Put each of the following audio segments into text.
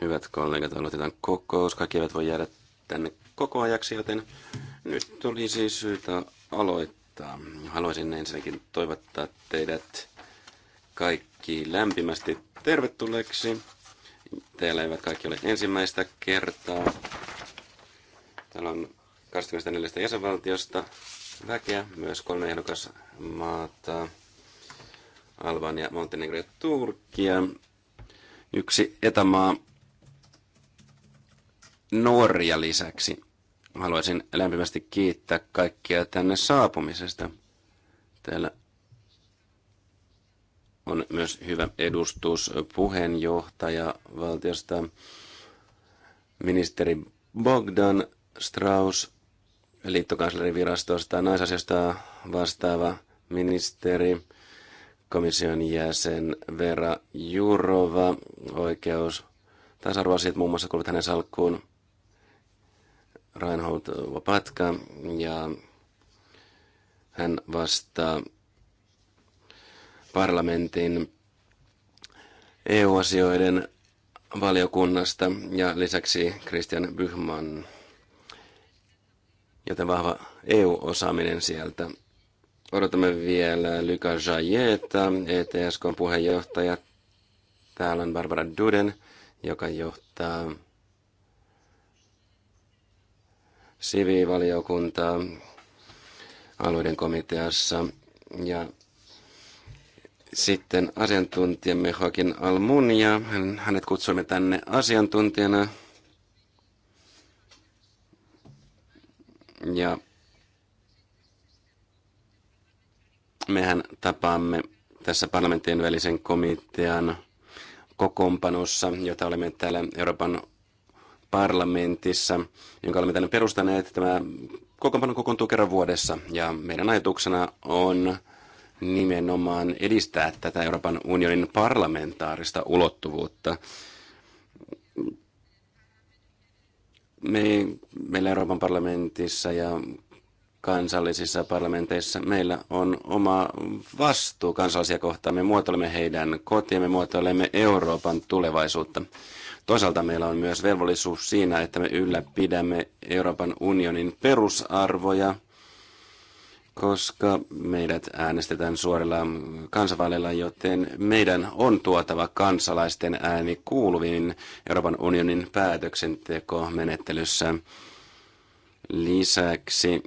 Hyvät kollegat, aloitetaan kokous. Kaikki eivät voi jäädä tänne ajaksi, joten nyt oli siis syytä aloittaa. Haluaisin ensinnäkin toivottaa teidät kaikki lämpimästi tervetulleeksi. Teillä eivät kaikki ole ensimmäistä kertaa. Täällä on 24 jäsenvaltiosta väkeä, myös kolme ehdokasmaata. maata Albania, Montenegro ja Turkia. Yksi etämaa Norja lisäksi. Haluaisin lämpimästi kiittää kaikkia tänne saapumisesta. Täällä on myös hyvä edustus puheenjohtaja valtiosta ministeri Bogdan Strauss, liittokanslerivirastosta, naisasiasta vastaava ministeri komission jäsen Vera Jurova, oikeus tasa-arvoasiat muun muassa kuuluvat hänen salkkuun, Reinhold Vapatka, ja hän vastaa parlamentin EU-asioiden valiokunnasta ja lisäksi Christian Byhman, joten vahva EU-osaaminen sieltä Odotamme vielä Lyka Jajeta, ETSKn puheenjohtaja. Täällä on Barbara Duden, joka johtaa sivivaliokuntaa alueiden komiteassa. Ja sitten asiantuntijamme Joakin Almunia. Hänet kutsuimme tänne asiantuntijana. Ja Mehän tapaamme tässä parlamenttien välisen komitean kokoonpanossa, jota olemme täällä Euroopan parlamentissa, jonka olemme tänne perustaneet. Tämä kokoonpano kokoontuu kerran vuodessa ja meidän ajatuksena on nimenomaan edistää tätä Euroopan unionin parlamentaarista ulottuvuutta. Me, meillä Euroopan parlamentissa ja kansallisissa parlamenteissa. Meillä on oma vastuu kansalaisia kohtaan. Me muotoilemme heidän kotiemme, muotoilemme Euroopan tulevaisuutta. Toisaalta meillä on myös velvollisuus siinä, että me ylläpidämme Euroopan unionin perusarvoja, koska meidät äänestetään suorilla kansanvaaleilla, joten meidän on tuotava kansalaisten ääni kuuluviin Euroopan unionin päätöksentekomenettelyssä. Lisäksi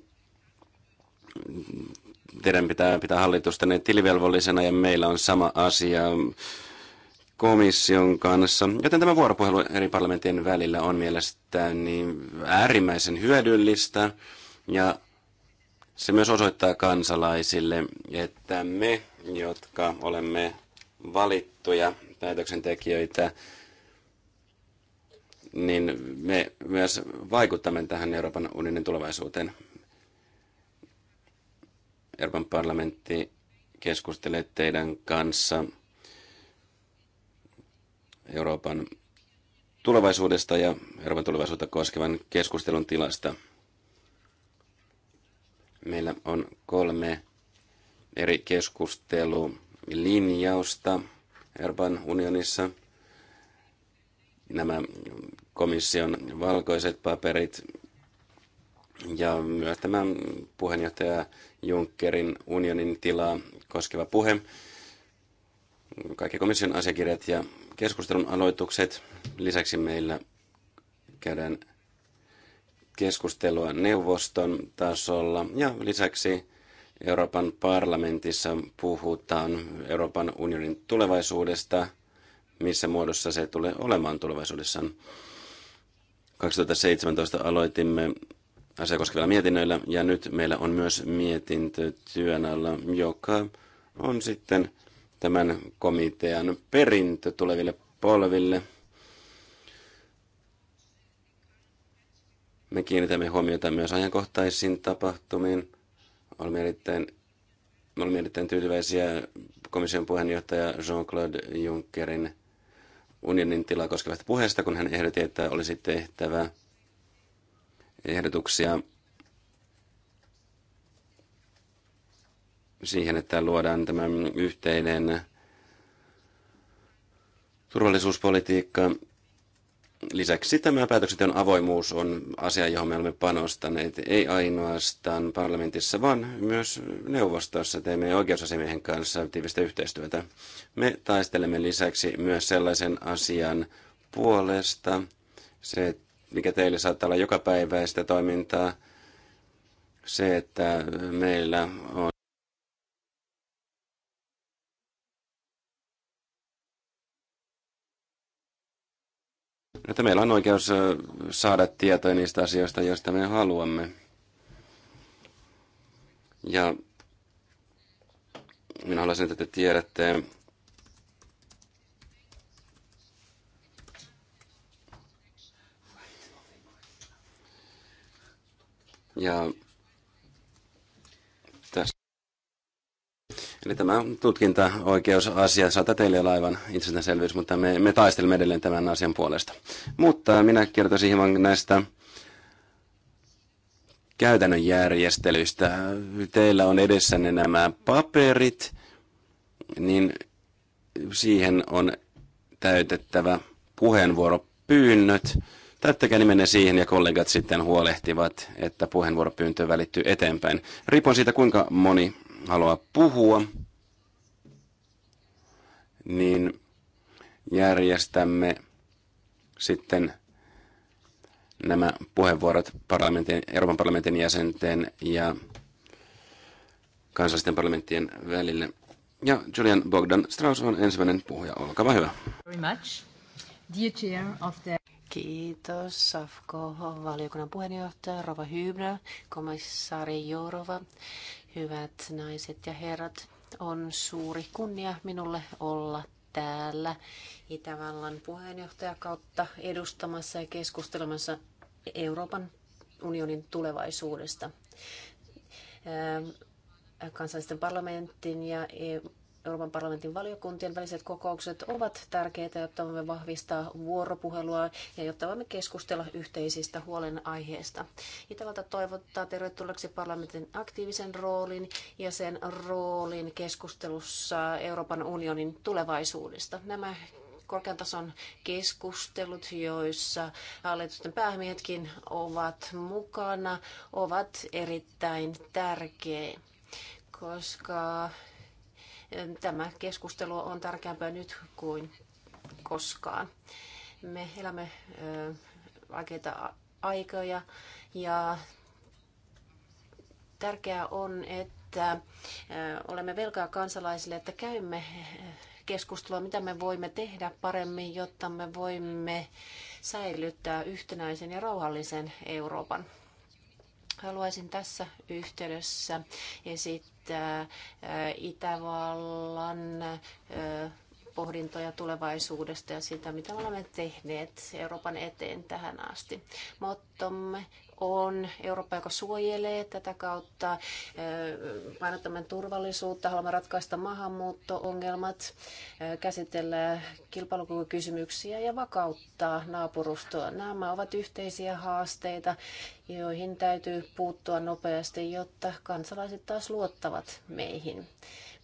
teidän pitää pitää hallitusta ne tilivelvollisena ja meillä on sama asia komission kanssa. Joten tämä vuoropuhelu eri parlamenttien välillä on mielestäni äärimmäisen hyödyllistä ja se myös osoittaa kansalaisille, että me, jotka olemme valittuja päätöksentekijöitä, niin me myös vaikuttamme tähän Euroopan unionin tulevaisuuteen. Euroopan parlamentti keskustelee teidän kanssa Euroopan tulevaisuudesta ja Euroopan tulevaisuutta koskevan keskustelun tilasta. Meillä on kolme eri keskustelulinjausta Euroopan unionissa. Nämä komission valkoiset paperit, ja myös tämä puheenjohtaja Junckerin unionin tilaa koskeva puhe, kaikki komission asiakirjat ja keskustelun aloitukset. Lisäksi meillä käydään keskustelua neuvoston tasolla ja lisäksi Euroopan parlamentissa puhutaan Euroopan unionin tulevaisuudesta, missä muodossa se tulee olemaan tulevaisuudessaan. 2017 aloitimme asiaa koskevilla mietinnöillä. Ja nyt meillä on myös mietintö työn alla, joka on sitten tämän komitean perintö tuleville polville. Me kiinnitämme huomiota myös ajankohtaisiin tapahtumiin. Olemme erittäin, olemme erittäin tyytyväisiä komission puheenjohtaja Jean-Claude Junckerin unionin tilaa koskevasta puheesta, kun hän ehdotti, että olisi tehtävä ehdotuksia siihen, että luodaan tämä yhteinen turvallisuuspolitiikka. Lisäksi tämä päätöksenteon avoimuus on asia, johon me olemme panostaneet, ei ainoastaan parlamentissa, vaan myös neuvostossa teemme oikeusasimiehen kanssa tiivistä yhteistyötä. Me taistelemme lisäksi myös sellaisen asian puolesta, se, mikä teille saattaa olla päiväistä toimintaa. Se, että meillä on että meillä on oikeus saada tietoja niistä asioista, joista me haluamme. Ja minä haluaisin, että te tiedätte, Ja tässä. Eli tämä asia, saattaa teille laivan aivan selvyys, mutta me, me taistelemme edelleen tämän asian puolesta. Mutta minä kertoisin hieman näistä käytännön järjestelyistä. Teillä on edessänne nämä paperit, niin siihen on täytettävä puheenvuoropyynnöt. pyynnöt Täyttäkää nimenne siihen ja kollegat sitten huolehtivat, että puheenvuoropyyntö välittyy eteenpäin. Riippuen siitä, kuinka moni haluaa puhua, niin järjestämme sitten nämä puheenvuorot parlamentin, Euroopan parlamentin jäsenten ja kansallisten parlamenttien välille. Ja Julian Bogdan Strauss on ensimmäinen puhuja. Olkaa hyvä. Very much. Dear chair of the... Kiitos Safko, valiokunnan puheenjohtaja, Rova Hybra, komissaari Jourova, hyvät naiset ja herrat. On suuri kunnia minulle olla täällä Itävallan puheenjohtajakautta edustamassa ja keskustelemassa Euroopan unionin tulevaisuudesta kansallisten parlamentin ja e- Euroopan parlamentin valiokuntien väliset kokoukset ovat tärkeitä, jotta voimme vahvistaa vuoropuhelua ja jotta voimme keskustella yhteisistä huolenaiheista. Itävalta toivottaa tervetulleeksi parlamentin aktiivisen roolin ja sen roolin keskustelussa Euroopan unionin tulevaisuudesta. Nämä korkean tason keskustelut, joissa hallitusten päämiehetkin ovat mukana, ovat erittäin tärkeä, koska Tämä keskustelu on tärkeämpää nyt kuin koskaan. Me elämme vaikeita aikoja ja tärkeää on, että olemme velkaa kansalaisille, että käymme keskustelua, mitä me voimme tehdä paremmin, jotta me voimme säilyttää yhtenäisen ja rauhallisen Euroopan. Haluaisin tässä yhteydessä esittää että Itävallan pohdintoja tulevaisuudesta ja siitä, mitä me olemme tehneet Euroopan eteen tähän asti. Mottomme on Eurooppa, joka suojelee tätä kautta painottamme turvallisuutta, haluamme ratkaista maahanmuutto-ongelmat, käsitellä kilpailukykykysymyksiä ja vakauttaa naapurustoa. Nämä ovat yhteisiä haasteita, joihin täytyy puuttua nopeasti, jotta kansalaiset taas luottavat meihin.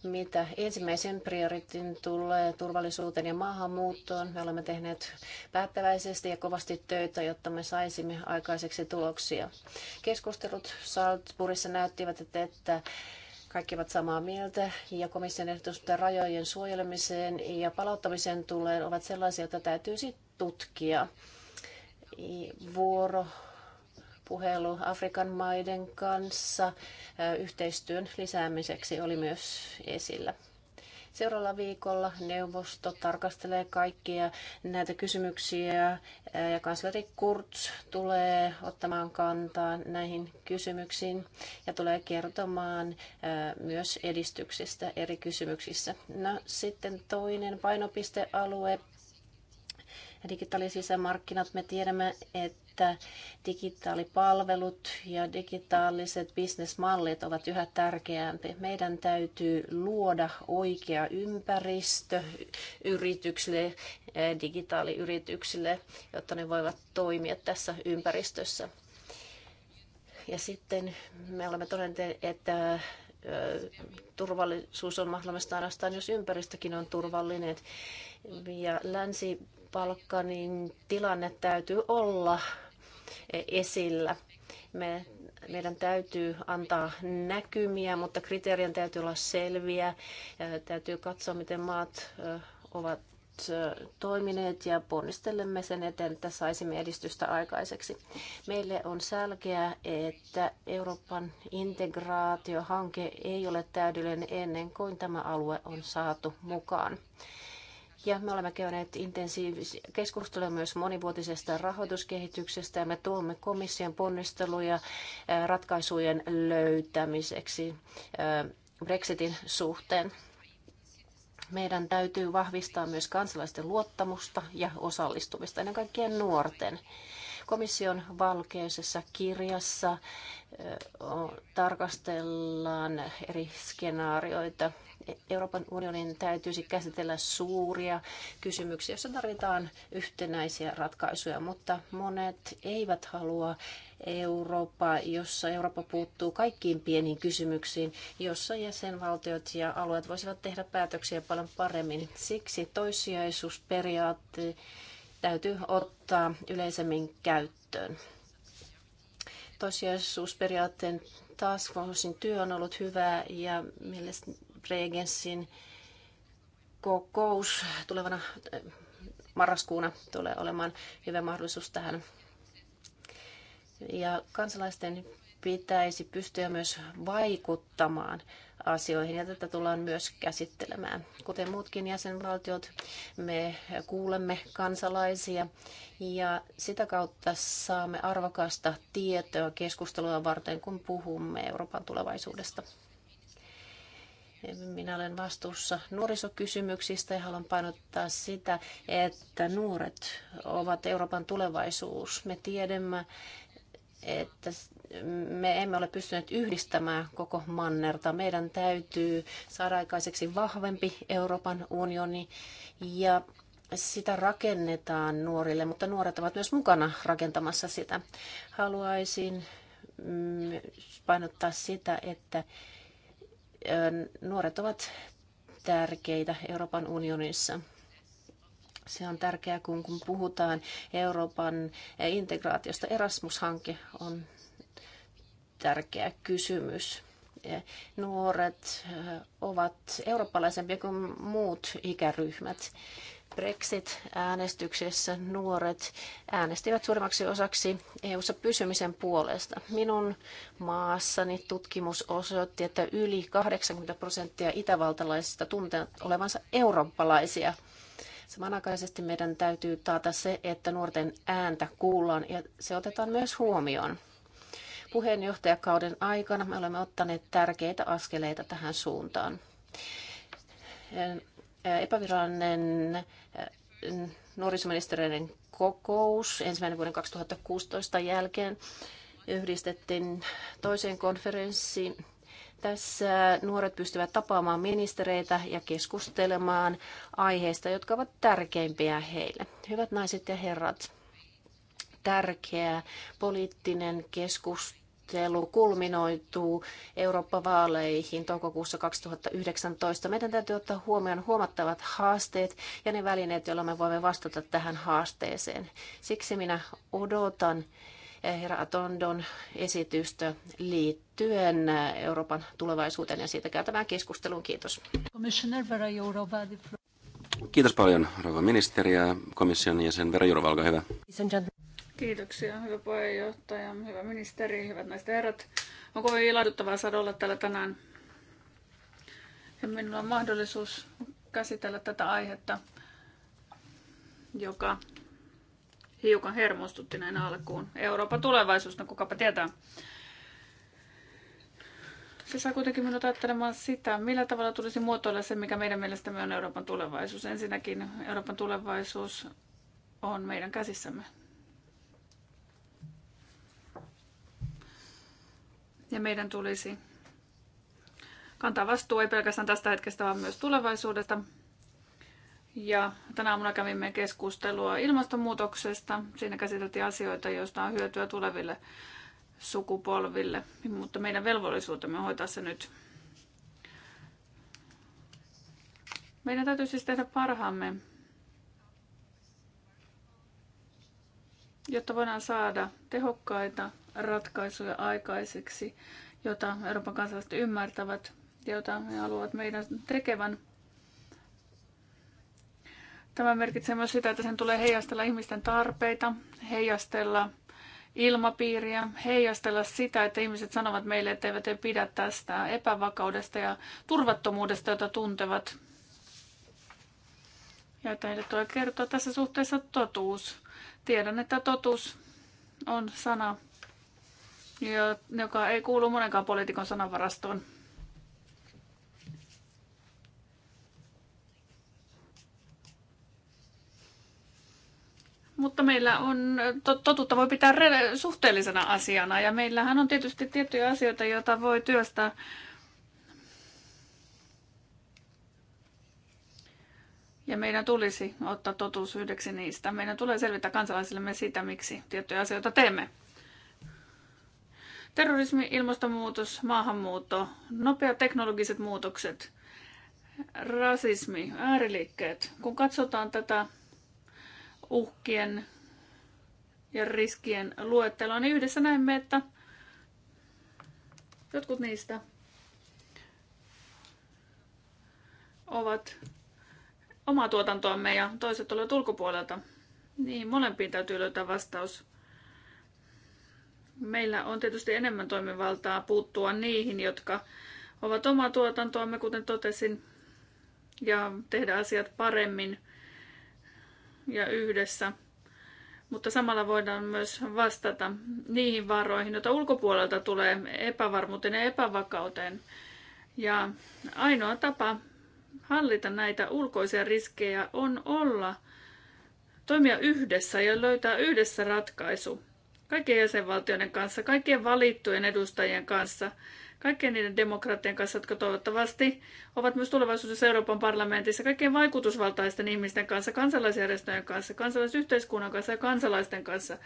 Mitä ensimmäisen prioritin tulee turvallisuuteen ja maahanmuuttoon, me olemme tehneet päättäväisesti ja kovasti töitä, jotta me saisimme aikaiseksi tuloksia. Keskustelut Salzburgissa näyttivät, että kaikki ovat samaa mieltä ja komission ehdotusten rajojen suojelemiseen ja palauttamiseen tulee ovat sellaisia, joita täytyisi tutkia. Vuoro vuoropuhelu Afrikan maiden kanssa yhteistyön lisäämiseksi oli myös esillä. Seuraavalla viikolla neuvosto tarkastelee kaikkia näitä kysymyksiä ja kansleri Kurz tulee ottamaan kantaa näihin kysymyksiin ja tulee kertomaan myös edistyksistä eri kysymyksissä. No, sitten toinen painopistealue markkinat. Me tiedämme, että että digitaalipalvelut ja digitaaliset bisnesmallit ovat yhä tärkeämpi. Meidän täytyy luoda oikea ympäristö yrityksille, eh, digitaaliyrityksille, jotta ne voivat toimia tässä ympäristössä. Ja sitten me olemme todenneet, että eh, turvallisuus on mahdollista ainoastaan, jos ympäristökin on turvallinen. Ja länsi Balkanin tilanne täytyy olla esillä. Me, meidän täytyy antaa näkymiä, mutta kriteerien täytyy olla selviä. Täytyy katsoa, miten maat ovat toimineet ja ponnistelemme sen eteen, että saisimme edistystä aikaiseksi. Meille on selkeää, että Euroopan integraatiohanke ei ole täydellinen ennen kuin tämä alue on saatu mukaan. Ja me olemme käyneet intensiivisiä keskusteluja myös monivuotisesta rahoituskehityksestä ja me tuomme komission ponnisteluja äh, ratkaisujen löytämiseksi äh, Brexitin suhteen. Meidän täytyy vahvistaa myös kansalaisten luottamusta ja osallistumista, ennen kaikkea nuorten. Komission valkeisessa kirjassa äh, tarkastellaan eri skenaarioita Euroopan unionin täytyisi käsitellä suuria kysymyksiä, joissa tarvitaan yhtenäisiä ratkaisuja, mutta monet eivät halua Eurooppaa, jossa Eurooppa puuttuu kaikkiin pieniin kysymyksiin, jossa jäsenvaltiot ja alueet voisivat tehdä päätöksiä paljon paremmin. Siksi toissijaisuusperiaatte täytyy ottaa yleisemmin käyttöön toissijaisuusperiaatteen taas työ on ollut hyvää ja mielestäni Regensin kokous tulevana äh, marraskuuna tulee olemaan hyvä mahdollisuus tähän. Ja kansalaisten pitäisi pystyä myös vaikuttamaan asioihin ja tätä tullaan myös käsittelemään. Kuten muutkin jäsenvaltiot, me kuulemme kansalaisia ja sitä kautta saamme arvokasta tietoa keskustelua varten, kun puhumme Euroopan tulevaisuudesta. Minä olen vastuussa nuorisokysymyksistä ja haluan painottaa sitä, että nuoret ovat Euroopan tulevaisuus. Me tiedämme, että me emme ole pystyneet yhdistämään koko mannerta. Meidän täytyy saada aikaiseksi vahvempi Euroopan unioni ja sitä rakennetaan nuorille, mutta nuoret ovat myös mukana rakentamassa sitä. Haluaisin painottaa sitä, että Nuoret ovat tärkeitä Euroopan unionissa. Se on tärkeää, kun, kun puhutaan Euroopan integraatiosta. Erasmus-hanke on tärkeä kysymys. Nuoret ovat eurooppalaisempia kuin muut ikäryhmät. Brexit-äänestyksessä nuoret äänestivät suurimmaksi osaksi EU-ssa pysymisen puolesta. Minun maassani tutkimus osoitti, että yli 80 prosenttia itävaltalaisista tuntee olevansa eurooppalaisia. Samanaikaisesti meidän täytyy taata se, että nuorten ääntä kuullaan ja se otetaan myös huomioon. Puheenjohtajakauden aikana me olemme ottaneet tärkeitä askeleita tähän suuntaan epävirallinen nuorisoministeriöiden kokous ensimmäinen vuoden 2016 jälkeen yhdistettiin toiseen konferenssiin. Tässä nuoret pystyvät tapaamaan ministereitä ja keskustelemaan aiheista, jotka ovat tärkeimpiä heille. Hyvät naiset ja herrat, tärkeä poliittinen keskustelu keskustelu kulminoituu Eurooppa-vaaleihin toukokuussa 2019. Meidän täytyy ottaa huomioon huomattavat haasteet ja ne välineet, joilla me voimme vastata tähän haasteeseen. Siksi minä odotan eh, herra Atondon esitystä liittyen eh, Euroopan tulevaisuuteen ja siitä käytävään keskusteluun. Kiitos. Kiitos paljon, rouva ministeri ja komission jäsen Vera Jurova, olkaa hyvä. Kiitoksia, hyvä puheenjohtaja, hyvä ministeri, hyvät naiset ja herrat. On kovin ilahduttavaa saada olla täällä tänään. Ja minulla on mahdollisuus käsitellä tätä aihetta, joka hiukan hermostutti näin alkuun. Euroopan tulevaisuus, no kukapa tietää. Se saa kuitenkin minut ajattelemaan sitä, millä tavalla tulisi muotoilla se, mikä meidän mielestämme on Euroopan tulevaisuus. Ensinnäkin Euroopan tulevaisuus on meidän käsissämme. ja meidän tulisi kantaa vastuu ei pelkästään tästä hetkestä, vaan myös tulevaisuudesta. Ja tänä aamuna kävimme keskustelua ilmastonmuutoksesta. Siinä käsiteltiin asioita, joista on hyötyä tuleville sukupolville, mutta meidän velvollisuutemme on hoitaa se nyt. Meidän täytyy siis tehdä parhaamme, jotta voidaan saada tehokkaita ratkaisuja aikaiseksi, jota Euroopan kansalaiset ymmärtävät ja jota he haluavat meidän tekevän. Tämä merkitsee myös sitä, että sen tulee heijastella ihmisten tarpeita, heijastella ilmapiiriä, heijastella sitä, että ihmiset sanovat meille, että eivät he pidä tästä epävakaudesta ja turvattomuudesta, jota tuntevat. Ja että heille tulee kertoa tässä suhteessa totuus. Tiedän, että totuus on sana, joka ei kuulu monenkaan poliitikon sananvarastoon. Mutta meillä on, totuutta voi pitää suhteellisena asiana ja meillähän on tietysti tiettyjä asioita, joita voi työstää Ja meidän tulisi ottaa totuus yhdeksi niistä. Meidän tulee selvittää kansalaisillemme sitä, miksi tiettyjä asioita teemme. Terrorismi, ilmastonmuutos, maahanmuutto, nopeat teknologiset muutokset, rasismi, ääriliikkeet. Kun katsotaan tätä uhkien ja riskien luetteloa, niin yhdessä näemme, että jotkut niistä ovat omaa tuotantoamme ja toiset olivat ulkopuolelta. Niin, molempiin täytyy löytää vastaus. Meillä on tietysti enemmän toimivaltaa puuttua niihin, jotka ovat omaa tuotantoamme, kuten totesin, ja tehdä asiat paremmin ja yhdessä. Mutta samalla voidaan myös vastata niihin varoihin, joita ulkopuolelta tulee epävarmuuteen ja epävakauteen. Ja ainoa tapa hallita näitä ulkoisia riskejä on olla, toimia yhdessä ja löytää yhdessä ratkaisu kaikkien jäsenvaltioiden kanssa, kaikkien valittujen edustajien kanssa, kaikkien niiden demokraattien kanssa, jotka toivottavasti ovat myös tulevaisuudessa Euroopan parlamentissa, kaikkien vaikutusvaltaisten ihmisten kanssa, kansalaisjärjestöjen kanssa, kansalaisyhteiskunnan kanssa ja kansalaisten kanssa.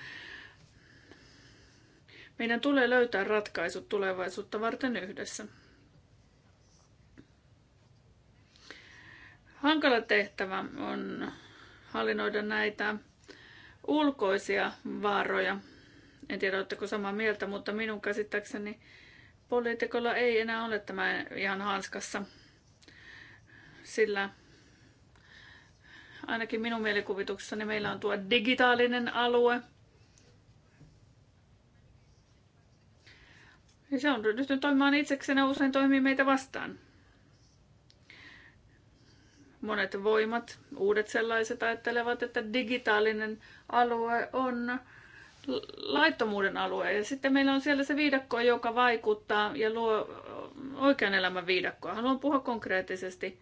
Meidän tulee löytää ratkaisut tulevaisuutta varten yhdessä. Hankala tehtävä on hallinnoida näitä ulkoisia vaaroja, en tiedä, oletteko samaa mieltä, mutta minun käsittääkseni poliitikolla ei enää ole tämä ihan hanskassa, sillä ainakin minun mielikuvituksessani meillä on tuo digitaalinen alue. Ja se on ryhtynyt toimimaan itsekseen ja usein toimii meitä vastaan. Monet voimat, uudet sellaiset, ajattelevat, että digitaalinen alue on laittomuuden alue. Ja sitten meillä on siellä se viidakko, joka vaikuttaa ja luo oikean elämän viidakkoa. Haluan puhua konkreettisesti.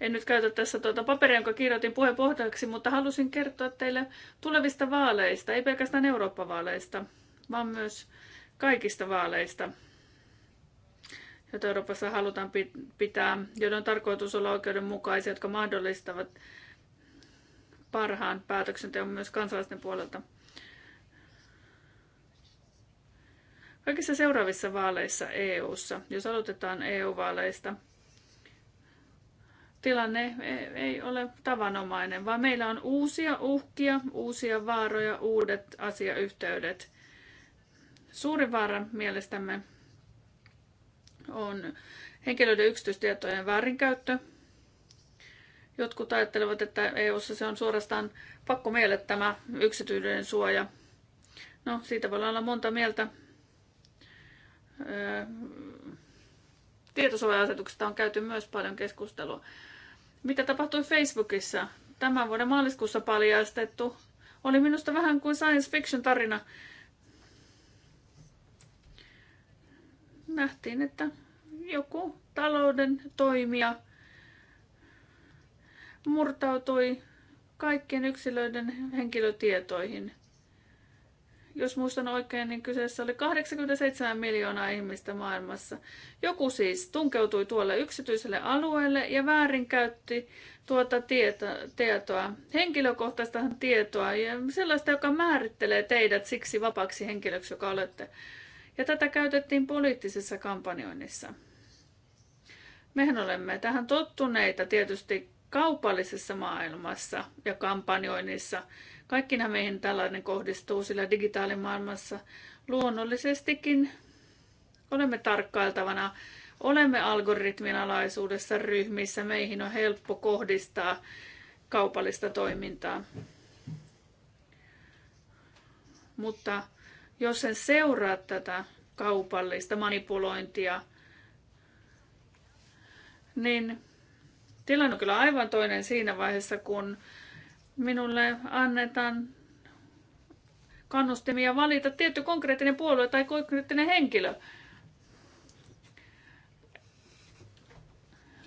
En nyt käytä tässä tuota paperia, jonka kirjoitin puheen pohtajaksi, mutta halusin kertoa teille tulevista vaaleista, ei pelkästään Eurooppa-vaaleista, vaan myös kaikista vaaleista, joita Euroopassa halutaan pitää, joiden on tarkoitus olla oikeudenmukaisia, jotka mahdollistavat parhaan päätöksenteon myös kansalaisten puolelta. Kaikissa seuraavissa vaaleissa EU:ssa, jos aloitetaan EU-vaaleista, tilanne e- ei ole tavanomainen, vaan meillä on uusia uhkia, uusia vaaroja, uudet asiayhteydet. Suuri vaara mielestämme on henkilöiden yksityistietojen väärinkäyttö, Jotkut ajattelevat, että EU:ssa se on suorastaan pakko miele tämä yksityisyyden suoja. No, siitä voi olla monta mieltä. Öö, tietosuoja-asetuksesta on käyty myös paljon keskustelua. Mitä tapahtui Facebookissa? Tämän vuoden maaliskuussa paljastettu oli minusta vähän kuin science fiction tarina. Nähtiin, että joku talouden toimija – murtautui kaikkien yksilöiden henkilötietoihin. Jos muistan oikein, niin kyseessä oli 87 miljoonaa ihmistä maailmassa. Joku siis tunkeutui tuolle yksityiselle alueelle ja väärinkäytti tuota tieto, tietoa, henkilökohtaista tietoa ja sellaista, joka määrittelee teidät siksi vapaaksi henkilöksi, joka olette. Ja tätä käytettiin poliittisessa kampanjoinnissa. Mehän olemme tähän tottuneita tietysti kaupallisessa maailmassa ja kampanjoinnissa. Kaikkina meihin tällainen kohdistuu, sillä digitaalimaailmassa luonnollisestikin olemme tarkkailtavana, olemme algoritmin alaisuudessa ryhmissä, meihin on helppo kohdistaa kaupallista toimintaa. Mutta jos en seuraa tätä kaupallista manipulointia, niin Tilanne on kyllä aivan toinen siinä vaiheessa, kun minulle annetaan kannustimia valita tietty konkreettinen puolue tai konkreettinen henkilö.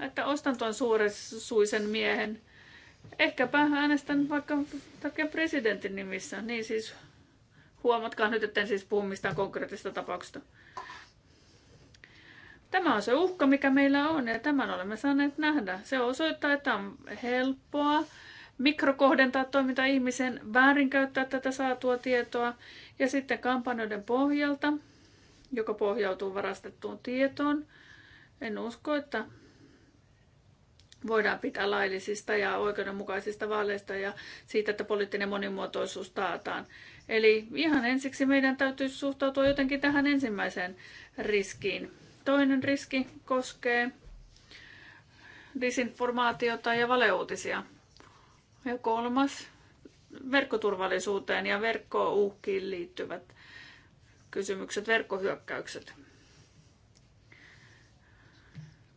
Että ostan tuon suuresuisen miehen. Ehkäpä äänestän vaikka takia presidentin nimissä. Niin siis huomatkaa nyt, että en siis puhu mistään konkreettisesta tapauksesta. Tämä on se uhka, mikä meillä on ja tämän olemme saaneet nähdä. Se osoittaa, että on helppoa mikrokohdentaa toiminta ihmisen, väärinkäyttää tätä saatua tietoa ja sitten kampanjoiden pohjalta, joka pohjautuu varastettuun tietoon. En usko, että voidaan pitää laillisista ja oikeudenmukaisista vaaleista ja siitä, että poliittinen monimuotoisuus taataan. Eli ihan ensiksi meidän täytyy suhtautua jotenkin tähän ensimmäiseen riskiin. Toinen riski koskee disinformaatiota ja valeuutisia. Ja kolmas verkkoturvallisuuteen ja verkkouhkiin liittyvät kysymykset, verkkohyökkäykset.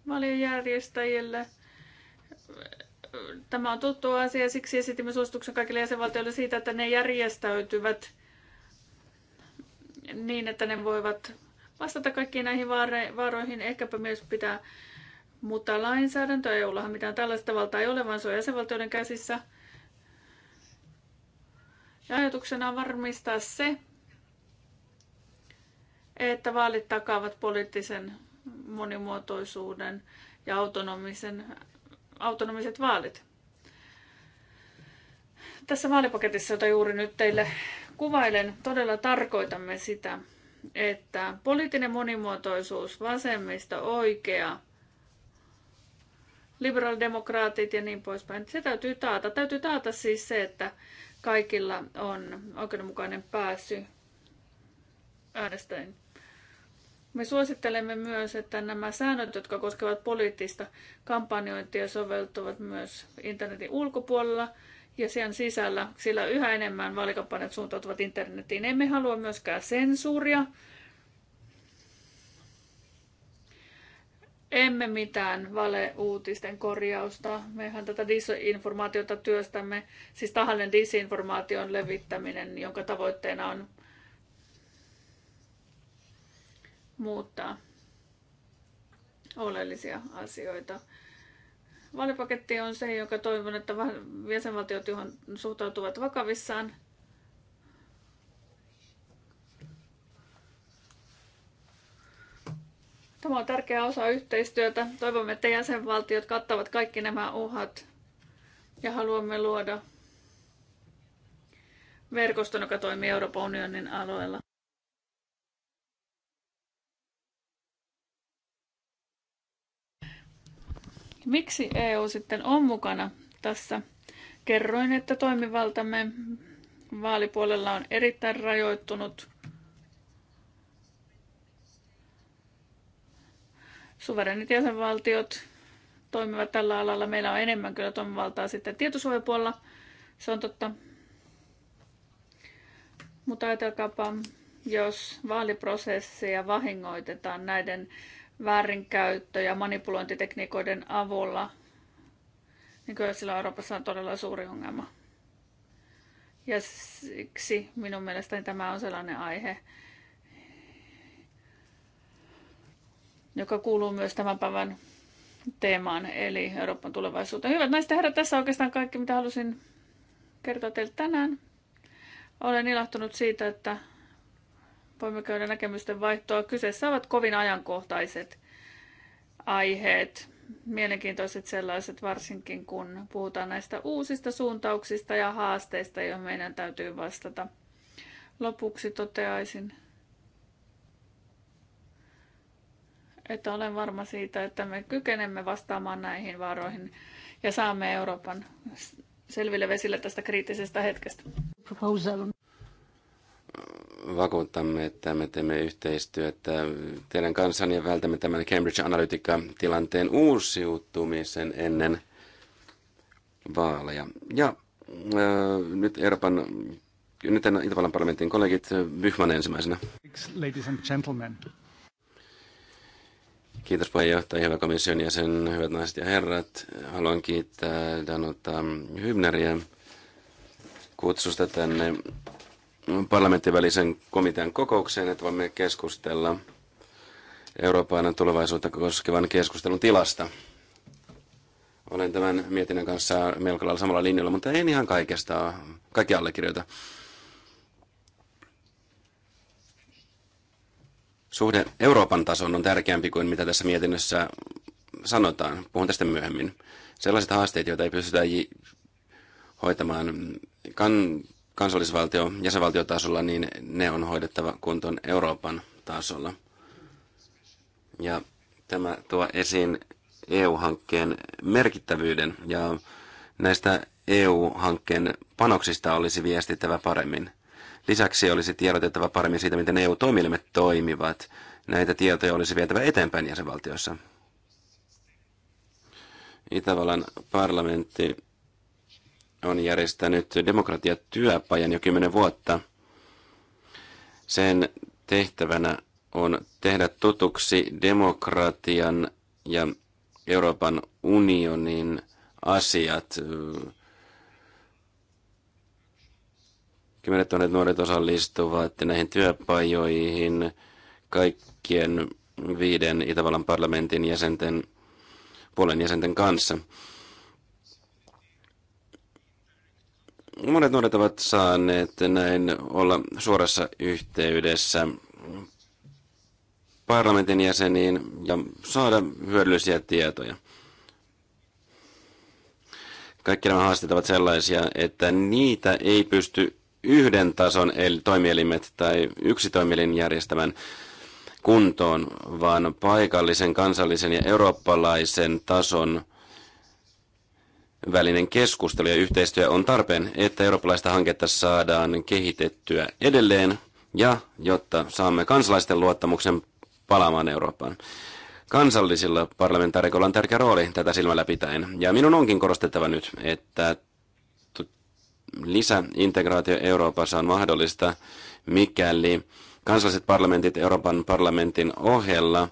Valiojärjestäjille tämä on tuttu asia, siksi esitimme suosituksen kaikille jäsenvaltioille siitä, että ne järjestäytyvät niin, että ne voivat vastata kaikkiin näihin vaaroihin. Ehkäpä myös pitää muuttaa lainsäädäntöä. EUllahan mitään tällaista valtaa ei ole, vaan se on jäsenvaltioiden käsissä. Ja ajatuksena on varmistaa se, että vaalit takaavat poliittisen monimuotoisuuden ja autonomisen, autonomiset vaalit. Tässä vaalipaketissa, jota juuri nyt teille kuvailen, todella tarkoitamme sitä, että poliittinen monimuotoisuus, vasemmista oikea, liberaalidemokraatit ja niin poispäin, se täytyy taata. Täytyy taata siis se, että kaikilla on oikeudenmukainen pääsy äänestäjiin. Me suosittelemme myös, että nämä säännöt, jotka koskevat poliittista kampanjointia, soveltuvat myös internetin ulkopuolella – ja sen sisällä, sillä yhä enemmän vaalikampanjat suuntautuvat internetiin. Emme halua myöskään sensuuria. Emme mitään valeuutisten korjausta. Mehän tätä disinformaatiota työstämme, siis tahallinen disinformaation levittäminen, jonka tavoitteena on muuttaa oleellisia asioita. Vaalipaketti on se, joka toivon, että jäsenvaltiot johon suhtautuvat vakavissaan. Tämä on tärkeä osa yhteistyötä. Toivomme, että jäsenvaltiot kattavat kaikki nämä uhat ja haluamme luoda verkoston, joka toimii Euroopan unionin alueella. Miksi EU sitten on mukana tässä? Kerroin, että toimivaltamme vaalipuolella on erittäin rajoittunut. Suverenit jäsenvaltiot toimivat tällä alalla. Meillä on enemmän kyllä toimivaltaa sitten tietosuojapuolella. Se on totta. Mutta ajatelkaapa, jos vaaliprosessia vahingoitetaan näiden väärinkäyttö ja manipulointitekniikoiden avulla, niin kyllä sillä Euroopassa on todella suuri ongelma. Ja siksi minun mielestäni tämä on sellainen aihe, joka kuuluu myös tämän päivän teemaan, eli Euroopan tulevaisuuteen. Hyvät naiset ja herrat, tässä on oikeastaan kaikki, mitä halusin kertoa teille tänään. Olen ilahtunut siitä, että voimme käydä näkemysten vaihtoa. Kyseessä ovat kovin ajankohtaiset aiheet, mielenkiintoiset sellaiset varsinkin, kun puhutaan näistä uusista suuntauksista ja haasteista, joihin meidän täytyy vastata. Lopuksi toteaisin, että olen varma siitä, että me kykenemme vastaamaan näihin vaaroihin ja saamme Euroopan selville vesille tästä kriittisestä hetkestä. Proposal vakuutamme, että me teemme yhteistyötä teidän kanssanne ja vältämme tämän Cambridge Analytica-tilanteen uusiutumisen ennen vaaleja. Ja äh, nyt Euroopan nyt Itävallan parlamentin kollegit, äh, Byhman ensimmäisenä. Ladies and gentlemen. Kiitos puheenjohtaja, hyvä komission jäsen, hyvät naiset ja herrat. Haluan kiittää Danuta Hybneriä kutsusta tänne parlamentin välisen komitean kokoukseen, että voimme keskustella Euroopan tulevaisuutta koskevan keskustelun tilasta. Olen tämän mietinnön kanssa melko lailla samalla linjalla, mutta en ihan kaikesta, kaikki allekirjoita. Suhde Euroopan tason on tärkeämpi kuin mitä tässä mietinnössä sanotaan. Puhun tästä myöhemmin. Sellaiset haasteet, joita ei pystytä hoitamaan kan- kansallisvaltio, jäsenvaltiotasolla, niin ne on hoidettava kuntoon Euroopan tasolla. Ja tämä tuo esiin EU-hankkeen merkittävyyden ja näistä EU-hankkeen panoksista olisi viestittävä paremmin. Lisäksi olisi tiedotettava paremmin siitä, miten EU-toimielimet toimivat. Näitä tietoja olisi vietävä eteenpäin jäsenvaltioissa. Itävallan parlamentti on järjestänyt demokratiatyöpajan jo kymmenen vuotta. Sen tehtävänä on tehdä tutuksi demokratian ja Euroopan unionin asiat. Kymmenet tuhannet nuoret osallistuvat näihin työpajoihin kaikkien viiden Itävallan parlamentin jäsenten, puolen jäsenten kanssa. Monet nuoret ovat saaneet näin olla suorassa yhteydessä parlamentin jäseniin ja saada hyödyllisiä tietoja. Kaikki nämä haasteet ovat sellaisia, että niitä ei pysty yhden tason eli toimielimet tai yksi toimielin järjestämään kuntoon, vaan paikallisen, kansallisen ja eurooppalaisen tason välinen keskustelu ja yhteistyö on tarpeen, että eurooppalaista hanketta saadaan kehitettyä edelleen ja jotta saamme kansalaisten luottamuksen palaamaan Eurooppaan. Kansallisilla parlamentaarikoilla on tärkeä rooli tätä silmällä pitäen, ja minun onkin korostettava nyt, että lisäintegraatio Euroopassa on mahdollista, mikäli kansalliset parlamentit Euroopan parlamentin ohella –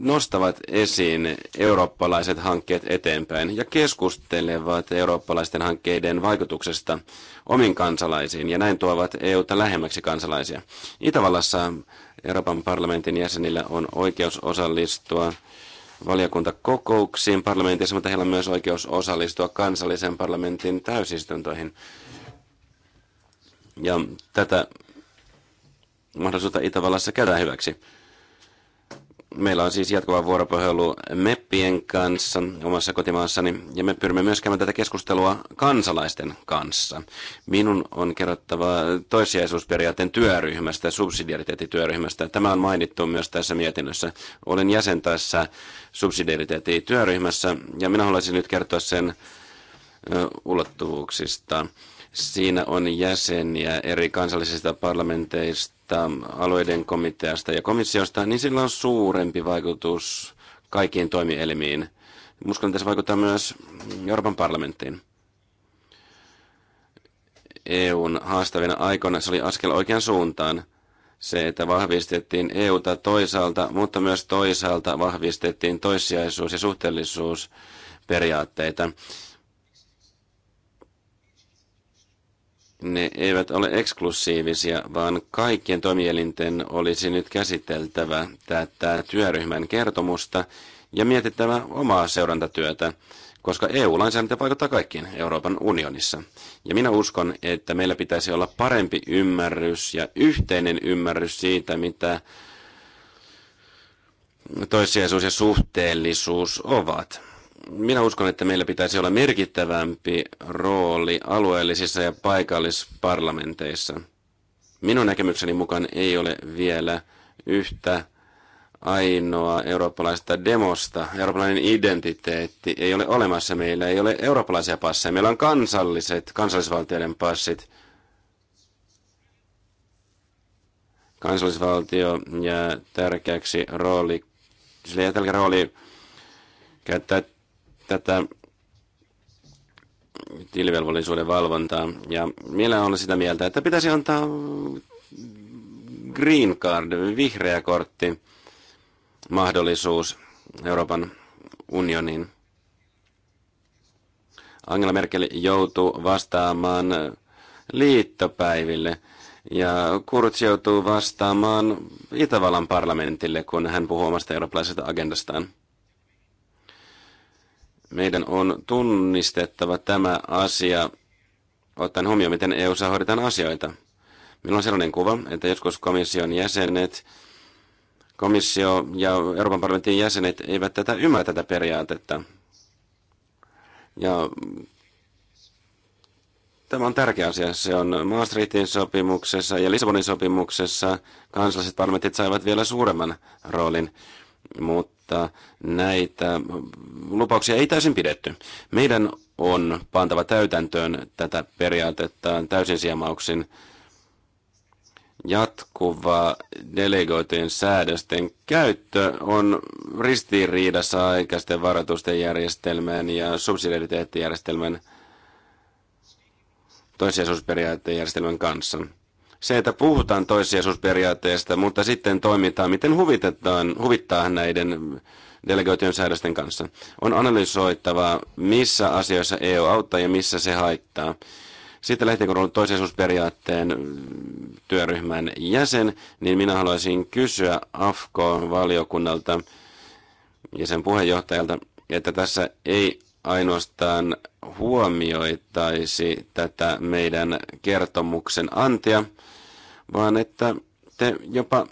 nostavat esiin eurooppalaiset hankkeet eteenpäin ja keskustelevat eurooppalaisten hankkeiden vaikutuksesta omin kansalaisiin ja näin tuovat EUta lähemmäksi kansalaisia. Itävallassa Euroopan parlamentin jäsenillä on oikeus osallistua valiokuntakokouksiin parlamentissa, mutta heillä on myös oikeus osallistua kansallisen parlamentin täysistuntoihin. Ja tätä mahdollisuutta Itävallassa käydään hyväksi. Meillä on siis jatkuva vuoropuhelu meppien kanssa omassa kotimaassani, ja me pyrimme myös käymään tätä keskustelua kansalaisten kanssa. Minun on kerrottava toissijaisuusperiaatteen työryhmästä, subsidiariteettityöryhmästä. Tämä on mainittu myös tässä mietinnössä. Olen jäsen tässä subsidiariteettityöryhmässä, ja minä haluaisin nyt kertoa sen ulottuvuuksista. Siinä on jäseniä eri kansallisista parlamenteista, päättää alueiden komiteasta ja komissiosta, niin sillä on suurempi vaikutus kaikkiin toimielimiin. Uskon, että se vaikuttaa myös Euroopan parlamenttiin. EUn haastavina aikoina se oli askel oikean suuntaan. Se, että vahvistettiin EUta toisaalta, mutta myös toisaalta vahvistettiin toissijaisuus- ja suhteellisuusperiaatteita. ne eivät ole eksklusiivisia, vaan kaikkien toimielinten olisi nyt käsiteltävä tätä työryhmän kertomusta ja mietittävä omaa seurantatyötä, koska EU-lainsäädäntö vaikuttaa kaikkiin Euroopan unionissa. Ja minä uskon, että meillä pitäisi olla parempi ymmärrys ja yhteinen ymmärrys siitä, mitä toissijaisuus ja suhteellisuus ovat minä uskon, että meillä pitäisi olla merkittävämpi rooli alueellisissa ja paikallisparlamenteissa. Minun näkemykseni mukaan ei ole vielä yhtä ainoa eurooppalaista demosta. Eurooppalainen identiteetti ei ole olemassa meillä, ei ole eurooppalaisia passeja. Meillä on kansalliset, kansallisvaltioiden passit. Kansallisvaltio ja tärkeäksi rooli, sillä ei tärkeä rooli käyttää tätä tilivelvollisuuden valvontaa. Ja minä olen sitä mieltä, että pitäisi antaa green card, vihreä kortti, mahdollisuus Euroopan unioniin. Angela Merkel joutuu vastaamaan liittopäiville ja Kurz joutuu vastaamaan Itävallan parlamentille, kun hän puhuu omasta eurooppalaisesta agendastaan. Meidän on tunnistettava tämä asia, ottaen huomioon, miten EU-ssa hoidetaan asioita. Minulla on sellainen kuva, että joskus komission jäsenet, komissio ja Euroopan parlamentin jäsenet eivät tätä ymmärrä tätä periaatetta. Ja tämä on tärkeä asia. Se on Maastrichtin sopimuksessa ja Lissabonin sopimuksessa. Kansalliset parlamentit saivat vielä suuremman roolin, mutta mutta näitä lupauksia ei täysin pidetty. Meidän on pantava täytäntöön tätä periaatetta täysin siemauksin jatkuva delegoitujen säädösten käyttö on ristiriidassa aikaisten varoitusten järjestelmän ja subsidiariteettijärjestelmän toissijaisuusperiaatteen järjestelmän kanssa se, että puhutaan toissijaisuusperiaatteesta, mutta sitten toimitaan, miten huvitetaan, huvittaa näiden delegoitujen säädösten kanssa. On analysoitava, missä asioissa EU auttaa ja missä se haittaa. Sitten lähtien, kun olen toisiasuusperiaatteen työryhmän jäsen, niin minä haluaisin kysyä AFKO-valiokunnalta ja sen puheenjohtajalta, että tässä ei ainoastaan huomioitaisi tätä meidän kertomuksen antia, vaan että te jopa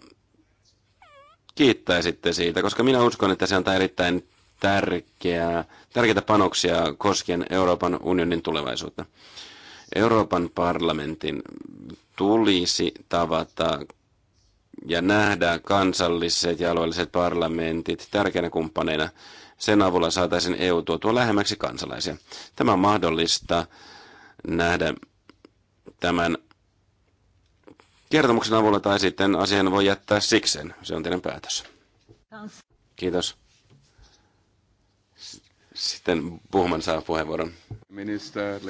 kiittäisitte siitä, koska minä uskon, että se antaa erittäin tärkeää, tärkeitä panoksia koskien Euroopan unionin tulevaisuutta. Euroopan parlamentin tulisi tavata ja nähdä kansalliset ja alueelliset parlamentit tärkeänä kumppaneina. Sen avulla saataisiin EU tuotua lähemmäksi kansalaisia. Tämä on mahdollista nähdä tämän kertomuksen avulla tai sitten asian voi jättää sikseen. Se on teidän päätös. Kiitos. Sitten Buhman saa puheenvuoron. Minister,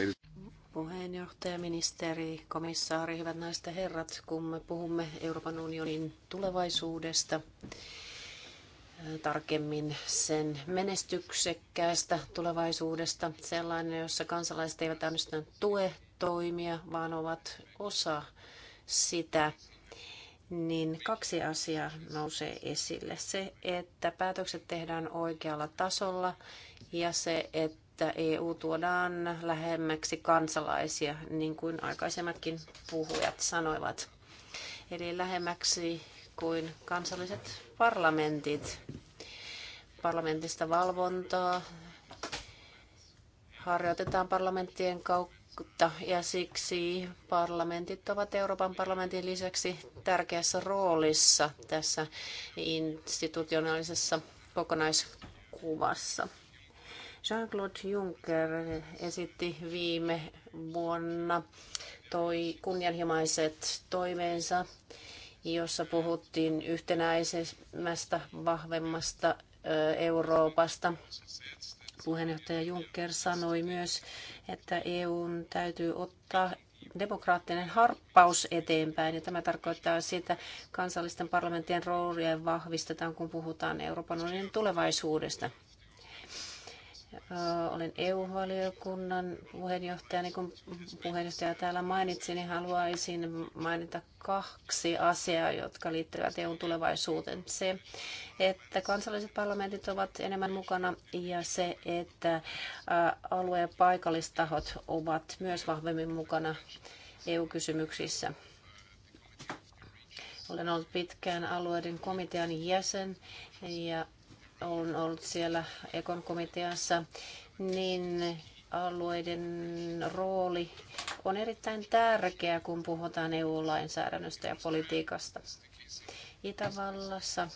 puheenjohtaja, ministeri, komissaari, hyvät naiset ja herrat, kun me puhumme Euroopan unionin tulevaisuudesta, äh, tarkemmin sen menestyksekkäästä tulevaisuudesta, sellainen, jossa kansalaiset eivät ainoastaan tue toimia, vaan ovat osa sitä, niin kaksi asiaa nousee esille. Se, että päätökset tehdään oikealla tasolla ja se, että EU tuodaan lähemmäksi kansalaisia, niin kuin aikaisemmatkin puhujat sanoivat. Eli lähemmäksi kuin kansalliset parlamentit. Parlamentista valvontaa harjoitetaan parlamenttien kautta tulevaisuutta ja siksi parlamentit ovat Euroopan parlamentin lisäksi tärkeässä roolissa tässä institutionaalisessa kokonaiskuvassa. Jean-Claude Juncker esitti viime vuonna toi kunnianhimaiset toiveensa, jossa puhuttiin yhtenäisemmästä, vahvemmasta Euroopasta. Puheenjohtaja Juncker sanoi myös, että EUn täytyy ottaa demokraattinen harppaus eteenpäin. Ja tämä tarkoittaa sitä, että kansallisten parlamenttien roolia vahvistetaan, kun puhutaan Euroopan unionin tulevaisuudesta. Olen EU-valiokunnan puheenjohtaja. Niin kuin puheenjohtaja täällä mainitsi, niin haluaisin mainita kaksi asiaa, jotka liittyvät EUn tulevaisuuteen. Se, että kansalliset parlamentit ovat enemmän mukana ja se, että alue- ja paikallistahot ovat myös vahvemmin mukana EU-kysymyksissä. Olen ollut pitkään alueiden komitean jäsen ja olen ollut siellä Ekon komiteassa, niin alueiden rooli on erittäin tärkeä, kun puhutaan EU-lainsäädännöstä ja politiikasta. Itävallassa,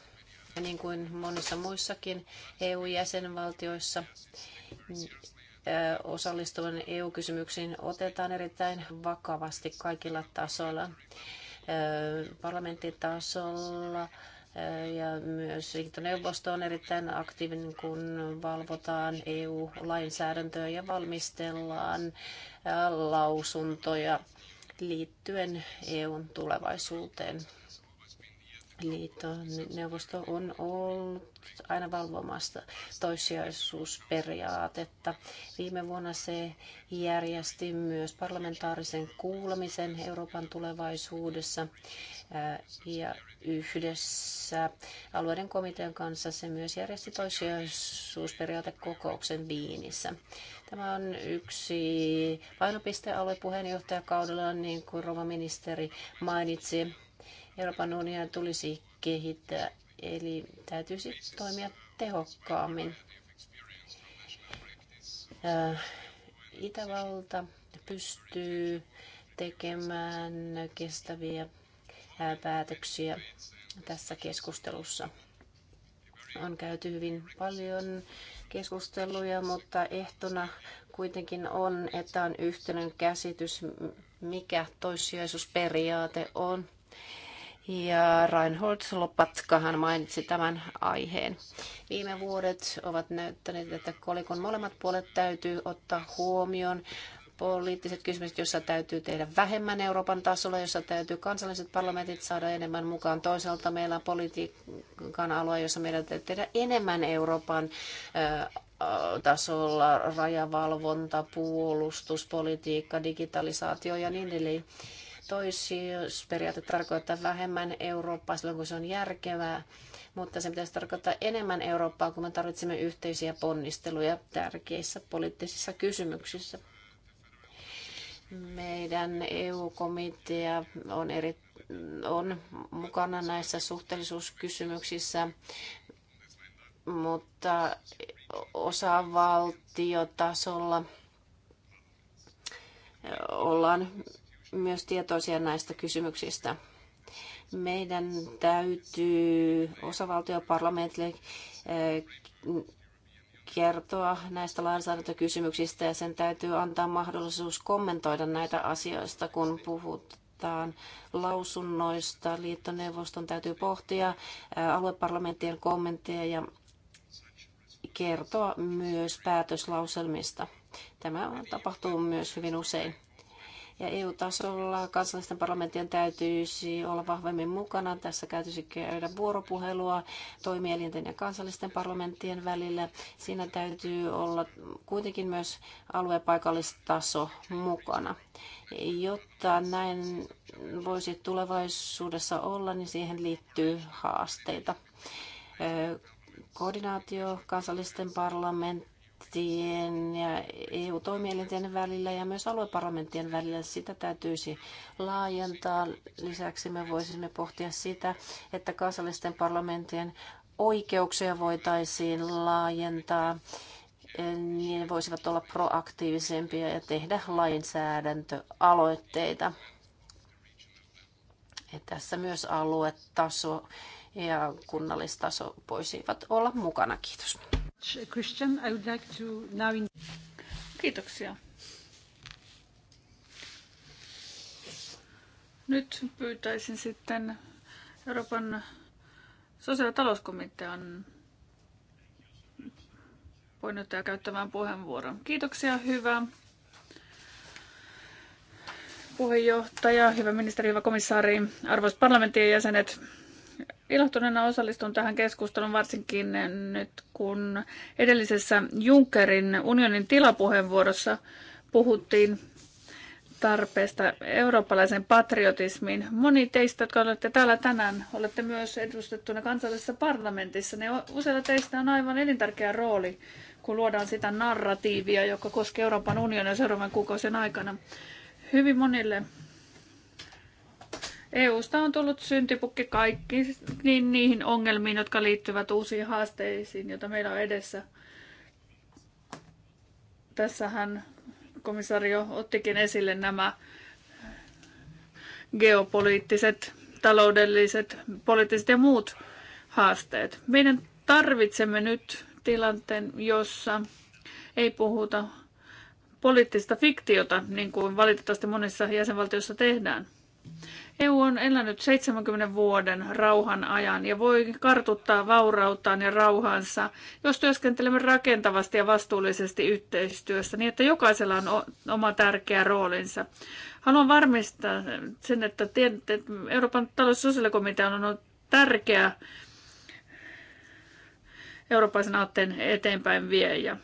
ja niin kuin monissa muissakin EU-jäsenvaltioissa, osallistuvan EU-kysymyksiin otetaan erittäin vakavasti kaikilla tasoilla. Parlamenttitasolla, ja myös liittoneuvosto on erittäin aktiivinen, kun valvotaan EU-lainsäädäntöä ja valmistellaan lausuntoja liittyen EUn tulevaisuuteen liiton Neuvosto on ollut aina valvomassa toissijaisuusperiaatetta. Viime vuonna se järjesti myös parlamentaarisen kuulemisen Euroopan tulevaisuudessa ja yhdessä alueiden komitean kanssa se myös järjesti toissijaisuusperiaatekokouksen Viinissä. Tämä on yksi painopistealue puheenjohtajakaudella, niin kuin Rova ministeri mainitsi Euroopan unionia tulisi kehittää, eli täytyisi toimia tehokkaammin. Äh, Itävalta pystyy tekemään kestäviä äh, päätöksiä tässä keskustelussa. On käyty hyvin paljon keskusteluja, mutta ehtona kuitenkin on, että on yhtenäinen käsitys, mikä toissijaisuusperiaate on. Ja Reinhold Lopatkahan mainitsi tämän aiheen. Viime vuodet ovat näyttäneet, että kolikon molemmat puolet täytyy ottaa huomioon. Poliittiset kysymykset, joissa täytyy tehdä vähemmän Euroopan tasolla, jossa täytyy kansalliset parlamentit saada enemmän mukaan. Toisaalta meillä on politiikan alue, jossa meidän täytyy tehdä enemmän Euroopan tasolla, rajavalvonta, puolustuspolitiikka, digitalisaatio ja niin edelleen. Niin toissijaisuusperiaate tarkoittaa vähemmän Eurooppaa silloin, kun se on järkevää, mutta se pitäisi tarkoittaa enemmän Eurooppaa, kun me tarvitsemme yhteisiä ponnisteluja tärkeissä poliittisissa kysymyksissä. Meidän EU-komitea on, eri, on mukana näissä suhteellisuuskysymyksissä, mutta osavaltiotasolla ollaan myös tietoisia näistä kysymyksistä. Meidän täytyy osavaltioparlamentille eh, kertoa näistä lainsäädäntökysymyksistä ja sen täytyy antaa mahdollisuus kommentoida näitä asioista, kun puhutaan lausunnoista. Liittoneuvoston täytyy pohtia eh, alueparlamenttien kommentteja ja kertoa myös päätöslauselmista. Tämä tapahtuu myös hyvin usein. Ja EU-tasolla kansallisten parlamenttien täytyisi olla vahvemmin mukana. Tässä täytyisi käydä vuoropuhelua toimielinten ja kansallisten parlamenttien välillä. Siinä täytyy olla kuitenkin myös aluepaikallistaso mukana. Jotta näin voisi tulevaisuudessa olla, niin siihen liittyy haasteita koordinaatio kansallisten parlamenttien parlamenttien ja EU-toimielinten välillä ja myös alueparlamenttien välillä. Sitä täytyisi laajentaa. Lisäksi me voisimme pohtia sitä, että kansallisten parlamenttien oikeuksia voitaisiin laajentaa. Niin ne voisivat olla proaktiivisempia ja tehdä lainsäädäntöaloitteita. Ja tässä myös aluetaso ja kunnallistaso voisivat olla mukana. Kiitos. Uh, Christian. I would like to now... In... Kiitoksia. Nyt pyytäisin sitten Euroopan sosiaali- ja talouskomitean puheenjohtaja käyttämään puheenvuoron. Kiitoksia, hyvä puheenjohtaja, hyvä ministeri, hyvä komissaari, arvoisat parlamentin jäsenet. Ilahtuneena osallistun tähän keskusteluun varsinkin nyt, kun edellisessä Junckerin unionin tilapuheenvuorossa puhuttiin tarpeesta eurooppalaisen patriotismiin. Moni teistä, jotka olette täällä tänään, olette myös edustettuna kansallisessa parlamentissa. Ne useilla teistä on aivan elintärkeä rooli, kun luodaan sitä narratiivia, joka koskee Euroopan unionia seuraavan kuukausien aikana. Hyvin monille EUsta on tullut syntipukki kaikkiin niin niihin ongelmiin, jotka liittyvät uusiin haasteisiin, joita meillä on edessä. Tässähän komissario ottikin esille nämä geopoliittiset, taloudelliset, poliittiset ja muut haasteet. Meidän tarvitsemme nyt tilanteen, jossa ei puhuta poliittista fiktiota, niin kuin valitettavasti monissa jäsenvaltioissa tehdään – EU on elänyt 70 vuoden rauhan ajan ja voi kartuttaa vaurauttaan ja rauhansa, jos työskentelemme rakentavasti ja vastuullisesti yhteistyössä niin, että jokaisella on oma tärkeä roolinsa. Haluan varmistaa sen, että Euroopan talous- ja sosiaalikomitea on ollut tärkeä eurooppalaisen aatteen eteenpäin viejä.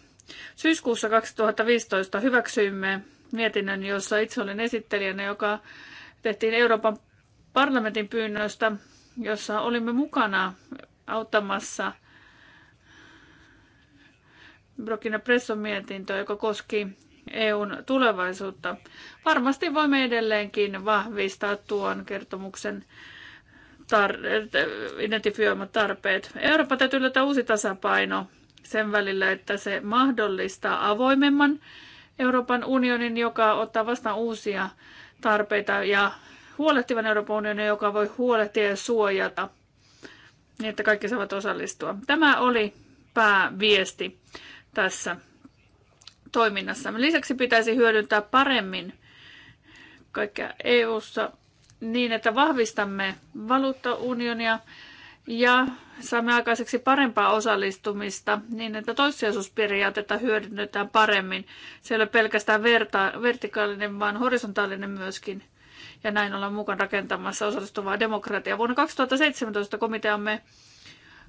Syyskuussa 2015 hyväksyimme mietinnön, jossa itse olin esittelijänä, joka tehtiin Euroopan parlamentin pyynnöstä, jossa olimme mukana auttamassa Brokina Presson mietintöä, joka koski EUn tulevaisuutta. Varmasti voimme edelleenkin vahvistaa tuon kertomuksen tar- identifioimat tarpeet. Eurooppa täytyy löytää uusi tasapaino sen välillä, että se mahdollistaa avoimemman Euroopan unionin, joka ottaa vastaan uusia tarpeita ja huolehtivan Euroopan unionin, joka voi huolehtia ja suojata niin, että kaikki saavat osallistua. Tämä oli pääviesti tässä toiminnassa. Lisäksi pitäisi hyödyntää paremmin kaikkea EU-ssa niin, että vahvistamme valuuttaunionia, ja saamme aikaiseksi parempaa osallistumista niin, että toissijaisuusperiaatetta hyödynnetään paremmin. Se ei ole pelkästään verta- vertikaalinen, vaan horisontaalinen myöskin. Ja näin ollaan mukaan rakentamassa osallistuvaa demokratiaa. Vuonna 2017 komiteamme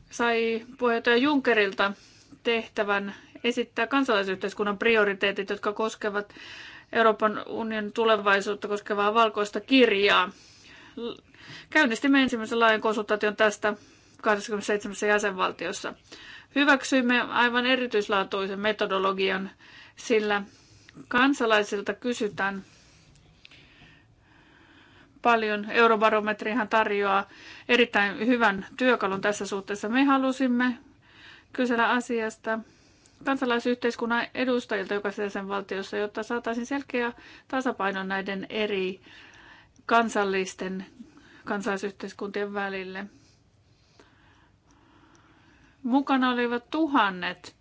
sai puheenjohtaja Junckerilta tehtävän esittää kansalaisyhteiskunnan prioriteetit, jotka koskevat Euroopan unionin tulevaisuutta koskevaa valkoista kirjaa Käynnistimme ensimmäisen laajan konsultaation tästä 27 jäsenvaltiossa. Hyväksyimme aivan erityislaatuisen metodologian, sillä kansalaisilta kysytään paljon. Eurobarometrihan tarjoaa erittäin hyvän työkalun tässä suhteessa. Me halusimme kysellä asiasta kansalaisyhteiskunnan edustajilta jokaisessa valtiossa, jotta saataisiin selkeä tasapaino näiden eri kansallisten kansalaisyhteiskuntien välille. Mukana olivat tuhannet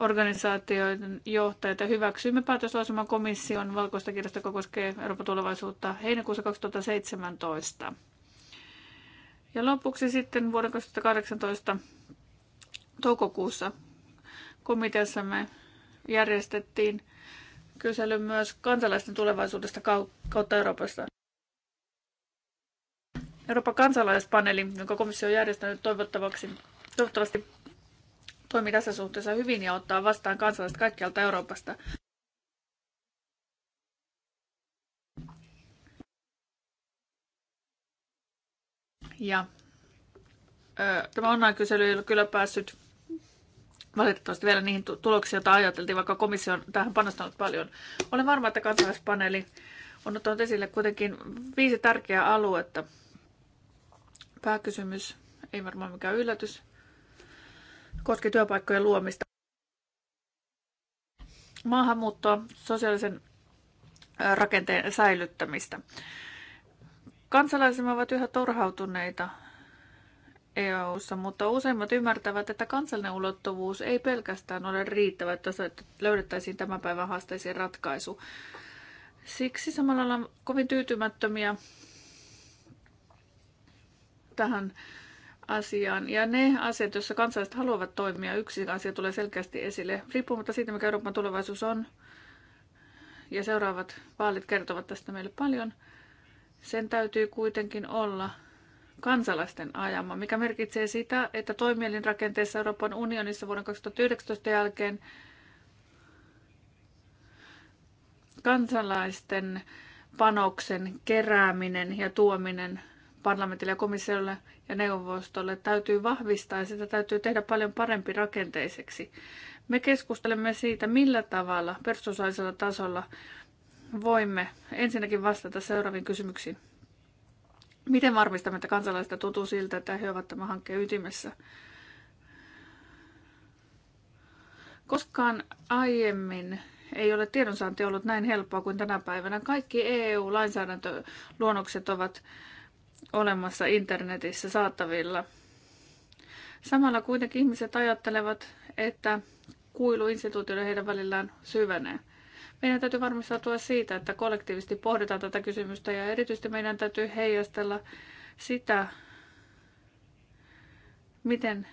organisaatioiden johtajat ja hyväksyimme päätöslausuman komission valkoista kirjasta, joka koskee Euroopan tulevaisuutta heinäkuussa 2017. Ja lopuksi sitten vuoden 2018 toukokuussa komiteassamme järjestettiin kysely myös kansalaisten tulevaisuudesta kautta Euroopasta. Euroopan kansalaispaneeli, jonka komissio on järjestänyt toivottavaksi, toivottavasti toimii tässä suhteessa hyvin ja ottaa vastaan kansalaiset kaikkialta Euroopasta. Ja ö, tämä online-kysely ei ole kyllä päässyt valitettavasti vielä niihin tuloksiin, joita ajateltiin, vaikka komissio on tähän panostanut paljon. Olen varma, että kansalaispaneeli on ottanut esille kuitenkin viisi tärkeää aluetta, Pääkysymys, ei varmaan mikään yllätys, koski työpaikkojen luomista. Maahanmuuttoa, sosiaalisen rakenteen säilyttämistä. Kansalaisemme ovat yhä turhautuneita EU:ssa, mutta useimmat ymmärtävät, että kansallinen ulottuvuus ei pelkästään ole riittävä, että löydettäisiin tämän päivän haasteisiin ratkaisu. Siksi samalla ollaan kovin tyytymättömiä tähän asiaan. Ja ne asiat, joissa kansalaiset haluavat toimia, yksi asia tulee selkeästi esille, riippumatta siitä, mikä Euroopan tulevaisuus on. Ja seuraavat vaalit kertovat tästä meille paljon. Sen täytyy kuitenkin olla kansalaisten ajama, mikä merkitsee sitä, että toimielinrakenteessa Euroopan unionissa vuoden 2019 jälkeen kansalaisten panoksen kerääminen ja tuominen – parlamentille ja komissiolle ja neuvostolle täytyy vahvistaa ja sitä täytyy tehdä paljon parempi rakenteiseksi. Me keskustelemme siitä, millä tavalla perustuslaisella tasolla voimme ensinnäkin vastata seuraaviin kysymyksiin. Miten varmistamme, että kansalaista tutuu siltä, että he ovat tämän hankkeen ytimessä? Koskaan aiemmin ei ole tiedonsaanti ollut näin helppoa kuin tänä päivänä. Kaikki EU-lainsäädäntöluonnokset ovat olemassa internetissä saatavilla. Samalla kuitenkin ihmiset ajattelevat, että kuilu instituutioiden heidän välillään syvenee. Meidän täytyy varmistautua siitä, että kollektiivisesti pohditaan tätä kysymystä ja erityisesti meidän täytyy heijastella sitä, miten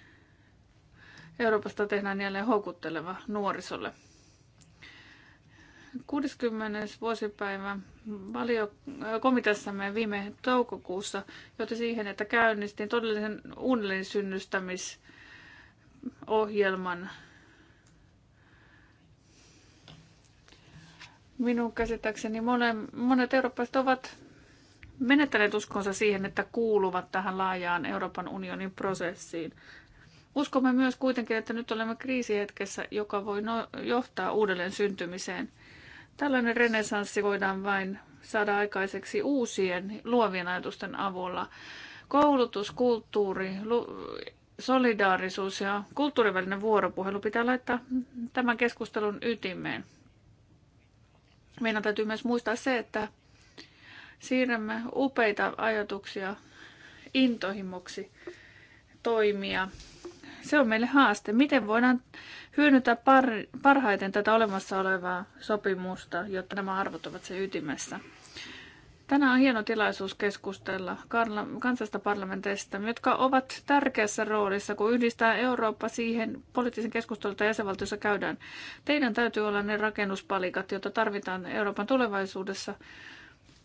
Euroopasta tehdään jälleen houkutteleva nuorisolle. 60. vuosipäivä valio, komiteassamme viime toukokuussa johti siihen, että käynnistin todellisen uudelleen synnystämisohjelman. Minun käsittääkseni monet eurooppalaiset ovat menettäneet uskonsa siihen, että kuuluvat tähän laajaan Euroopan unionin prosessiin. Uskomme myös kuitenkin, että nyt olemme kriisihetkessä, joka voi no- johtaa uudelleen syntymiseen – Tällainen renesanssi voidaan vain saada aikaiseksi uusien luovien ajatusten avulla. Koulutus, kulttuuri, solidaarisuus ja kulttuurivälinen vuoropuhelu pitää laittaa tämän keskustelun ytimeen. Meidän täytyy myös muistaa se, että siirrämme upeita ajatuksia intohimoksi toimia. Se on meille haaste. Miten voidaan hyödyntää par- parhaiten tätä olemassa olevaa sopimusta, jotta nämä arvot ovat se ytimessä. Tänään on hieno tilaisuus keskustella kansasta parlamenteista, jotka ovat tärkeässä roolissa, kun yhdistää Eurooppa siihen poliittisen keskustelun, jota jäsenvaltiossa käydään. Teidän täytyy olla ne rakennuspalikat, joita tarvitaan Euroopan tulevaisuudessa,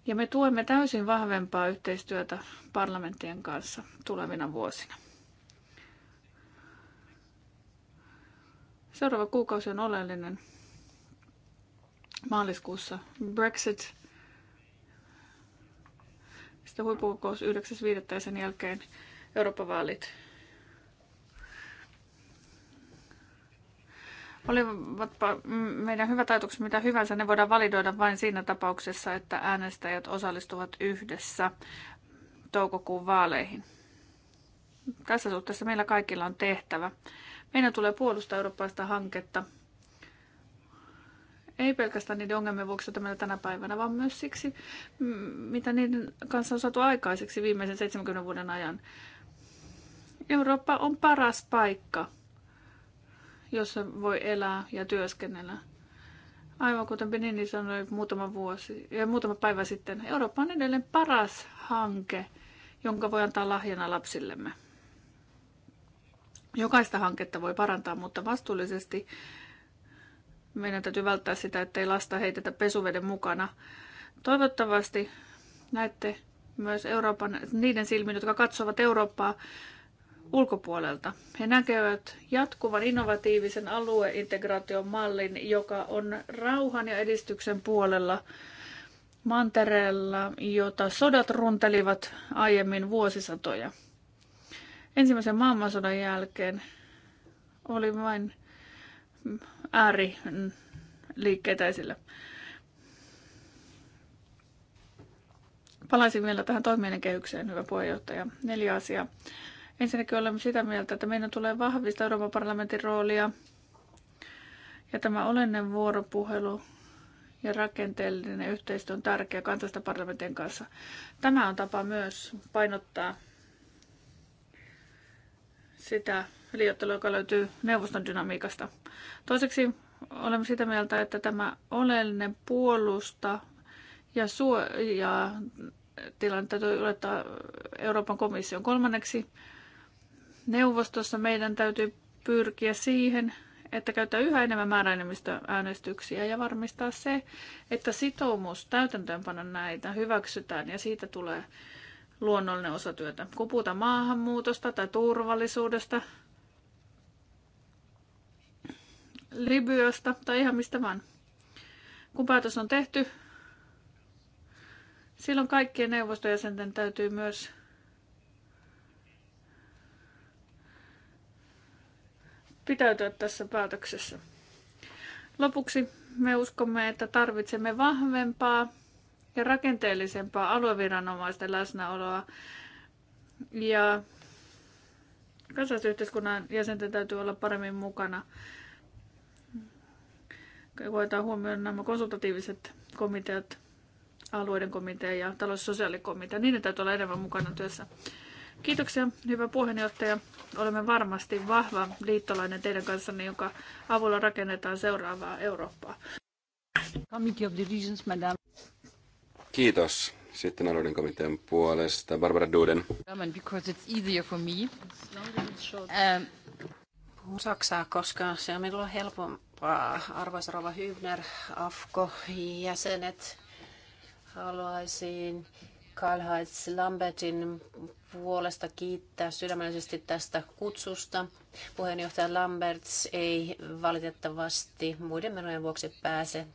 ja me tuemme täysin vahvempaa yhteistyötä parlamenttien kanssa tulevina vuosina. Seuraava kuukausi on oleellinen. Maaliskuussa Brexit. Sitten huippukokous 9.5. ja sen jälkeen Euroopan vaalit. Olivatpa meidän hyvät ajatukset mitä hyvänsä, ne voidaan validoida vain siinä tapauksessa, että äänestäjät osallistuvat yhdessä toukokuun vaaleihin. Tässä suhteessa meillä kaikilla on tehtävä. Meidän tulee puolustaa eurooppalaista hanketta. Ei pelkästään niiden ongelmien vuoksi, joita meillä tänä päivänä, vaan myös siksi, mitä niiden kanssa on saatu aikaiseksi viimeisen 70 vuoden ajan. Eurooppa on paras paikka, jossa voi elää ja työskennellä. Aivan kuten Benini sanoi muutama, vuosi, ja muutama päivä sitten, Eurooppa on edelleen paras hanke, jonka voi antaa lahjana lapsillemme. Jokaista hanketta voi parantaa, mutta vastuullisesti meidän täytyy välttää sitä, ettei lasta heitetä pesuveden mukana. Toivottavasti näette myös Euroopan, niiden silmin, jotka katsovat Eurooppaa ulkopuolelta. He näkevät jatkuvan innovatiivisen alueintegraation mallin, joka on rauhan ja edistyksen puolella mantereella, jota sodat runtelivat aiemmin vuosisatoja ensimmäisen maailmansodan jälkeen oli vain liikkeitä esillä. Palaisin vielä tähän toimien kehykseen, hyvä puheenjohtaja. Neljä asiaa. Ensinnäkin olemme sitä mieltä, että meidän tulee vahvistaa Euroopan parlamentin roolia ja tämä olennainen vuoropuhelu ja rakenteellinen yhteistyö on tärkeä kansallisten parlamentin kanssa. Tämä on tapa myös painottaa sitä liioittelua, joka löytyy neuvoston dynamiikasta. Toiseksi olemme sitä mieltä, että tämä oleellinen puolusta ja suojaa tilannetta ylettää Euroopan komission kolmanneksi. Neuvostossa meidän täytyy pyrkiä siihen, että käyttää yhä enemmän äänestyksiä ja varmistaa se, että sitoumus täytäntöönpanon näitä hyväksytään ja siitä tulee luonnollinen osa työtä. Kun puhutaan maahanmuutosta tai turvallisuudesta, libyöstä tai ihan mistä vaan. Kun päätös on tehty, silloin kaikkien neuvostojäsenten täytyy myös pitäytyä tässä päätöksessä. Lopuksi me uskomme, että tarvitsemme vahvempaa ja rakenteellisempaa alueviranomaisten läsnäoloa. Ja kansalaisyhteiskunnan jäsenten täytyy olla paremmin mukana. Voidaan huomioon nämä konsultatiiviset komiteat, alueiden komitea ja talous- ja sosiaalikomitea. Niiden täytyy olla enemmän mukana työssä. Kiitoksia, hyvä puheenjohtaja. Olemme varmasti vahva liittolainen teidän kanssanne, jonka avulla rakennetaan seuraavaa Eurooppaa. Committee of the Regions, Madame. Kiitos sitten alueiden komitean puolesta. Barbara Duden. saksaa, koska se on minulla helpompaa. Arvoisa Rova Hübner, AFKO, jäsenet, haluaisin Karl-Heinz Lambertin puolesta kiittää sydämellisesti tästä kutsusta. Puheenjohtaja Lamberts ei valitettavasti muiden menojen vuoksi pääse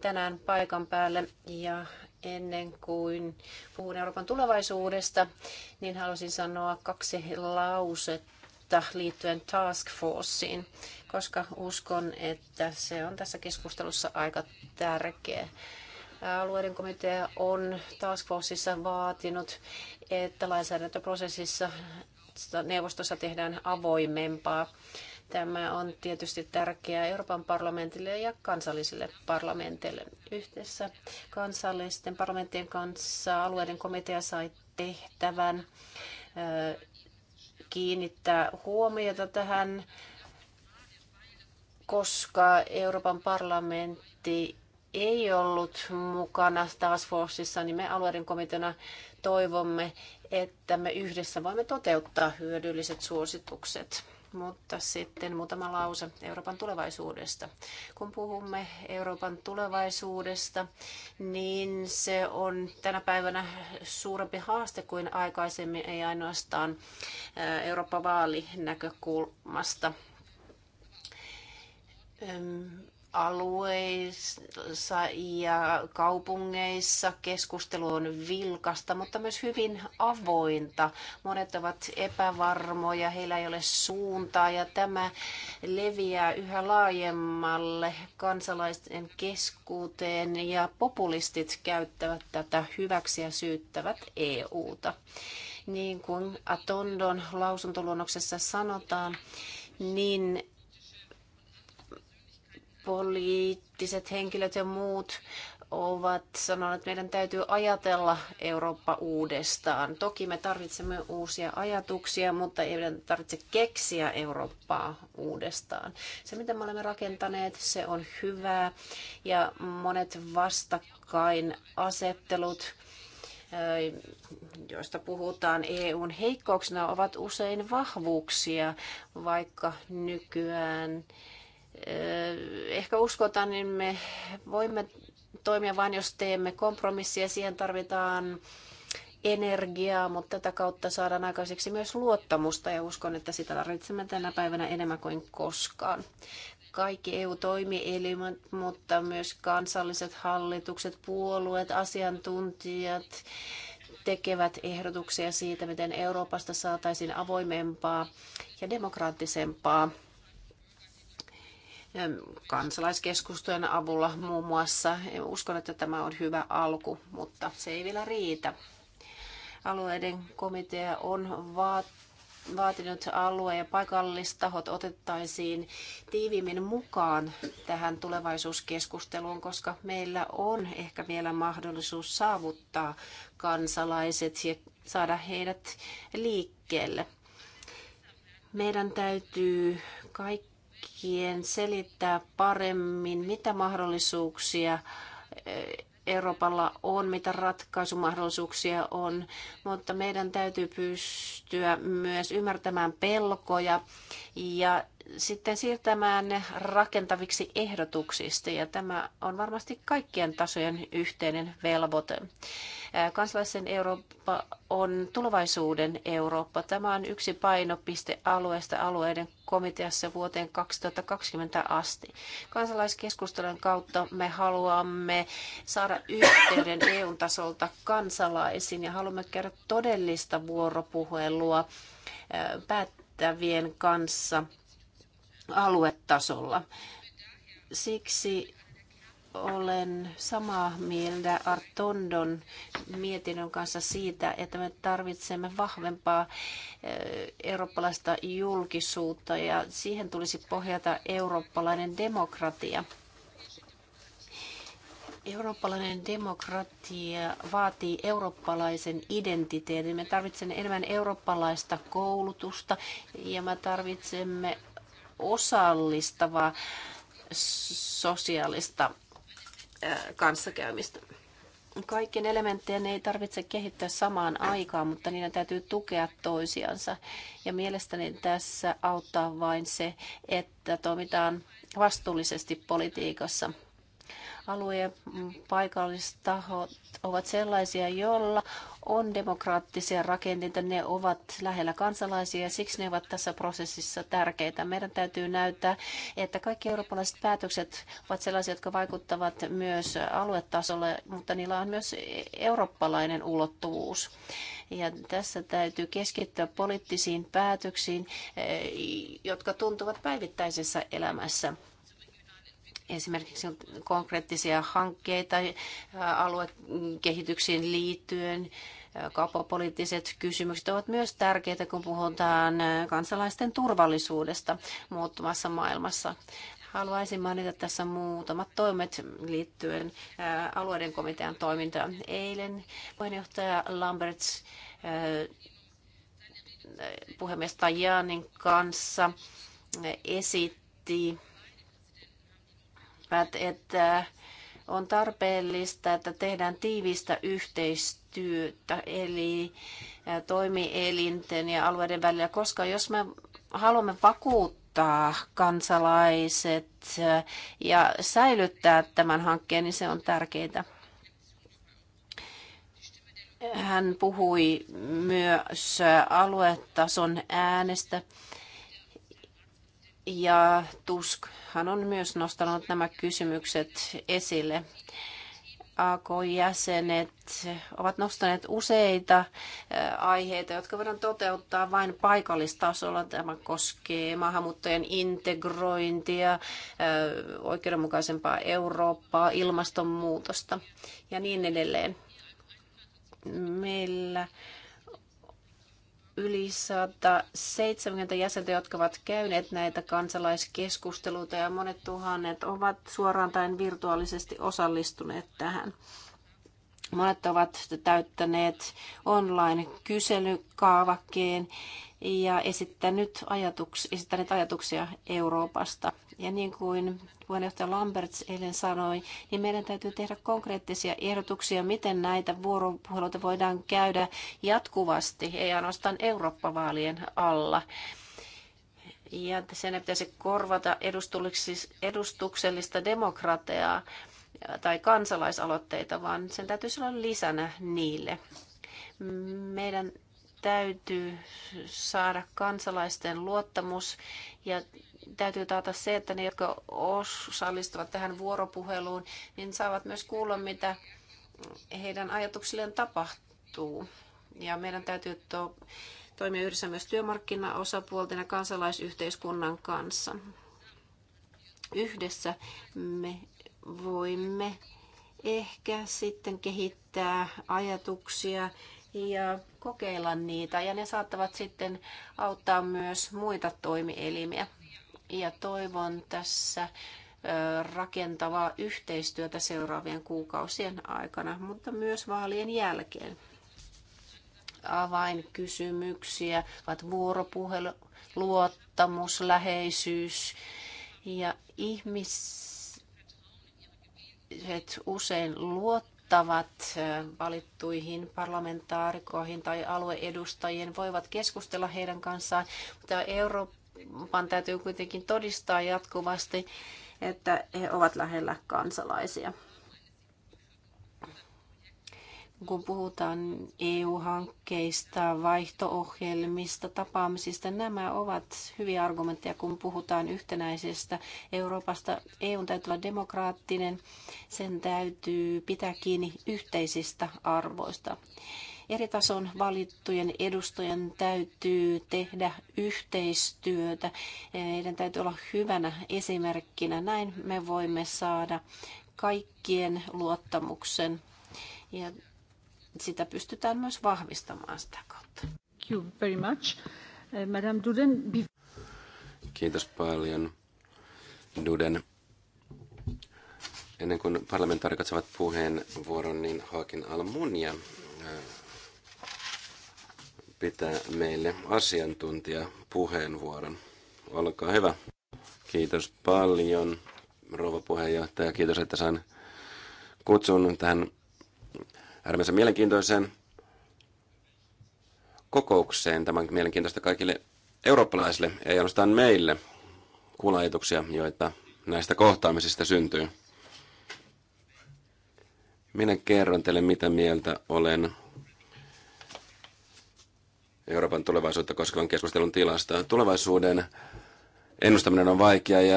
tänään paikan päälle ja ennen kuin puhun Euroopan tulevaisuudesta, niin halusin sanoa kaksi lausetta liittyen Task Forceen, koska uskon, että se on tässä keskustelussa aika tärkeä. Alueiden komitea on Task Forceissa vaatinut, että lainsäädäntöprosessissa neuvostossa tehdään avoimempaa Tämä on tietysti tärkeää Euroopan parlamentille ja kansallisille parlamenteille yhdessä. Kansallisten parlamenttien kanssa alueiden komitea sai tehtävän kiinnittää huomiota tähän, koska Euroopan parlamentti ei ollut mukana Task Forceissa, niin me alueiden komiteana toivomme, että me yhdessä voimme toteuttaa hyödylliset suositukset mutta sitten muutama lause Euroopan tulevaisuudesta. Kun puhumme Euroopan tulevaisuudesta, niin se on tänä päivänä suurempi haaste kuin aikaisemmin, ei ainoastaan Euroopan vaalinäkökulmasta alueissa ja kaupungeissa keskustelu on vilkasta, mutta myös hyvin avointa. Monet ovat epävarmoja, heillä ei ole suuntaa ja tämä leviää yhä laajemmalle kansalaisten keskuuteen ja populistit käyttävät tätä hyväksi ja syyttävät EUta. Niin kuin Atondon lausuntoluonnoksessa sanotaan, niin poliittiset henkilöt ja muut ovat sanoneet, että meidän täytyy ajatella Eurooppa uudestaan. Toki me tarvitsemme uusia ajatuksia, mutta ei meidän tarvitse keksiä Eurooppaa uudestaan. Se, mitä me olemme rakentaneet, se on hyvää ja monet vastakkainasettelut joista puhutaan EUn heikkouksena, ovat usein vahvuuksia, vaikka nykyään ehkä uskotaan, niin me voimme toimia vain, jos teemme kompromissia. Siihen tarvitaan energiaa, mutta tätä kautta saadaan aikaiseksi myös luottamusta ja uskon, että sitä tarvitsemme tänä päivänä enemmän kuin koskaan. Kaikki EU-toimielimet, mutta myös kansalliset hallitukset, puolueet, asiantuntijat tekevät ehdotuksia siitä, miten Euroopasta saataisiin avoimempaa ja demokraattisempaa kansalaiskeskustojen avulla muun muassa. Uskon, että tämä on hyvä alku, mutta se ei vielä riitä. Alueiden komitea on vaatinut alue- ja paikallistahot otettaisiin tiiviimmin mukaan tähän tulevaisuuskeskusteluun, koska meillä on ehkä vielä mahdollisuus saavuttaa kansalaiset ja saada heidät liikkeelle. Meidän täytyy kaikki kaikkien selittää paremmin, mitä mahdollisuuksia eh, Euroopalla on, mitä ratkaisumahdollisuuksia on, mutta meidän täytyy pystyä myös ymmärtämään pelkoja ja sitten siirtämään ne rakentaviksi ehdotuksista Ja tämä on varmasti kaikkien tasojen yhteinen velvoite. Kansalaisen Eurooppa on tulevaisuuden Eurooppa. Tämä on yksi painopiste alueesta alueiden komiteassa vuoteen 2020 asti. Kansalaiskeskustelun kautta me haluamme saada yhteyden EU-tasolta kansalaisiin ja haluamme käydä todellista vuoropuhelua päättävien kanssa – aluetasolla. Siksi olen samaa mieltä Artondon mietinnön kanssa siitä, että me tarvitsemme vahvempaa eh, eurooppalaista julkisuutta ja siihen tulisi pohjata eurooppalainen demokratia. Eurooppalainen demokratia vaatii eurooppalaisen identiteetin. Me tarvitsemme enemmän eurooppalaista koulutusta ja me tarvitsemme osallistavaa sosiaalista kanssakäymistä. Kaikkien elementtien ei tarvitse kehittää samaan aikaan, mutta niiden täytyy tukea toisiansa. Ja mielestäni tässä auttaa vain se, että toimitaan vastuullisesti politiikassa – alueen mm, paikalliset tahot ovat sellaisia, joilla on demokraattisia rakenteita, ne ovat lähellä kansalaisia ja siksi ne ovat tässä prosessissa tärkeitä. Meidän täytyy näyttää, että kaikki eurooppalaiset päätökset ovat sellaisia, jotka vaikuttavat myös aluetasolle, mutta niillä on myös eurooppalainen ulottuvuus. Ja tässä täytyy keskittyä poliittisiin päätöksiin, eh, jotka tuntuvat päivittäisessä elämässä. Esimerkiksi konkreettisia hankkeita aluekehityksiin liittyen. Kaupapoliittiset kysymykset ovat myös tärkeitä, kun puhutaan kansalaisten turvallisuudesta muuttuvassa maailmassa. Haluaisin mainita tässä muutamat toimet liittyen alueiden komitean toimintaan. Eilen puheenjohtaja Lamberts puhemies Tajanin kanssa esitti näkevät, että on tarpeellista, että tehdään tiivistä yhteistyötä, eli toimielinten ja alueiden välillä, koska jos me haluamme vakuuttaa kansalaiset ja säilyttää tämän hankkeen, niin se on tärkeää. Hän puhui myös aluetason äänestä. Ja tusk, hän on myös nostanut nämä kysymykset esille. AK-jäsenet ovat nostaneet useita aiheita, jotka voidaan toteuttaa vain paikallistasolla. Tämä koskee maahanmuuttajien integrointia, oikeudenmukaisempaa Eurooppaa, ilmastonmuutosta ja niin edelleen. Meillä yli 170 jäsentä, jotka ovat käyneet näitä kansalaiskeskusteluita ja monet tuhannet ovat suoraan tai virtuaalisesti osallistuneet tähän. Monet ovat täyttäneet online-kyselykaavakkeen ja esittänyt, ajatuks, esittäneet ajatuksia Euroopasta. Ja niin kuin puheenjohtaja Lamberts eilen sanoi, niin meidän täytyy tehdä konkreettisia ehdotuksia, miten näitä vuoropuheluita voidaan käydä jatkuvasti, ei ainoastaan Eurooppa-vaalien alla. Ja sen pitäisi korvata edustuksellista demokratiaa tai kansalaisaloitteita, vaan sen täytyisi olla lisänä niille. Meidän täytyy saada kansalaisten luottamus ja täytyy taata se, että ne, jotka osallistuvat tähän vuoropuheluun, niin saavat myös kuulla, mitä heidän ajatuksilleen tapahtuu. Ja meidän täytyy to- toimia yhdessä myös työmarkkinaosapuolten ja kansalaisyhteiskunnan kanssa. Yhdessä me voimme ehkä sitten kehittää ajatuksia ja kokeilla niitä. Ja ne saattavat sitten auttaa myös muita toimielimiä ja toivon tässä rakentavaa yhteistyötä seuraavien kuukausien aikana, mutta myös vaalien jälkeen. Avainkysymyksiä ovat vuoropuhelu, luottamus, läheisyys ja ihmiset usein luottavat valittuihin parlamentaarikoihin tai alueedustajien, voivat keskustella heidän kanssaan, mutta Eurooppa vaan täytyy kuitenkin todistaa jatkuvasti, että he ovat lähellä kansalaisia. Kun puhutaan EU-hankkeista, vaihtoohjelmista, tapaamisista, nämä ovat hyviä argumentteja, kun puhutaan yhtenäisestä Euroopasta. EUn täytyy olla demokraattinen, sen täytyy pitää kiinni yhteisistä arvoista eri tason valittujen edustajien täytyy tehdä yhteistyötä. Meidän täytyy olla hyvänä esimerkkinä. Näin me voimme saada kaikkien luottamuksen ja sitä pystytään myös vahvistamaan sitä kautta. Thank you very much. Eh, Madame Duden. Kiitos paljon, Duden. Ennen kuin parlamentaarikot saavat puheenvuoron, niin Haakin Almunia eh, pitää meille asiantuntijapuheenvuoron. Olkaa hyvä. Kiitos paljon, rouva puheenjohtaja. Kiitos, että sain kutsun tähän äärimmäisen mielenkiintoiseen kokoukseen. Tämä on mielenkiintoista kaikille eurooppalaisille, ei ainoastaan meille, kuulla ajatuksia, joita näistä kohtaamisista syntyy. Minä kerron teille, mitä mieltä olen Euroopan tulevaisuutta koskevan keskustelun tilasta. Tulevaisuuden ennustaminen on vaikeaa ja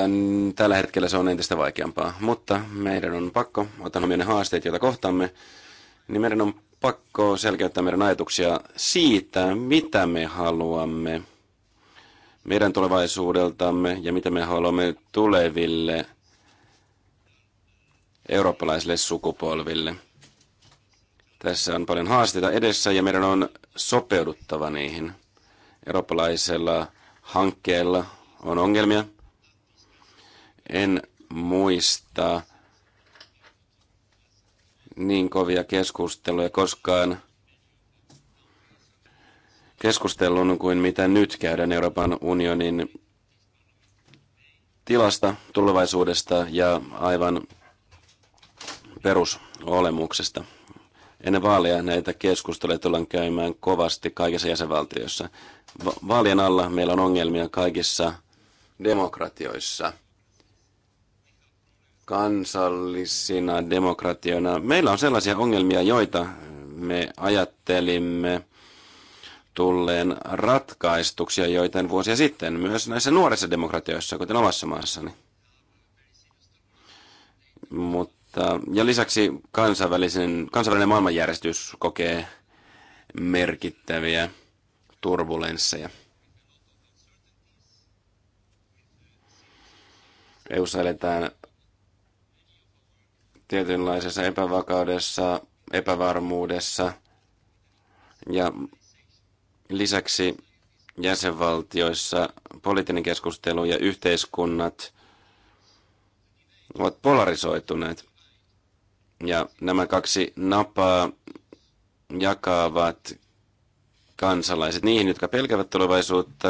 tällä hetkellä se on entistä vaikeampaa. Mutta meidän on pakko, otan huomioon ne haasteet, joita kohtaamme, niin meidän on pakko selkeyttää meidän ajatuksia siitä, mitä me haluamme meidän tulevaisuudeltamme ja mitä me haluamme tuleville eurooppalaisille sukupolville – tässä on paljon haasteita edessä ja meidän on sopeuduttava niihin. Eurooppalaisella hankkeella on ongelmia. En muista niin kovia keskusteluja koskaan keskustelun kuin mitä nyt käydään Euroopan unionin tilasta, tulevaisuudesta ja aivan perusolemuksesta. Ennen vaaleja näitä keskusteluja tullaan käymään kovasti kaikissa jäsenvaltioissa. Va- vaalien alla meillä on ongelmia kaikissa demokratioissa. Kansallisina demokratioina meillä on sellaisia ongelmia, joita me ajattelimme tulleen ratkaistuksia joitain vuosia sitten, myös näissä nuorissa demokratioissa, kuten omassa maassani. Mutta ja lisäksi kansainvälisen, kansainvälinen maailmanjärjestys kokee merkittäviä turbulensseja. eu eletään tietynlaisessa epävakaudessa, epävarmuudessa ja lisäksi jäsenvaltioissa poliittinen keskustelu ja yhteiskunnat ovat polarisoituneet. Ja nämä kaksi napaa jakavat kansalaiset niihin, jotka pelkävät tulevaisuutta,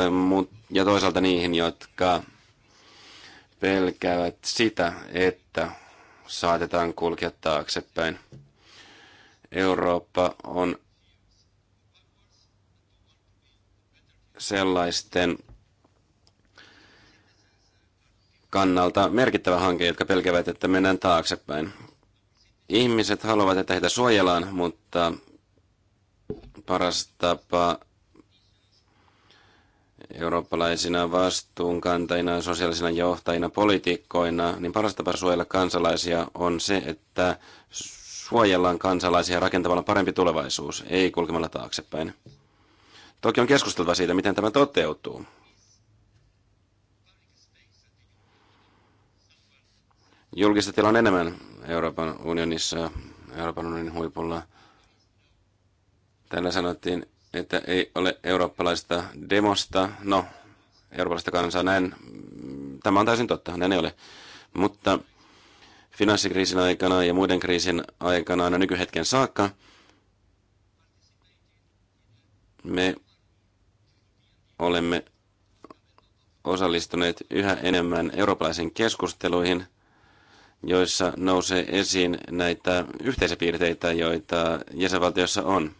ja toisaalta niihin, jotka pelkäävät sitä, että saatetaan kulkea taaksepäin. Eurooppa on sellaisten kannalta merkittävä hanke, jotka pelkävät, että mennään taaksepäin. Ihmiset haluavat, että heitä suojellaan, mutta paras tapa eurooppalaisina vastuunkantajina, sosiaalisina johtajina, poliitikkoina, niin paras tapa suojella kansalaisia on se, että suojellaan kansalaisia rakentamalla parempi tulevaisuus, ei kulkemalla taaksepäin. Toki on keskusteltava siitä, miten tämä toteutuu. Julkista tilaa on enemmän Euroopan unionissa, Euroopan unionin huipulla. Täällä sanottiin, että ei ole eurooppalaista demosta. No, eurooppalaista kansaa näin. Tämä on täysin totta, näin ei ole. Mutta finanssikriisin aikana ja muiden kriisin aikana aina no nykyhetken saakka me olemme osallistuneet yhä enemmän eurooppalaisiin keskusteluihin – joissa nousee esiin näitä yhteisöpiirteitä, joita jäsenvaltioissa on.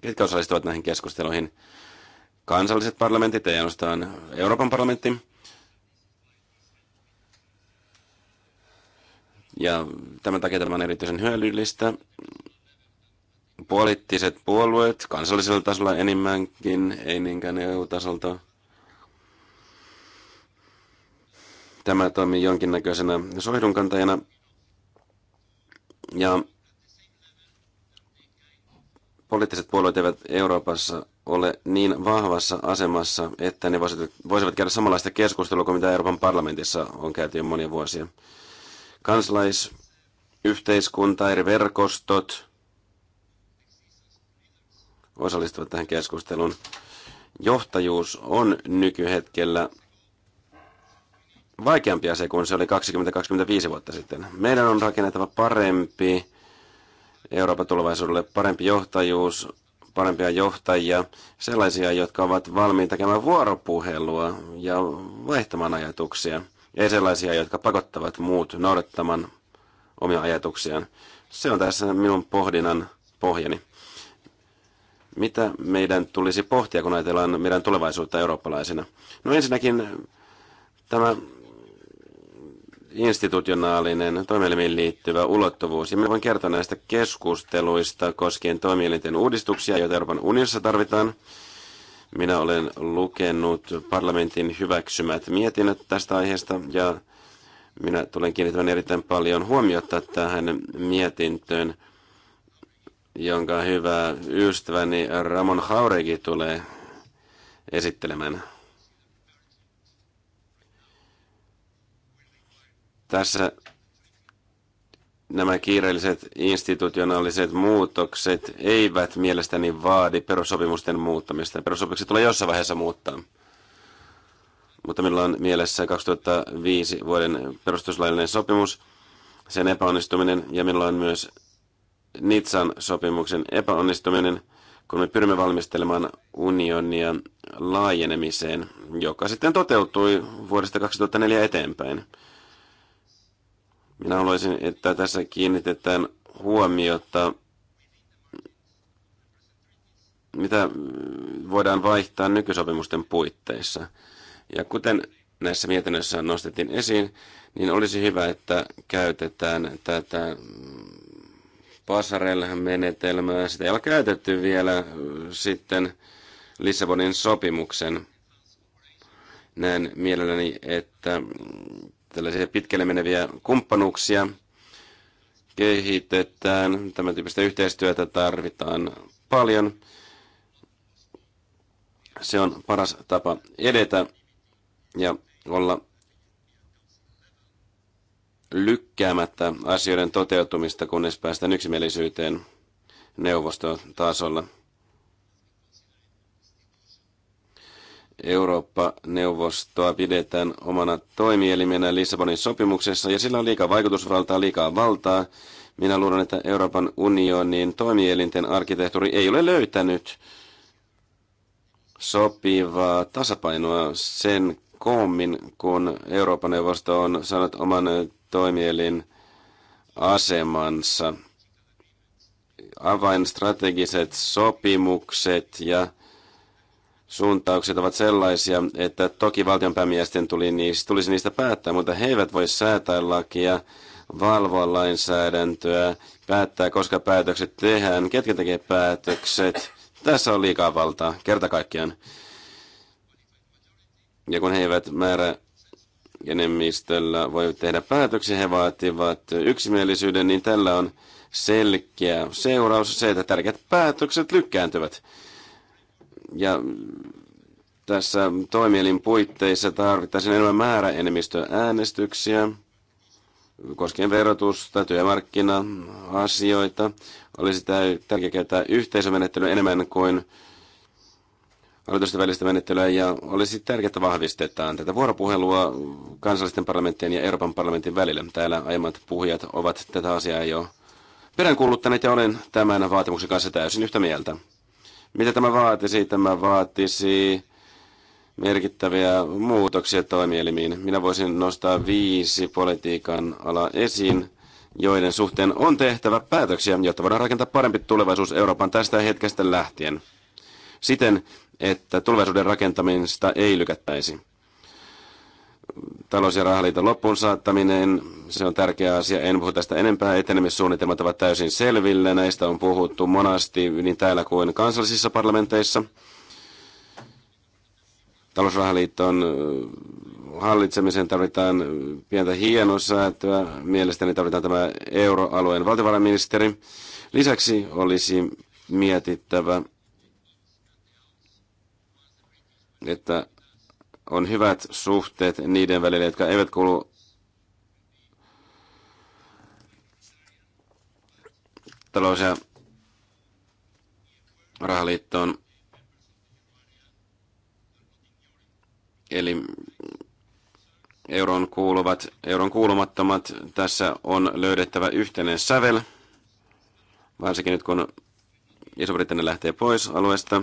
Ketkä osallistuvat näihin keskusteluihin? Kansalliset parlamentit, ei ainoastaan Euroopan parlamentti. Ja tämän takia tämä on erityisen hyödyllistä. Poliittiset puolueet kansallisella tasolla enimmänkin, ei niinkään EU-tasolta. Tämä toimii jonkinnäköisenä soihdunkantajana. Ja poliittiset puolueet eivät Euroopassa ole niin vahvassa asemassa, että ne voisivat käydä samanlaista keskustelua kuin mitä Euroopan parlamentissa on käyty jo monia vuosia. Kansalaisyhteiskunta, eri verkostot osallistuvat tähän keskusteluun. Johtajuus on nykyhetkellä vaikeampi asia kuin se oli 20-25 vuotta sitten. Meidän on rakennettava parempi Euroopan tulevaisuudelle, parempi johtajuus, parempia johtajia, sellaisia, jotka ovat valmiita käymään vuoropuhelua ja vaihtamaan ajatuksia. Ei sellaisia, jotka pakottavat muut noudattamaan omia ajatuksiaan. Se on tässä minun pohdinnan pohjani. Mitä meidän tulisi pohtia, kun ajatellaan meidän tulevaisuutta eurooppalaisina? No ensinnäkin tämä institutionaalinen toimielimiin liittyvä ulottuvuus. Ja minä voin kertoa näistä keskusteluista koskien toimielinten uudistuksia, joita Euroopan unionissa tarvitaan. Minä olen lukenut parlamentin hyväksymät mietinnöt tästä aiheesta ja minä tulen kiinnittämään erittäin paljon huomiota tähän mietintöön, jonka hyvä ystäväni Ramon Hauregi tulee esittelemään. Tässä nämä kiireelliset institutionaaliset muutokset eivät mielestäni vaadi perussopimusten muuttamista. Perussopimukset tulee jossain vaiheessa muuttaa. Mutta meillä on mielessä 2005 vuoden perustuslaillinen sopimus, sen epäonnistuminen ja meillä on myös Nitsan sopimuksen epäonnistuminen, kun me pyrimme valmistelemaan unionia laajenemiseen, joka sitten toteutui vuodesta 2004 eteenpäin. Minä haluaisin, että tässä kiinnitetään huomiota, mitä voidaan vaihtaa nykysopimusten puitteissa. Ja kuten näissä mietinnöissä nostettiin esiin, niin olisi hyvä, että käytetään tätä Pasarel-menetelmää. Sitä ei ole käytetty vielä sitten Lissabonin sopimuksen. Näen mielelläni, että tällaisia pitkälle meneviä kumppanuuksia kehitetään. Tämän tyyppistä yhteistyötä tarvitaan paljon. Se on paras tapa edetä ja olla lykkäämättä asioiden toteutumista, kunnes päästään yksimielisyyteen neuvostotasolla – Eurooppa-neuvostoa pidetään omana toimielimenä Lissabonin sopimuksessa ja sillä on liikaa vaikutusvaltaa, liikaa valtaa. Minä luulen, että Euroopan unionin toimielinten arkkitehtuuri ei ole löytänyt sopivaa tasapainoa sen koommin, kun Euroopan neuvosto on saanut oman toimielin asemansa avainstrategiset sopimukset ja suuntaukset ovat sellaisia, että toki valtionpäämiesten tuli niistä, tulisi niistä päättää, mutta he eivät voi säätää lakia, valvoa lainsäädäntöä, päättää, koska päätökset tehdään, ketkä tekee päätökset. Tässä on liikaa valtaa, kerta kaikkiaan. Ja kun he eivät määrä enemmistöllä voi tehdä päätöksiä, he vaativat yksimielisyyden, niin tällä on selkeä seuraus se, että tärkeät päätökset lykkääntyvät. Ja tässä toimielin puitteissa tarvittaisiin enemmän määräenemmistöäänestyksiä koskien verotusta, työmarkkina-asioita. Olisi tärkeää käyttää yhteisömenettelyä enemmän kuin hallitusten välistä menettelyä ja olisi tärkeää, että vahvistetaan tätä vuoropuhelua kansallisten parlamenttien ja Euroopan parlamentin välillä. Täällä aiemmat puhujat ovat tätä asiaa jo peräänkuuluttaneet ja olen tämän vaatimuksen kanssa täysin yhtä mieltä. Mitä tämä vaatisi? Tämä vaatisi merkittäviä muutoksia toimielimiin. Minä voisin nostaa viisi politiikan ala esiin, joiden suhteen on tehtävä päätöksiä, jotta voidaan rakentaa parempi tulevaisuus Euroopan tästä hetkestä lähtien. Siten, että tulevaisuuden rakentamista ei lykättäisi talous- ja rahaliiton loppuun saattaminen, se on tärkeä asia. En puhu tästä enempää. Etenemissuunnitelmat ovat täysin selvillä. Näistä on puhuttu monasti niin täällä kuin kansallisissa parlamenteissa. Talousrahaliiton äh, hallitsemiseen tarvitaan pientä hienosäätöä. Mielestäni tarvitaan tämä euroalueen valtiovarainministeri. Lisäksi olisi mietittävä, että on hyvät suhteet niiden välillä, jotka eivät kuulu talous- ja rahaliittoon. Eli euron, kuuluvat, euron kuulumattomat, tässä on löydettävä yhteinen sävel, varsinkin nyt kun Iso-Britannia lähtee pois alueesta.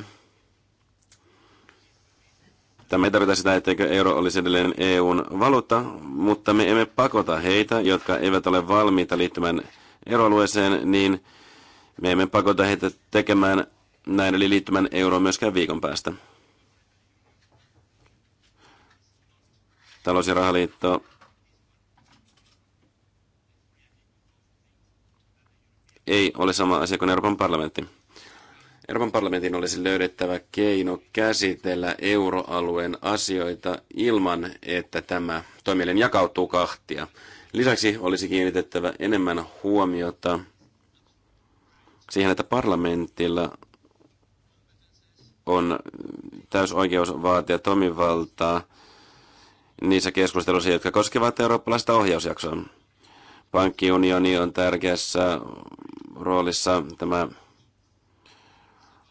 Tämä ei tarkoita sitä, etteikö euro olisi edelleen EUn valuutta, mutta me emme pakota heitä, jotka eivät ole valmiita liittymään euroalueeseen, niin me emme pakota heitä tekemään näin, eli liittymään euroon myöskään viikon päästä. Talous- ja rahaliitto ei ole sama asia kuin Euroopan parlamentti. Euroopan parlamentin olisi löydettävä keino käsitellä euroalueen asioita ilman, että tämä toimielin jakautuu kahtia. Lisäksi olisi kiinnitettävä enemmän huomiota siihen, että parlamentilla on täysoikeus vaatia toimivaltaa niissä keskusteluissa, jotka koskevat eurooppalaista ohjausjaksoa. Pankkiunioni on tärkeässä roolissa tämä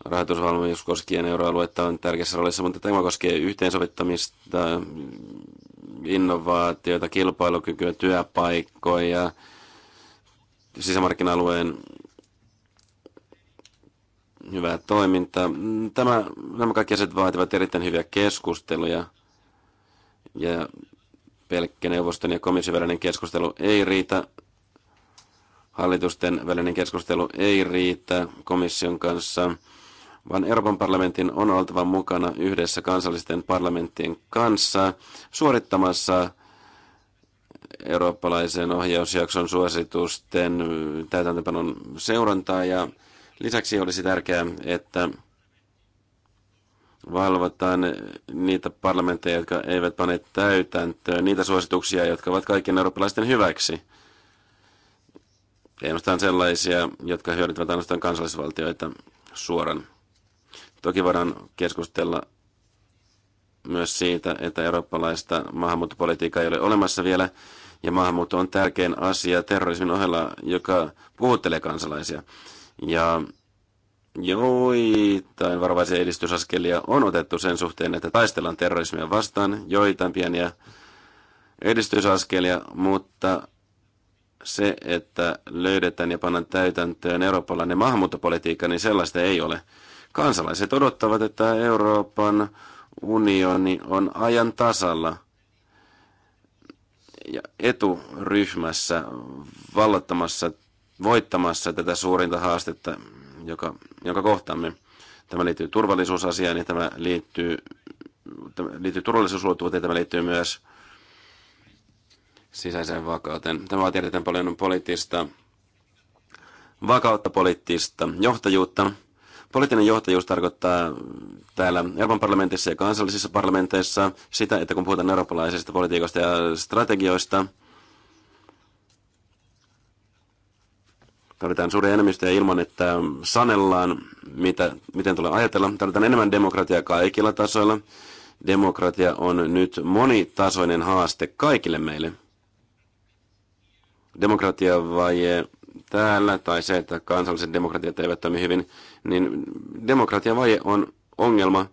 rahoitusvalmius koskien euroaluetta on tärkeässä roolissa, mutta tämä koskee yhteensovittamista, innovaatiota, kilpailukykyä, työpaikkoja, sisämarkkina-alueen hyvää toimintaa. Tämä, nämä kaikki asiat vaativat erittäin hyviä keskusteluja ja pelkkä neuvoston ja komission välinen keskustelu ei riitä. Hallitusten välinen keskustelu ei riitä komission kanssa vaan Euroopan parlamentin on oltava mukana yhdessä kansallisten parlamenttien kanssa suorittamassa eurooppalaisen ohjausjakson suositusten täytäntöpanon seurantaa ja lisäksi olisi tärkeää, että valvotaan niitä parlamentteja, jotka eivät pane täytäntöön, niitä suosituksia, jotka ovat kaikkien eurooppalaisten hyväksi. Ei ainoastaan sellaisia, jotka hyödyttävät ainoastaan kansallisvaltioita suoran Toki voidaan keskustella myös siitä, että eurooppalaista maahanmuuttopolitiikkaa ei ole olemassa vielä, ja maahanmuutto on tärkein asia terrorismin ohella, joka puhuttelee kansalaisia. Ja joitain varovaisia edistysaskelia on otettu sen suhteen, että taistellaan terrorismia vastaan, joitain pieniä edistysaskelia, mutta se, että löydetään ja pannaan täytäntöön eurooppalainen maahanmuuttopolitiikka, niin sellaista ei ole. Kansalaiset odottavat, että Euroopan unioni on ajan tasalla ja eturyhmässä vallattamassa, voittamassa tätä suurinta haastetta, joka, jonka kohtaamme. Tämä liittyy turvallisuusasiaan ja tämä liittyy, tämä liittyy ja tämä liittyy myös sisäiseen vakauteen. Tämä on erittäin paljon poliittista vakautta, poliittista johtajuutta – Poliittinen johtajuus tarkoittaa täällä Euroopan parlamentissa ja kansallisissa parlamenteissa sitä, että kun puhutaan eurooppalaisesta politiikasta ja strategioista, tarvitaan suuri enemmistöjä ilman, että sanellaan, mitä, miten tulee ajatella. Tarvitaan enemmän demokratiaa kaikilla tasoilla. Demokratia on nyt monitasoinen haaste kaikille meille. Demokratia vai täällä tai se, että kansalliset demokratiat eivät toimi hyvin, niin demokratiavaje on ongelma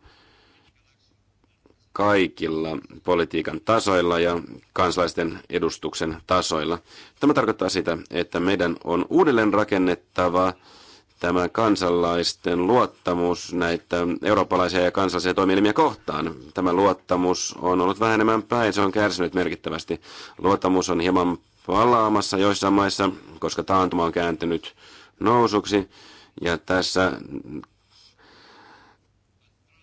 kaikilla politiikan tasoilla ja kansalaisten edustuksen tasoilla. Tämä tarkoittaa sitä, että meidän on uudelleen rakennettava tämä kansalaisten luottamus näitä eurooppalaisia ja kansallisia toimielimiä kohtaan. Tämä luottamus on ollut vähän enemmän päin, se on kärsinyt merkittävästi. Luottamus on hieman palaamassa joissain maissa, koska taantuma on kääntynyt nousuksi. Ja tässä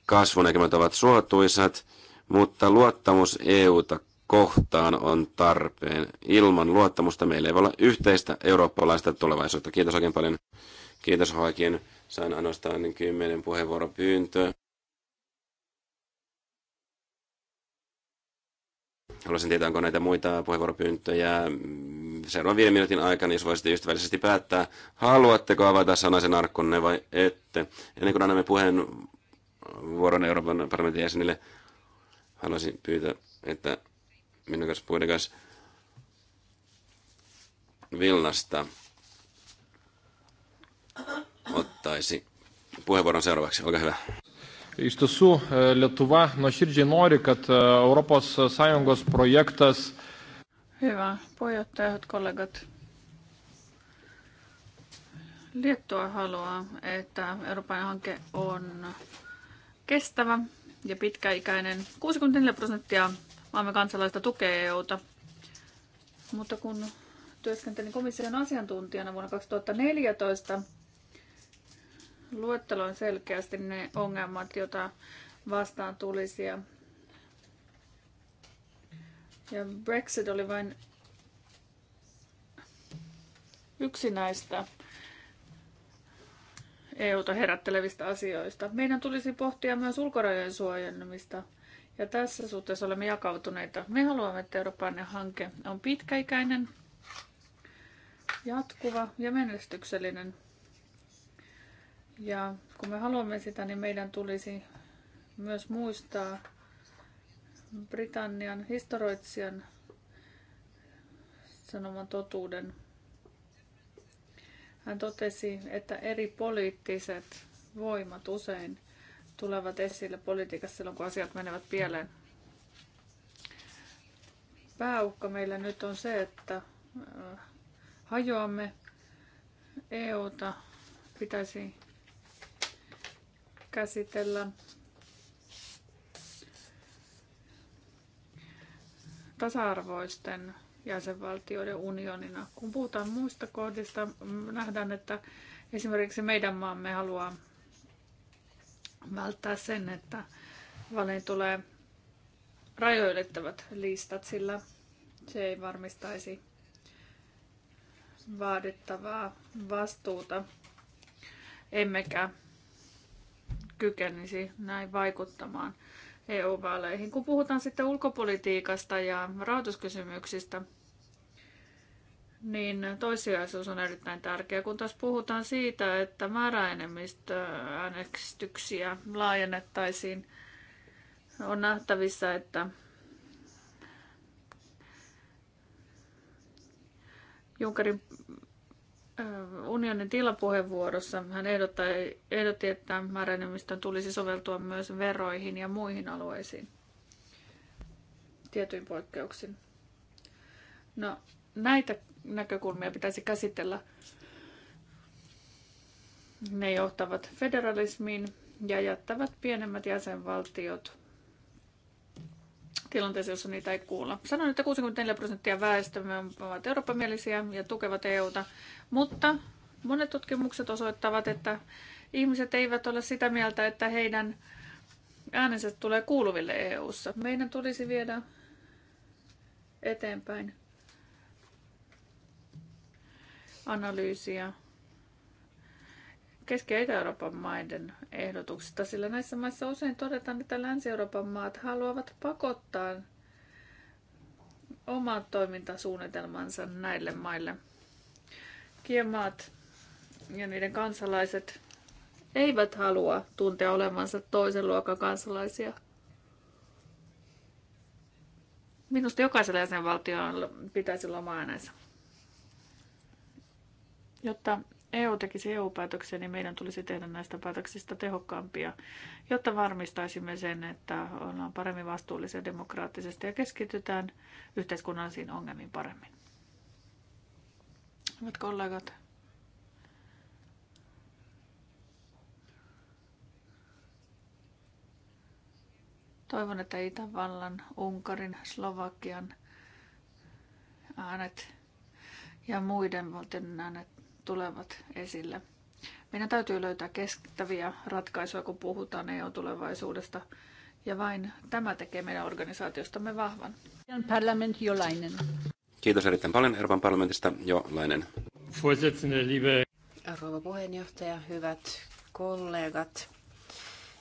kasvunäkymät ovat suotuisat, mutta luottamus EUta kohtaan on tarpeen. Ilman luottamusta meillä ei voi olla yhteistä eurooppalaista tulevaisuutta. Kiitos oikein paljon. Kiitos Hoakin. Sain ainoastaan 10 puheenvuoropyyntöä. Haluaisin tietää, onko näitä muita puheenvuoropyyntöjä seuraavan viiden minuutin aikana, jos voisitte ystävällisesti päättää, haluatteko avata sanaisen arkkonne vai ette. Ennen kuin annamme puheenvuoron Euroopan parlamentin jäsenille, haluaisin pyytää, että minun kanssa puhuin kanssa Vilnasta ottaisi puheenvuoron seuraavaksi. Olkaa hyvä. Iš tiesų, e, Lietuva nuoširdžiai nori, kad ES projektas. Hyvä, puheenjohtajat, kollegat. Liettua haluaa, että Euroopan hanke on kestävä ja pitkäikäinen. 64 prosenttia maamme kansalaista tukee EUta. Mutta kun työskentelin komission asiantuntijana vuonna 2014, luetteloin selkeästi ne ongelmat, joita vastaan tulisi. Ja, ja Brexit oli vain yksi näistä EUta herättelevistä asioista. Meidän tulisi pohtia myös ulkorajojen suojelmista. Ja tässä suhteessa olemme jakautuneita. Me haluamme, että Euroopan hanke on pitkäikäinen, jatkuva ja menestyksellinen. Ja kun me haluamme sitä, niin meidän tulisi myös muistaa Britannian historioitsijan sanoman totuuden. Hän totesi, että eri poliittiset voimat usein tulevat esille politiikassa silloin, kun asiat menevät pieleen. Pääukka meillä nyt on se, että äh, hajoamme EUta pitäisi käsitellään. Tasa-arvoisten jäsenvaltioiden unionina. Kun puhutaan muista kohdista, nähdään, että esimerkiksi meidän maamme haluaa välttää sen, että valiin tulee rajoilettavat listat, sillä se ei varmistaisi vaadittavaa vastuuta, emmekä kykenisi näin vaikuttamaan EU-vaaleihin. Kun puhutaan sitten ulkopolitiikasta ja rahoituskysymyksistä, niin toissijaisuus on erittäin tärkeä, kun taas puhutaan siitä, että määräenemmistö äänestyksiä laajennettaisiin. On nähtävissä, että Junkerin unionin tilapuheenvuorossa hän ehdottaa, ehdotti, että määräenemmistön tulisi soveltua myös veroihin ja muihin alueisiin tietyin poikkeuksin. No, näitä näkökulmia pitäisi käsitellä. Ne johtavat federalismiin ja jättävät pienemmät jäsenvaltiot tilanteessa, jossa niitä ei kuulla. Sanoin, että 64 prosenttia väestömme ovat eurooppamielisiä ja tukevat EUta, mutta monet tutkimukset osoittavat, että ihmiset eivät ole sitä mieltä, että heidän äänensä tulee kuuluville EUssa. Meidän tulisi viedä eteenpäin analyysiä Keski- ja Itä-Euroopan maiden ehdotuksista, sillä näissä maissa usein todetaan, että Länsi-Euroopan maat haluavat pakottaa omaa toimintasuunnitelmansa näille maille. Kiemaat ja niiden kansalaiset eivät halua tuntea olemansa toisen luokan kansalaisia. Minusta jokaisella jäsenvaltiolla pitäisi olla oma äänensä. Jotta EU tekisi EU-päätöksiä, niin meidän tulisi tehdä näistä päätöksistä tehokkaampia, jotta varmistaisimme sen, että ollaan paremmin vastuullisia demokraattisesti ja keskitytään yhteiskunnallisiin ongelmiin paremmin. Hyvät kollegat, toivon, että Itävallan, Unkarin, Slovakian äänet ja muiden valtioiden äänet tulevat esille. Meidän täytyy löytää kestäviä ratkaisuja, kun puhutaan EU-tulevaisuudesta, ja vain tämä tekee meidän organisaatiostamme vahvan. Parlament Jolainen. Kiitos erittäin paljon Euroopan parlamentista Lainen. Rouva puheenjohtaja, hyvät kollegat.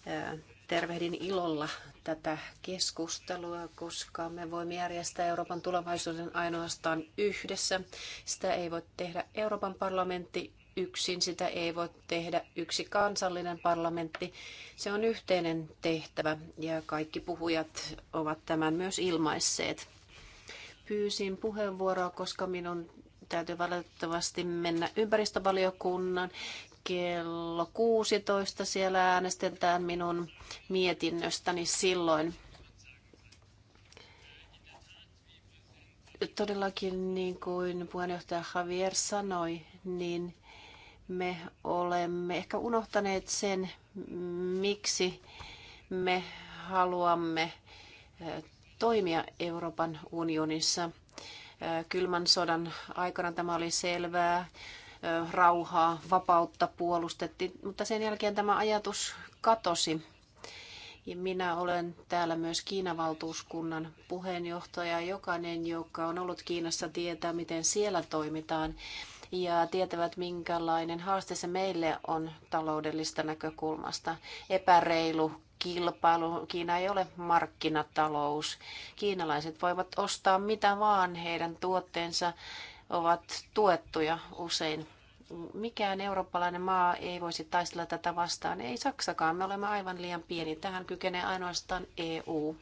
Äh, tervehdin ilolla tätä keskustelua, koska me voimme järjestää Euroopan tulevaisuuden ainoastaan yhdessä. Sitä ei voi tehdä Euroopan parlamentti yksin, sitä ei voi tehdä yksi kansallinen parlamentti. Se on yhteinen tehtävä ja kaikki puhujat ovat tämän myös ilmaisseet. Pyysin puheenvuoroa, koska minun täytyy valitettavasti mennä ympäristövaliokunnan kello 16 siellä äänestetään minun mietinnöstäni silloin. Todellakin niin kuin puheenjohtaja Javier sanoi, niin me olemme ehkä unohtaneet sen, miksi me haluamme eh, toimia Euroopan unionissa. Eh, kylmän sodan aikana tämä oli selvää rauhaa, vapautta puolustettiin, mutta sen jälkeen tämä ajatus katosi. Ja minä olen täällä myös Kiinan valtuuskunnan puheenjohtaja. Jokainen, joka on ollut Kiinassa, tietää, miten siellä toimitaan ja tietävät, minkälainen haaste se meille on taloudellista näkökulmasta. Epäreilu kilpailu. Kiina ei ole markkinatalous. Kiinalaiset voivat ostaa mitä vaan heidän tuotteensa ovat tuettuja usein. Mikään eurooppalainen maa ei voisi taistella tätä vastaan, ei Saksakaan. Me olemme aivan liian pieni. Tähän kykenee ainoastaan EU.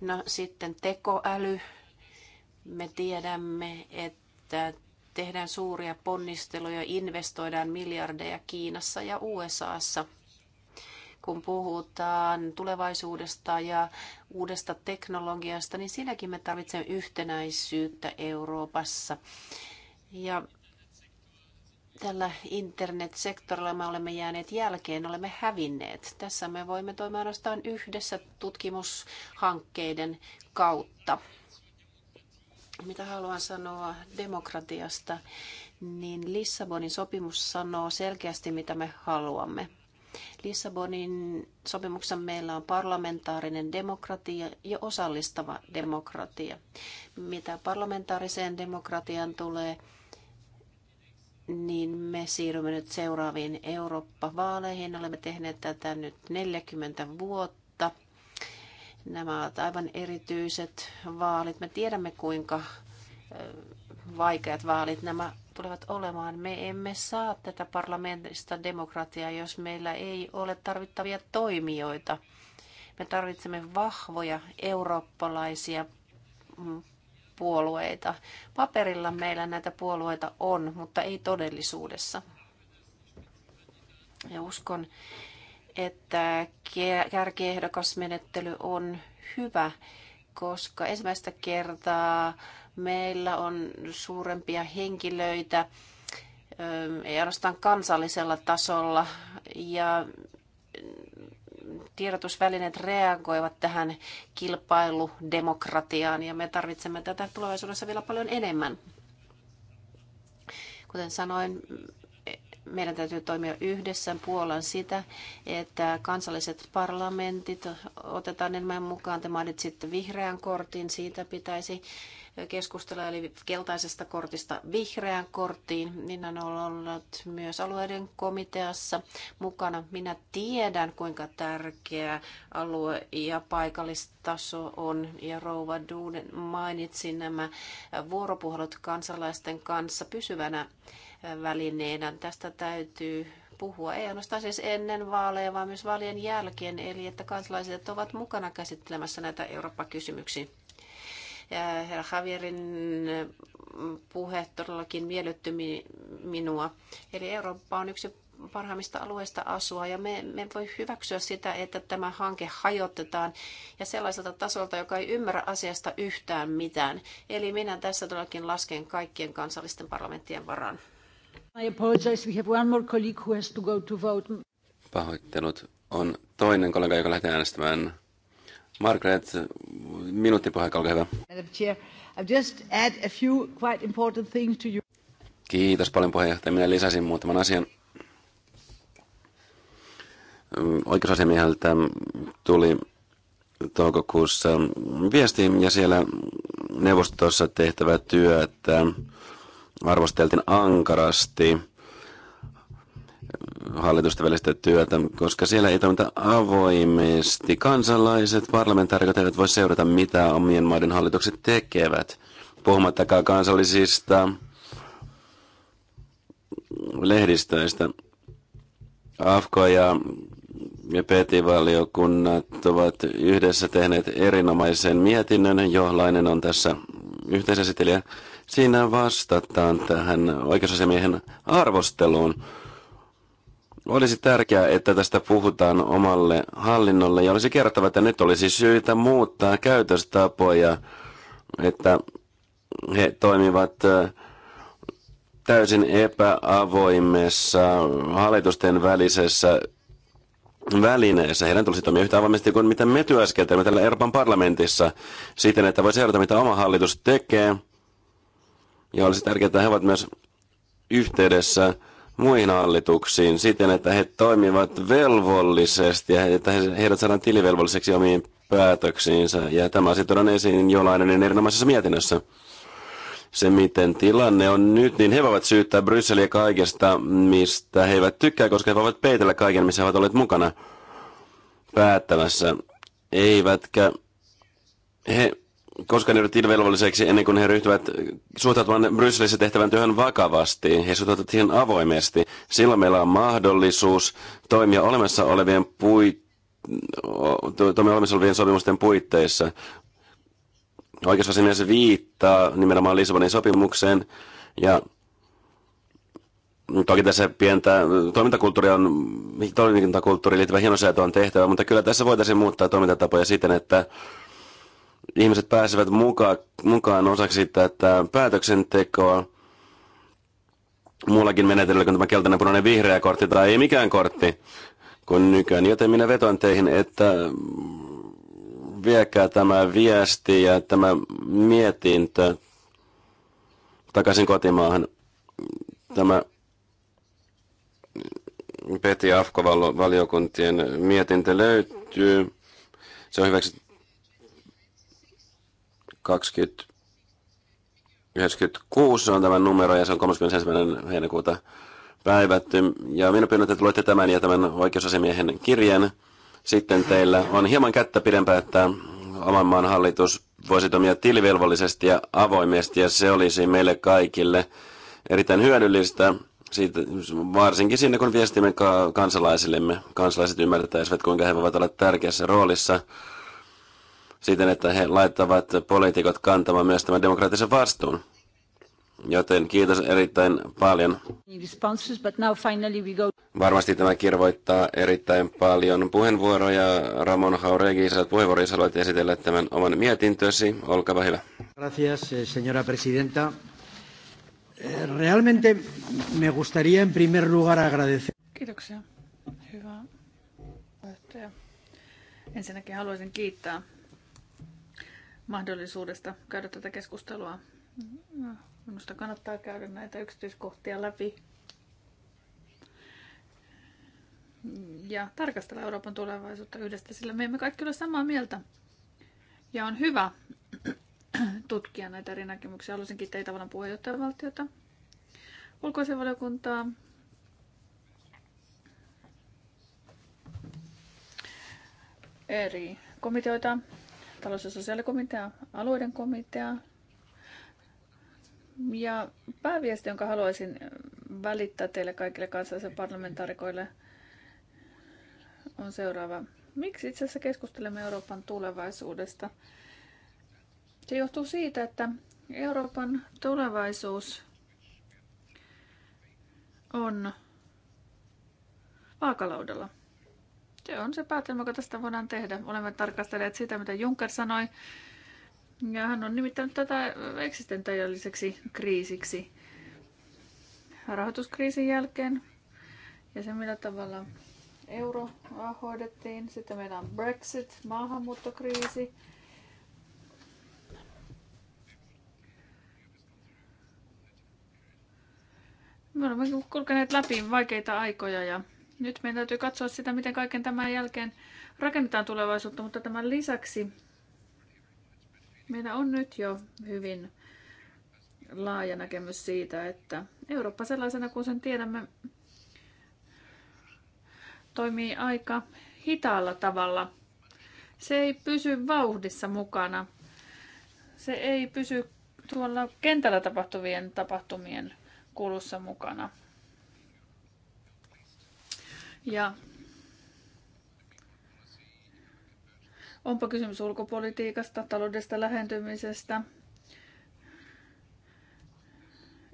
No sitten tekoäly. Me tiedämme, että tehdään suuria ponnisteluja, investoidaan miljardeja Kiinassa ja USAssa. Kun puhutaan tulevaisuudesta ja uudesta teknologiasta, niin siinäkin me tarvitsemme yhtenäisyyttä Euroopassa. Ja tällä internetsektorilla me olemme jääneet jälkeen, olemme hävinneet. Tässä me voimme toimia ainoastaan yhdessä tutkimushankkeiden kautta. Mitä haluan sanoa demokratiasta, niin Lissabonin sopimus sanoo selkeästi, mitä me haluamme. Lissabonin sopimuksessa meillä on parlamentaarinen demokratia ja osallistava demokratia. Mitä parlamentaariseen demokratiaan tulee, niin me siirrymme nyt seuraaviin Eurooppa-vaaleihin. Olemme tehneet tätä nyt 40 vuotta. Nämä ovat aivan erityiset vaalit. Me tiedämme, kuinka vaikeat vaalit nämä tulevat olemaan. Me emme saa tätä parlamentista demokratiaa, jos meillä ei ole tarvittavia toimijoita. Me tarvitsemme vahvoja eurooppalaisia mm, puolueita. Paperilla meillä näitä puolueita on, mutta ei todellisuudessa. Ja uskon, että kärkiehdokasmenettely on hyvä koska ensimmäistä kertaa meillä on suurempia henkilöitä, ei ainoastaan kansallisella tasolla, ja tiedotusvälineet reagoivat tähän kilpailudemokratiaan, ja me tarvitsemme tätä tulevaisuudessa vielä paljon enemmän. Kuten sanoin, meidän täytyy toimia yhdessä Puolan sitä, että kansalliset parlamentit otetaan enemmän mukaan. Te mainitsitte vihreän kortin, siitä pitäisi keskustella, eli keltaisesta kortista vihreään korttiin. Minä olen ollut myös alueiden komiteassa mukana. Minä tiedän, kuinka tärkeä alue- ja paikallistaso on. Ja Rouva Duuden mainitsi nämä vuoropuhelut kansalaisten kanssa pysyvänä välineenä. Tästä täytyy puhua, ei ainoastaan siis ennen vaaleja, vaan myös vaalien jälkeen, eli että kansalaiset ovat mukana käsittelemässä näitä Eurooppa-kysymyksiä. Herra Javierin puhe todellakin miellytty minua. Eli Eurooppa on yksi parhaimmista alueista asua ja me, me voi hyväksyä sitä, että tämä hanke hajotetaan ja sellaiselta tasolta, joka ei ymmärrä asiasta yhtään mitään. Eli minä tässä todellakin lasken kaikkien kansallisten parlamenttien varaan. Pahoittelut. On toinen kollega, joka lähtee äänestämään. Margaret, minuutti puheenjohtaja, olkaa hyvä. Madam Chair, I've just add a few quite important things to you. Kiitos paljon puheenjohtaja. Minä lisäsin muutaman asian. Oikeusasiamieheltä tuli toukokuussa viesti ja siellä neuvostossa tehtävä työ, että arvosteltiin ankarasti hallitusten välistä työtä, koska siellä ei toimita avoimesti. Kansalaiset, parlamentaarikot eivät voi seurata, mitä omien maiden hallitukset tekevät, puhumattakaan kansallisista lehdistöistä. AFKO ja PETI-valiokunnat ovat yhdessä tehneet erinomaisen mietinnön, johlainen on tässä yhteisesitelijä. Siinä vastataan tähän oikeusasiamiehen arvosteluun. Olisi tärkeää, että tästä puhutaan omalle hallinnolle ja olisi kertava, että nyt olisi syytä muuttaa käytöstapoja, että he toimivat täysin epäavoimessa hallitusten välisessä välineessä. Heidän tulisi toimia yhtä avoimesti kuin mitä me työskentelemme täällä Euroopan parlamentissa siten, että voi seurata, mitä oma hallitus tekee – ja olisi tärkeää, että he ovat myös yhteydessä muihin hallituksiin siten, että he toimivat velvollisesti ja että heidät saadaan tilivelvolliseksi omiin päätöksiinsä. Ja tämä sitten on esiin niin erinomaisessa mietinnössä. Se, miten tilanne on nyt, niin he voivat syyttää Brysseliä kaikesta, mistä he eivät tykkää, koska he voivat peitellä kaiken, missä he ovat olleet mukana päättämässä. Eivätkä he koska ne ryhtyvät velvolliseksi ennen kuin he ryhtyvät suhtautumaan Brysselissä tehtävän työhön vakavasti. He suhtautuvat siihen avoimesti. Silloin meillä on mahdollisuus toimia olemassa olevien, pui, toimia olemassa olevien sopimusten puitteissa. Oikeusasiamies viittaa nimenomaan Lisbonin sopimukseen ja toki tässä pientä toimintakulttuuri on, toimintakulttuuriin liittyvä hienosäätö on tehtävä, mutta kyllä tässä voitaisiin muuttaa toimintatapoja siten, että ihmiset pääsevät mukaan, mukaan osaksi tätä päätöksentekoa muullakin menetellä kuin tämä keltainen, punainen, vihreä kortti tai ei mikään kortti kuin nykyään. Joten minä vetoan teihin, että viekää tämä viesti ja tämä mietintö takaisin kotimaahan. Tämä Peti Afko-valiokuntien mietintö löytyy. Se on hyväksytty 20 96 on tämä numero ja se on 31. heinäkuuta päivätty. Ja minä pyydän, että luette tämän ja tämän oikeusasiamiehen kirjeen. Sitten teillä on hieman kättä pidempää, että oman maan hallitus voisi toimia tilivelvollisesti ja avoimesti ja se olisi meille kaikille erittäin hyödyllistä. Siitä, varsinkin sinne, kun viestimme kansalaisillemme, kansalaiset ymmärtäisivät, kuinka he voivat olla tärkeässä roolissa – siten, että he laittavat poliitikot kantamaan myös tämän demokraattisen vastuun. Joten kiitos erittäin paljon. Varmasti tämä kirvoittaa erittäin paljon puheenvuoroja. Ramon Jauregi, sinä olet jos haluat esitellä tämän oman mietintösi. Olkaa hyvä. Gracias, eh, señora presidenta. Eh, realmente me gustaría en primer lugar agradecer. Kiitoksia. Hyvä. Ensinnäkin haluaisin kiittää mahdollisuudesta käydä tätä keskustelua. Minusta kannattaa käydä näitä yksityiskohtia läpi ja tarkastella Euroopan tulevaisuutta yhdestä, sillä me emme kaikki ole samaa mieltä. Ja on hyvä tutkia näitä eri näkemyksiä. Haluaisin kiittää Itävallan puheenjohtajavaltiota, ulkoisen valiokuntaa, eri komiteoita, talous- ja sosiaalikomitea, alueiden komitea. Ja pääviesti, jonka haluaisin välittää teille kaikille kansallisille parlamentaarikoille, on seuraava. Miksi itse asiassa keskustelemme Euroopan tulevaisuudesta? Se johtuu siitä, että Euroopan tulevaisuus on vaakalaudalla. Se on se päätelmä, joka tästä voidaan tehdä. Olemme tarkastelleet sitä, mitä Juncker sanoi. Ja hän on nimittänyt tätä eksistentiaaliseksi kriisiksi rahoituskriisin jälkeen. Ja se, millä tavalla euro hoidettiin. Sitten meillä on Brexit, maahanmuuttokriisi. Me olemme kulkeneet läpi vaikeita aikoja ja nyt meidän täytyy katsoa sitä, miten kaiken tämän jälkeen rakennetaan tulevaisuutta, mutta tämän lisäksi meillä on nyt jo hyvin laaja näkemys siitä, että Eurooppa sellaisena kuin sen tiedämme toimii aika hitaalla tavalla. Se ei pysy vauhdissa mukana. Se ei pysy tuolla kentällä tapahtuvien tapahtumien kulussa mukana. Ja onpa kysymys ulkopolitiikasta, taloudesta lähentymisestä,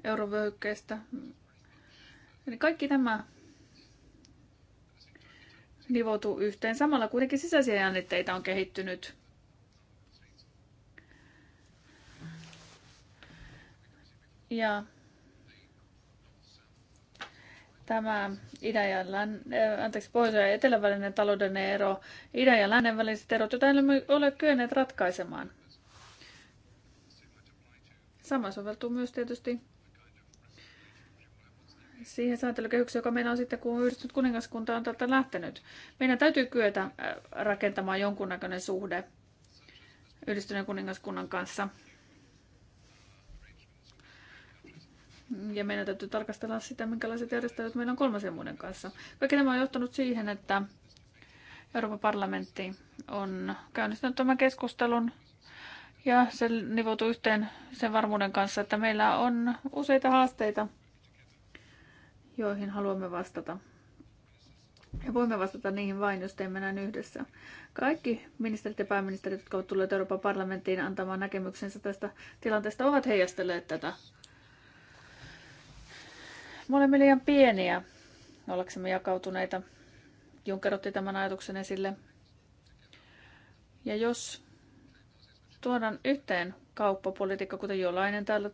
eurovöyhkeistä. Eli kaikki tämä nivoutuu yhteen. Samalla kuitenkin sisäisiä jännitteitä on kehittynyt. Ja tämä idä- ja län, äh, anteeksi, pohjois- ja etelävälinen taloudellinen talouden ero, idän ja lännen väliset erot, joita emme ole kyenneet ratkaisemaan. Sama soveltuu myös tietysti siihen sääntelykehykseen, joka meillä on sitten, kun yhdistynyt kuningaskunta on täältä lähtenyt. Meidän täytyy kyetä äh, rakentamaan jonkunnäköinen suhde yhdistyneen kuningaskunnan kanssa. Ja meidän täytyy tarkastella sitä, minkälaiset järjestelyt meillä on kolmasen vuoden kanssa. Kaikki tämä on johtanut siihen, että Euroopan parlamentti on käynnistänyt tämän keskustelun ja se nivoutuu yhteen sen varmuuden kanssa, että meillä on useita haasteita, joihin haluamme vastata. Ja voimme vastata niihin vain, jos teemme näin yhdessä. Kaikki ministerit ja pääministerit, jotka ovat tulleet Euroopan parlamenttiin antamaan näkemyksensä tästä tilanteesta, ovat heijastelleet tätä me olemme liian pieniä ollaksemme jakautuneita. Juncker otti tämän ajatuksen esille. Ja jos tuodaan yhteen kauppapolitiikka, kuten jollainen täällä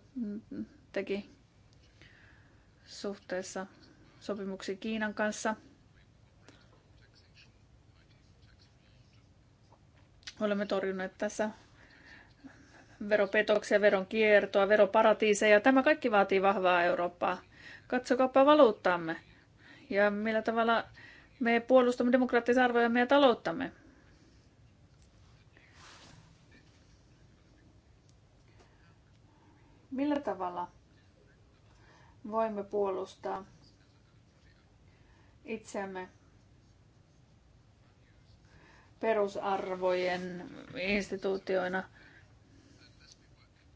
teki suhteessa sopimuksiin Kiinan kanssa, olemme torjuneet tässä veropetoksia, veron kiertoa, veroparatiiseja. Tämä kaikki vaatii vahvaa Eurooppaa. Katsokaapa valuuttaamme ja millä tavalla me puolustamme demokraattisia arvoja meidän talouttamme. Millä tavalla voimme puolustaa itseämme perusarvojen instituutioina,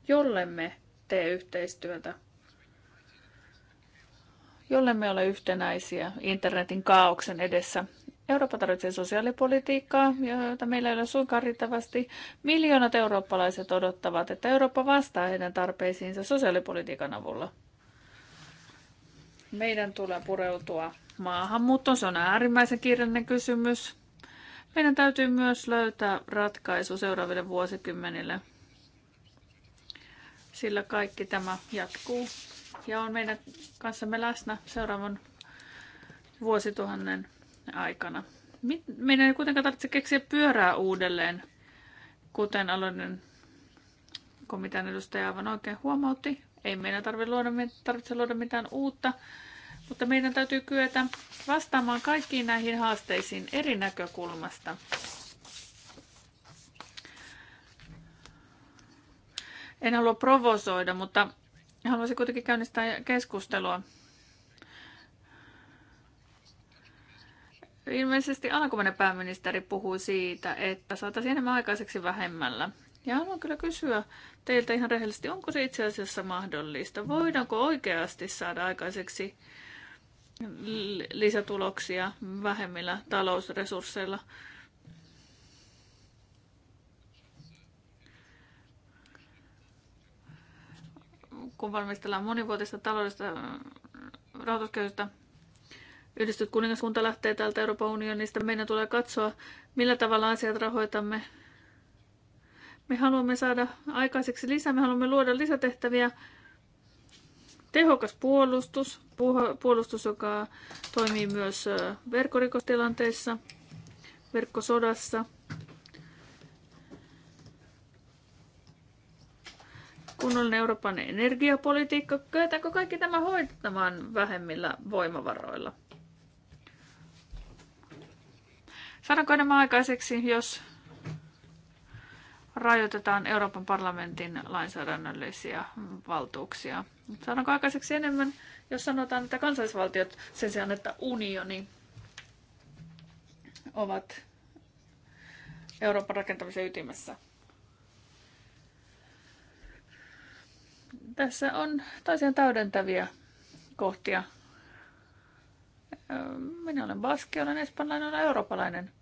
jollemme tee yhteistyötä jolle me ole yhtenäisiä internetin kaauksen edessä. Eurooppa tarvitsee sosiaalipolitiikkaa, jota meillä ei ole suinkaan riittävästi. Miljoonat eurooppalaiset odottavat, että Eurooppa vastaa heidän tarpeisiinsa sosiaalipolitiikan avulla. Meidän tulee pureutua maahanmuuttoon. Se on äärimmäisen kiireinen kysymys. Meidän täytyy myös löytää ratkaisu seuraaville vuosikymmenille, sillä kaikki tämä jatkuu ja on meidän kanssamme läsnä seuraavan vuosituhannen aikana. Meidän ei kuitenkaan tarvitse keksiä pyörää uudelleen, kuten aloinen komitean edustaja aivan oikein huomautti. Ei meidän tarvitse luoda, tarvitse luoda mitään uutta, mutta meidän täytyy kyetä vastaamaan kaikkiin näihin haasteisiin eri näkökulmasta. En halua provosoida, mutta Haluaisin kuitenkin käynnistää keskustelua. Ilmeisesti alkuperäinen pääministeri puhui siitä, että saataisiin enemmän aikaiseksi vähemmällä. Ja haluan kyllä kysyä teiltä ihan rehellisesti, onko se itse asiassa mahdollista? Voidaanko oikeasti saada aikaiseksi lisätuloksia vähemmillä talousresursseilla? kun valmistellaan monivuotista taloudellista äh, rahoituskehystä. Yhdistyt kuningaskunta lähtee täältä Euroopan unionista. Meidän tulee katsoa, millä tavalla asiat rahoitamme. Me haluamme saada aikaiseksi lisää, me haluamme luoda lisätehtäviä. Tehokas puolustus, puolustus, joka toimii myös äh, verkkorikostilanteissa, verkkosodassa – kunnollinen Euroopan energiapolitiikka, kyetäänkö kaikki tämä hoitamaan vähemmillä voimavaroilla? Saadaanko enemmän aikaiseksi, jos rajoitetaan Euroopan parlamentin lainsäädännöllisiä valtuuksia? Saadaanko aikaiseksi enemmän, jos sanotaan, että kansallisvaltiot sen sijaan, että unioni ovat Euroopan rakentamisen ytimessä? tässä on toisiaan täydentäviä kohtia. Öö, minä olen baski, olen espanjalainen, olen eurooppalainen.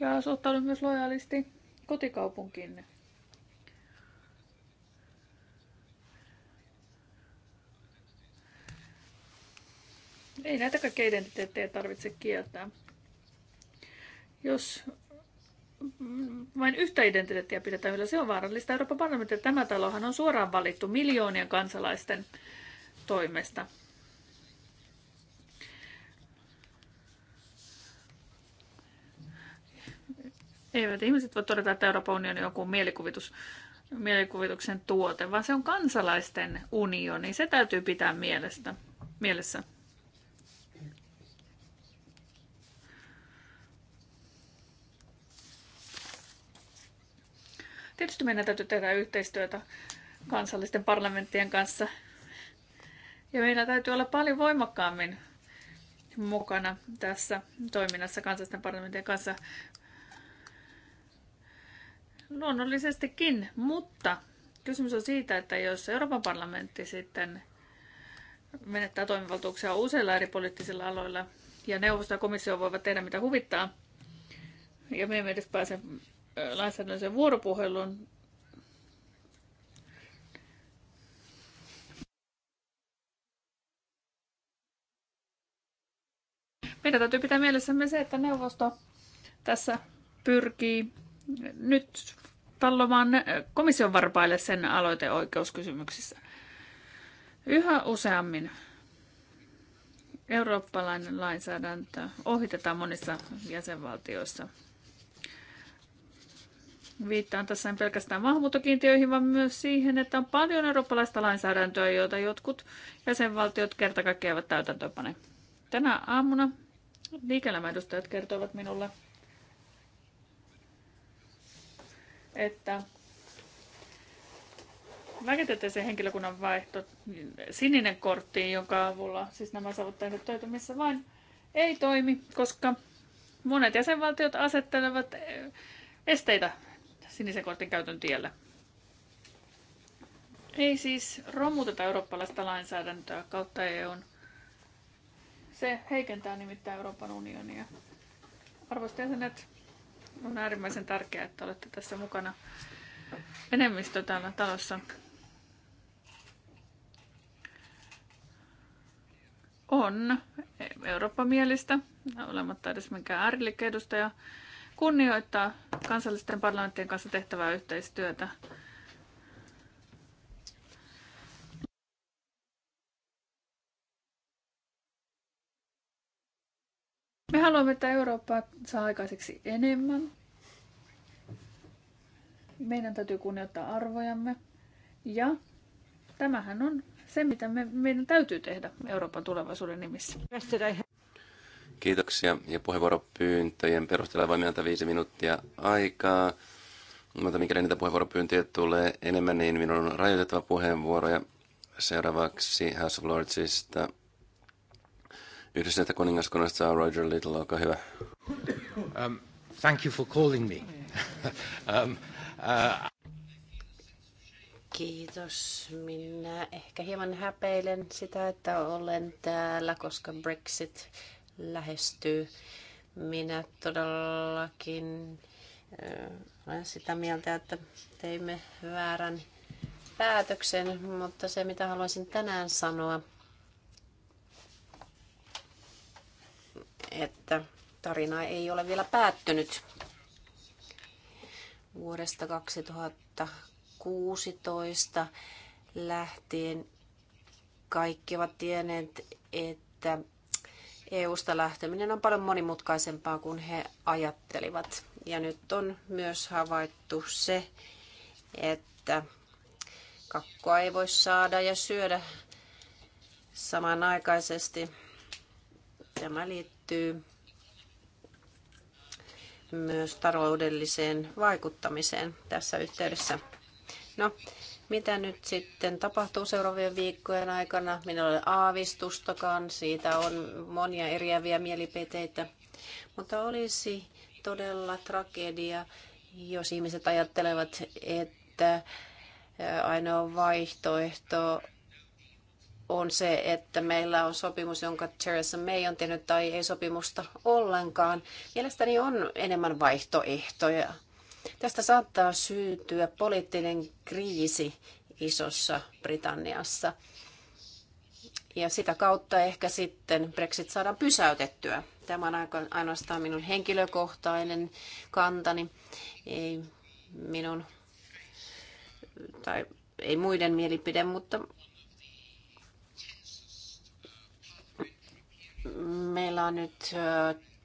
Ja suhtaudun myös lojaalisti kotikaupunkiinne. Ei näitä kaikkia identiteettejä tarvitse kieltää. Jos vain yhtä identiteettiä pidetään yllä. Se on vaarallista. Euroopan parlamentti tämä talohan on suoraan valittu miljoonien kansalaisten toimesta. Eivät ihmiset voi todeta, että Euroopan unioni on joku mielikuvitus, mielikuvituksen tuote, vaan se on kansalaisten unioni. Se täytyy pitää mielestä, mielessä. Tietysti meidän täytyy tehdä yhteistyötä kansallisten parlamenttien kanssa. Ja meillä täytyy olla paljon voimakkaammin mukana tässä toiminnassa kansallisten parlamenttien kanssa. Luonnollisestikin, mutta kysymys on siitä, että jos Euroopan parlamentti sitten menettää toimivaltuuksia useilla eri poliittisilla aloilla ja neuvosto ja komissio voivat tehdä mitä huvittaa, ja me emme edes pääse lainsäädännöllisen vuoropuhelun meidän täytyy pitää mielessämme se, että neuvosto tässä pyrkii nyt tallomaan komission varpaille sen aloiteoikeuskysymyksissä. Yhä useammin eurooppalainen lainsäädäntö ohitetaan monissa jäsenvaltioissa. Viittaan tässä en pelkästään maahanmuuttokiintiöihin, vaan myös siihen, että on paljon eurooppalaista lainsäädäntöä, joita jotkut jäsenvaltiot kerta kaikkiaan eivät täytäntöönpane. Tänä aamuna liike-elämäedustajat kertoivat minulle, että se henkilökunnan vaihto sininen kortti, jonka avulla siis nämä saavat tehdä töitä, missä vain ei toimi, koska monet jäsenvaltiot asettelevat eh, esteitä sinisen kortin käytön tiellä. Ei siis romuteta eurooppalaista lainsäädäntöä kautta EUn. Se heikentää nimittäin Euroopan unionia. Arvoisat jäsenet, on äärimmäisen tärkeää, että olette tässä mukana. Enemmistö täällä talossa on Eurooppa-mielistä, olematta edes minkään ääriliikkeen edustaja kunnioittaa kansallisten parlamenttien kanssa tehtävää yhteistyötä. Me haluamme, että Eurooppa saa aikaiseksi enemmän. Meidän täytyy kunnioittaa arvojamme. Ja tämähän on se, mitä me, meidän täytyy tehdä Euroopan tulevaisuuden nimissä. Kiitoksia ja puheenvuoropyyntöjen perusteella voimme antaa viisi minuuttia aikaa. Mutta mikäli niitä puheenvuoropyyntöjä tulee enemmän, niin minun on rajoitettava puheenvuoroja. Seuraavaksi House of Lordsista yhdistyneestä kuningaskunnasta Roger Little, olkaa hyvä. Um, thank you for calling me. um, uh... Kiitos. Minä ehkä hieman häpeilen sitä, että olen täällä, koska Brexit lähestyy. Minä todellakin eh, olen sitä mieltä, että teimme väärän päätöksen, mutta se mitä haluaisin tänään sanoa, että tarina ei ole vielä päättynyt. Vuodesta 2016 lähtien kaikki ovat tienneet, että EUsta lähteminen on paljon monimutkaisempaa kuin he ajattelivat. Ja nyt on myös havaittu se, että kakkoa ei voi saada ja syödä samanaikaisesti. Tämä liittyy myös taloudelliseen vaikuttamiseen tässä yhteydessä. No, mitä nyt sitten tapahtuu seuraavien viikkojen aikana? Minulla ei ole aavistustakaan, siitä on monia eriäviä mielipiteitä. Mutta olisi todella tragedia, jos ihmiset ajattelevat, että ainoa vaihtoehto on se, että meillä on sopimus, jonka Theresa May on tehnyt, tai ei sopimusta ollenkaan. Mielestäni on enemmän vaihtoehtoja. Tästä saattaa syntyä poliittinen kriisi isossa Britanniassa. Ja sitä kautta ehkä sitten Brexit saadaan pysäytettyä. Tämä on ainoastaan minun henkilökohtainen kantani. Ei minun tai ei muiden mielipide, mutta meillä on nyt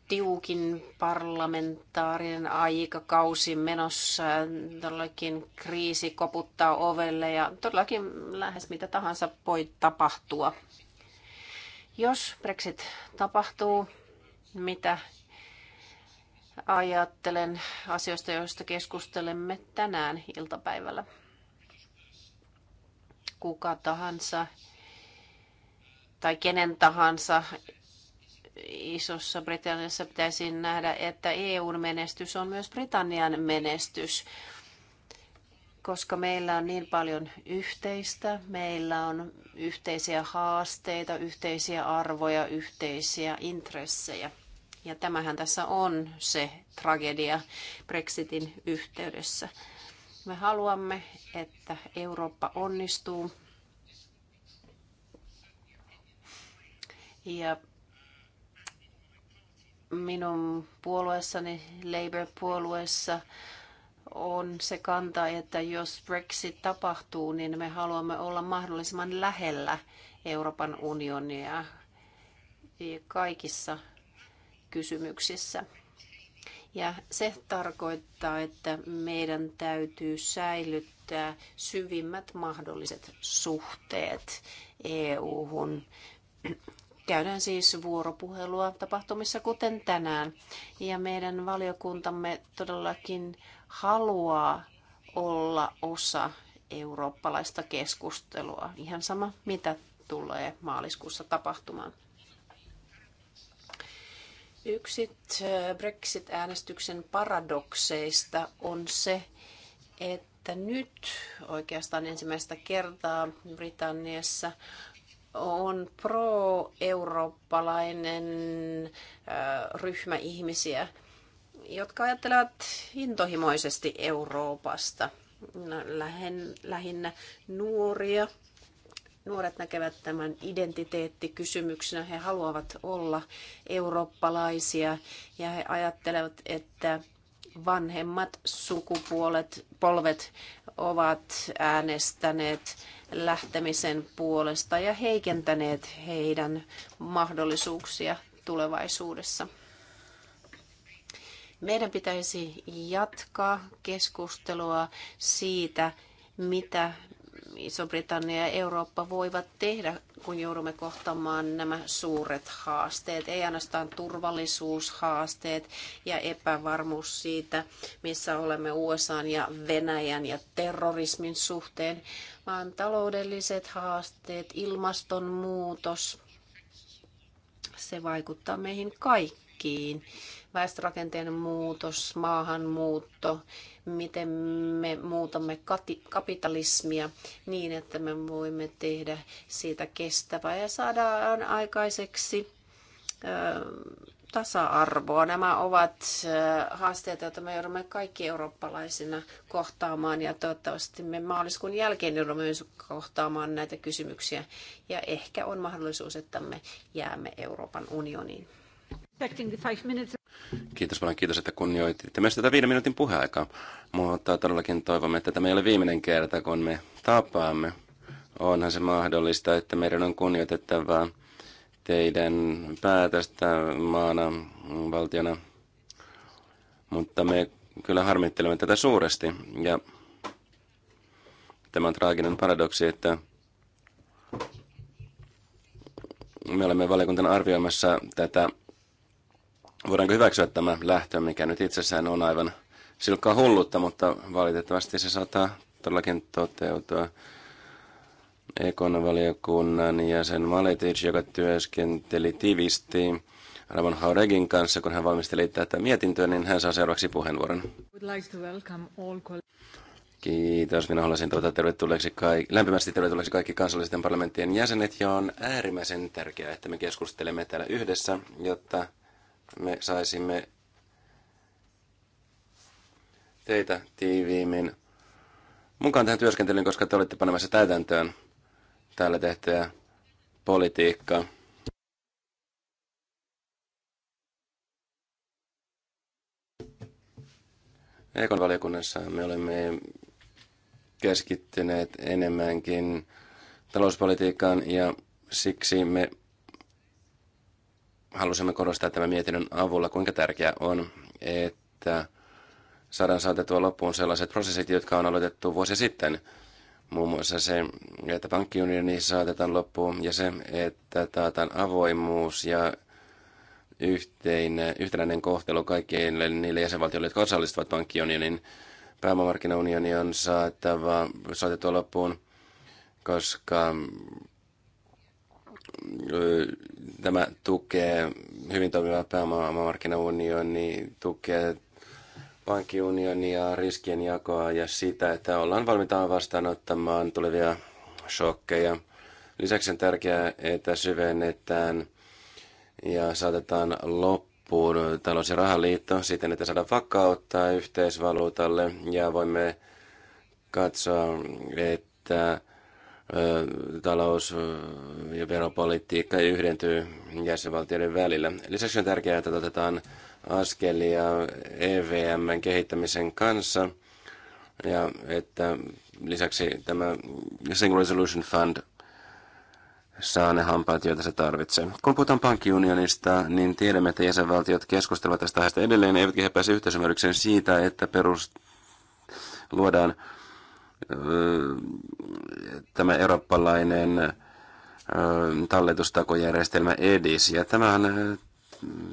tiukin parlamentaarinen aikakausi menossa. Todellakin kriisi koputtaa ovelle ja todellakin lähes mitä tahansa voi tapahtua. Jos Brexit tapahtuu, mitä ajattelen asioista, joista keskustelemme tänään iltapäivällä. Kuka tahansa tai kenen tahansa Isossa Britanniassa pitäisi nähdä, että EUn menestys on myös Britannian menestys, koska meillä on niin paljon yhteistä, meillä on yhteisiä haasteita, yhteisiä arvoja, yhteisiä intressejä. Ja tämähän tässä on se tragedia Brexitin yhteydessä. Me haluamme, että Eurooppa onnistuu. Ja minun puolueessani, Labour-puolueessa, on se kanta, että jos Brexit tapahtuu, niin me haluamme olla mahdollisimman lähellä Euroopan unionia kaikissa kysymyksissä. Ja se tarkoittaa, että meidän täytyy säilyttää syvimmät mahdolliset suhteet EU-hun Käydään siis vuoropuhelua tapahtumissa kuten tänään. Ja meidän valiokuntamme todellakin haluaa olla osa eurooppalaista keskustelua. Ihan sama, mitä tulee maaliskuussa tapahtumaan. Yksi äh, Brexit-äänestyksen paradokseista on se, että nyt oikeastaan ensimmäistä kertaa Britanniassa on pro-eurooppalainen ryhmä ihmisiä, jotka ajattelevat intohimoisesti Euroopasta. No, lähen, lähinnä nuoria. Nuoret näkevät tämän identiteettikysymyksenä. He haluavat olla eurooppalaisia ja he ajattelevat, että vanhemmat sukupuolet, polvet ovat äänestäneet lähtemisen puolesta ja heikentäneet heidän mahdollisuuksia tulevaisuudessa. Meidän pitäisi jatkaa keskustelua siitä, mitä Iso-Britannia ja Eurooppa voivat tehdä, kun joudumme kohtamaan nämä suuret haasteet. Ei ainoastaan turvallisuushaasteet ja epävarmuus siitä, missä olemme USA ja Venäjän ja terrorismin suhteen, vaan taloudelliset haasteet, ilmastonmuutos, se vaikuttaa meihin kaikkiin väestörakenteen muutos, maahanmuutto, miten me muutamme kapitalismia niin, että me voimme tehdä siitä kestävää ja saadaan aikaiseksi tasa-arvoa. Nämä ovat haasteita, joita me joudumme kaikki eurooppalaisina kohtaamaan ja toivottavasti me maaliskuun jälkeen joudumme myös kohtaamaan näitä kysymyksiä ja ehkä on mahdollisuus, että me jäämme Euroopan unioniin. Kiitos paljon, kiitos, että kunnioititte myös tätä viiden minuutin puheaikaa. Mutta todellakin toivomme, että tämä ei ole viimeinen kerta, kun me tapaamme. Onhan se mahdollista, että meidän on kunnioitettava teidän päätöstä maana, valtiona. Mutta me kyllä harmittelemme tätä suuresti. Ja tämä on traaginen paradoksi, että me olemme valiokuntana arvioimassa tätä Voidaanko hyväksyä tämä lähtö, mikä nyt itsessään on aivan silkkaa hullutta, mutta valitettavasti se saattaa todellakin toteutua. Ekonvaliokunnan jäsen Maletic, joka työskenteli tiivisti Ravon Hauregin kanssa, kun hän valmisteli tätä mietintöä, niin hän saa seuraavaksi puheenvuoron. Kiitos. Minä haluaisin tuota tervetulleeksi kaik- lämpimästi tervetulleeksi kaikki kansallisten parlamenttien jäsenet, ja on äärimmäisen tärkeää, että me keskustelemme täällä yhdessä, jotta me saisimme teitä tiiviimmin mukaan tähän työskentelyyn, koska te olette panemassa täytäntöön täällä tehtyä politiikkaa. Ekon valiokunnassa me olemme keskittyneet enemmänkin talouspolitiikkaan ja siksi me halusimme korostaa tämän mietinnön avulla, kuinka tärkeää on, että saadaan saatettua loppuun sellaiset prosessit, jotka on aloitettu vuosi sitten. Muun muassa se, että pankkiunioni saatetaan loppuun ja se, että taataan avoimuus ja yhteinen, yhtenäinen kohtelu kaikille niille jäsenvaltioille, jotka osallistuvat pankkiunionin. Pääomamarkkinaunioni on saatettua loppuun, koska tämä tukee hyvin toimivaa pääomamarkkinaunioni, tukee pankkiunionia, riskien jakoa ja sitä, että ollaan valmiita vastaanottamaan tulevia shokkeja. Lisäksi on tärkeää, että syvennetään ja saatetaan loppuun talous- ja rahaliitto siten, että saadaan vakautta yhteisvaluutalle ja voimme katsoa, että talous- ja veropolitiikka yhdentyy jäsenvaltioiden välillä. Lisäksi on tärkeää, että otetaan askelia EVMn kehittämisen kanssa ja että lisäksi tämä Single Resolution Fund saa ne hampaat, joita se tarvitsee. Kun puhutaan pankkiunionista, niin tiedämme, että jäsenvaltiot keskustelevat tästä aiheesta edelleen, eivätkä he pääse yhteisymmärrykseen siitä, että perus luodaan tämä eurooppalainen talletustakojärjestelmä EDIS. Ja tämähän,